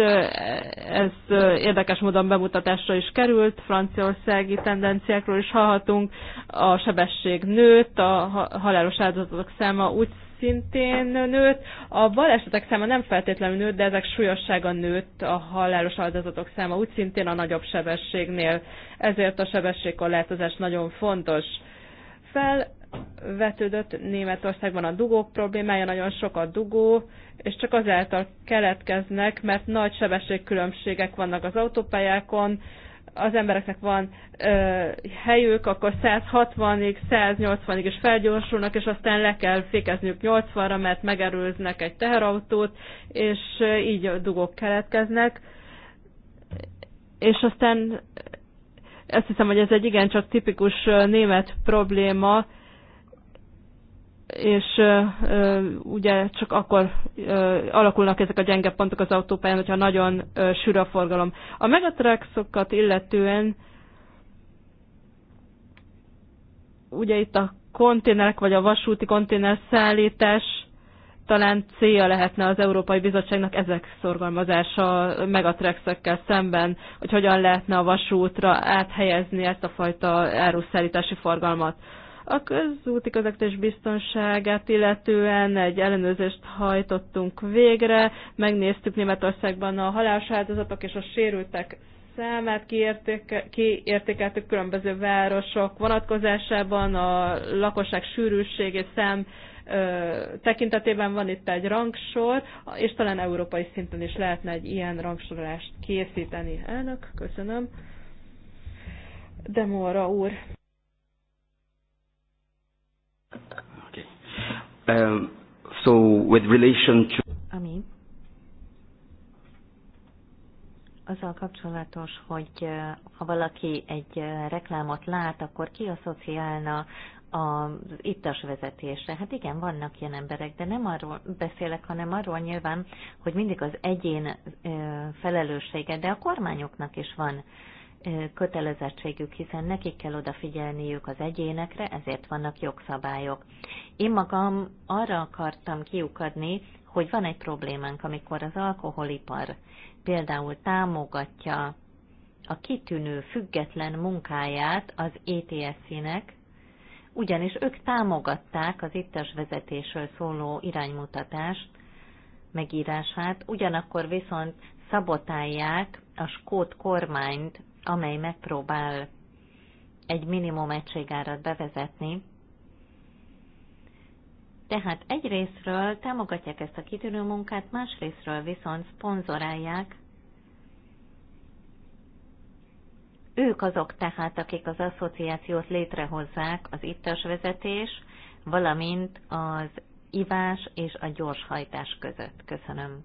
ez érdekes módon bemutatásra is került, franciaországi tendenciákról is hallhatunk, a sebesség nőtt, a halálos áldozatok száma úgy szintén nőtt, a balesetek száma nem feltétlenül nőtt, de ezek súlyossága nőtt, a halálos áldozatok száma úgy szintén a nagyobb sebességnél, ezért a sebességkorlátozás nagyon fontos. Fel vetődött Németországban a dugók problémája, nagyon sok a dugó, és csak azáltal keletkeznek, mert nagy sebességkülönbségek vannak az autópályákon, az embereknek van ö, helyük, akkor 160-ig, 180-ig is felgyorsulnak, és aztán le kell fékezniük 80-ra, mert megerőznek egy teherautót, és így a dugók keletkeznek. És aztán azt hiszem, hogy ez egy igencsak tipikus német probléma, és ugye csak akkor alakulnak ezek a gyenge pontok az autópályán, hogyha nagyon sűrű a forgalom. A megatraxokat illetően ugye itt a konténerek vagy a vasúti konténer szállítás talán célja lehetne az Európai Bizottságnak ezek szorgalmazása megatrexekkel szemben, hogy hogyan lehetne a vasútra áthelyezni ezt a fajta áruszállítási forgalmat. A közúti közlekedés biztonságát illetően egy ellenőrzést hajtottunk végre, megnéztük Németországban a halálos áldozatok és a sérültek számát kiértéke, kiértékeltük különböző városok vonatkozásában, a lakosság sűrűség és szám ö, tekintetében van itt egy rangsor, és talán európai szinten is lehetne egy ilyen rangsorolást készíteni. Elnök, köszönöm. Demora úr.
Okay. Um, so with relation to...
Ami azzal kapcsolatos, hogy uh, ha valaki egy uh, reklámot lát, akkor ki asszociálna az ittas vezetésre. Hát igen, vannak ilyen emberek, de nem arról beszélek, hanem arról nyilván, hogy mindig az egyén uh, felelőssége, de a kormányoknak is van kötelezettségük, hiszen nekik kell odafigyelniük az egyénekre, ezért vannak jogszabályok. Én magam arra akartam kiukadni, hogy van egy problémánk, amikor az alkoholipar például támogatja a kitűnő, független munkáját az ETSZ-nek, ugyanis ők támogatták az ittes vezetésről szóló iránymutatást, megírását, ugyanakkor viszont szabotálják a skót kormányt amely megpróbál egy minimum egységárat bevezetni. Tehát egyrésztről támogatják ezt a kitűnő munkát, másrésztről viszont szponzorálják. Ők azok tehát, akik az asszociációt létrehozzák, az ittas vezetés, valamint az ivás és a gyorshajtás között. Köszönöm.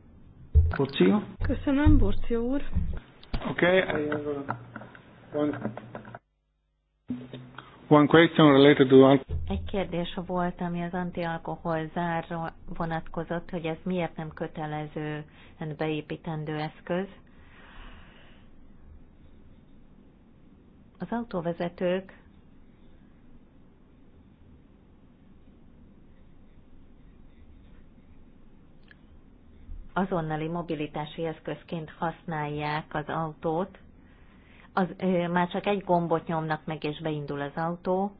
Köszönöm, Burcio úr.
Oké. Okay.
One, question related to
Egy kérdés volt, ami az antialkohol zárra vonatkozott, hogy ez miért nem kötelező beépítendő eszköz. Az autóvezetők azonnali mobilitási eszközként használják az autót, az, már csak egy gombot nyomnak meg, és beindul az autó,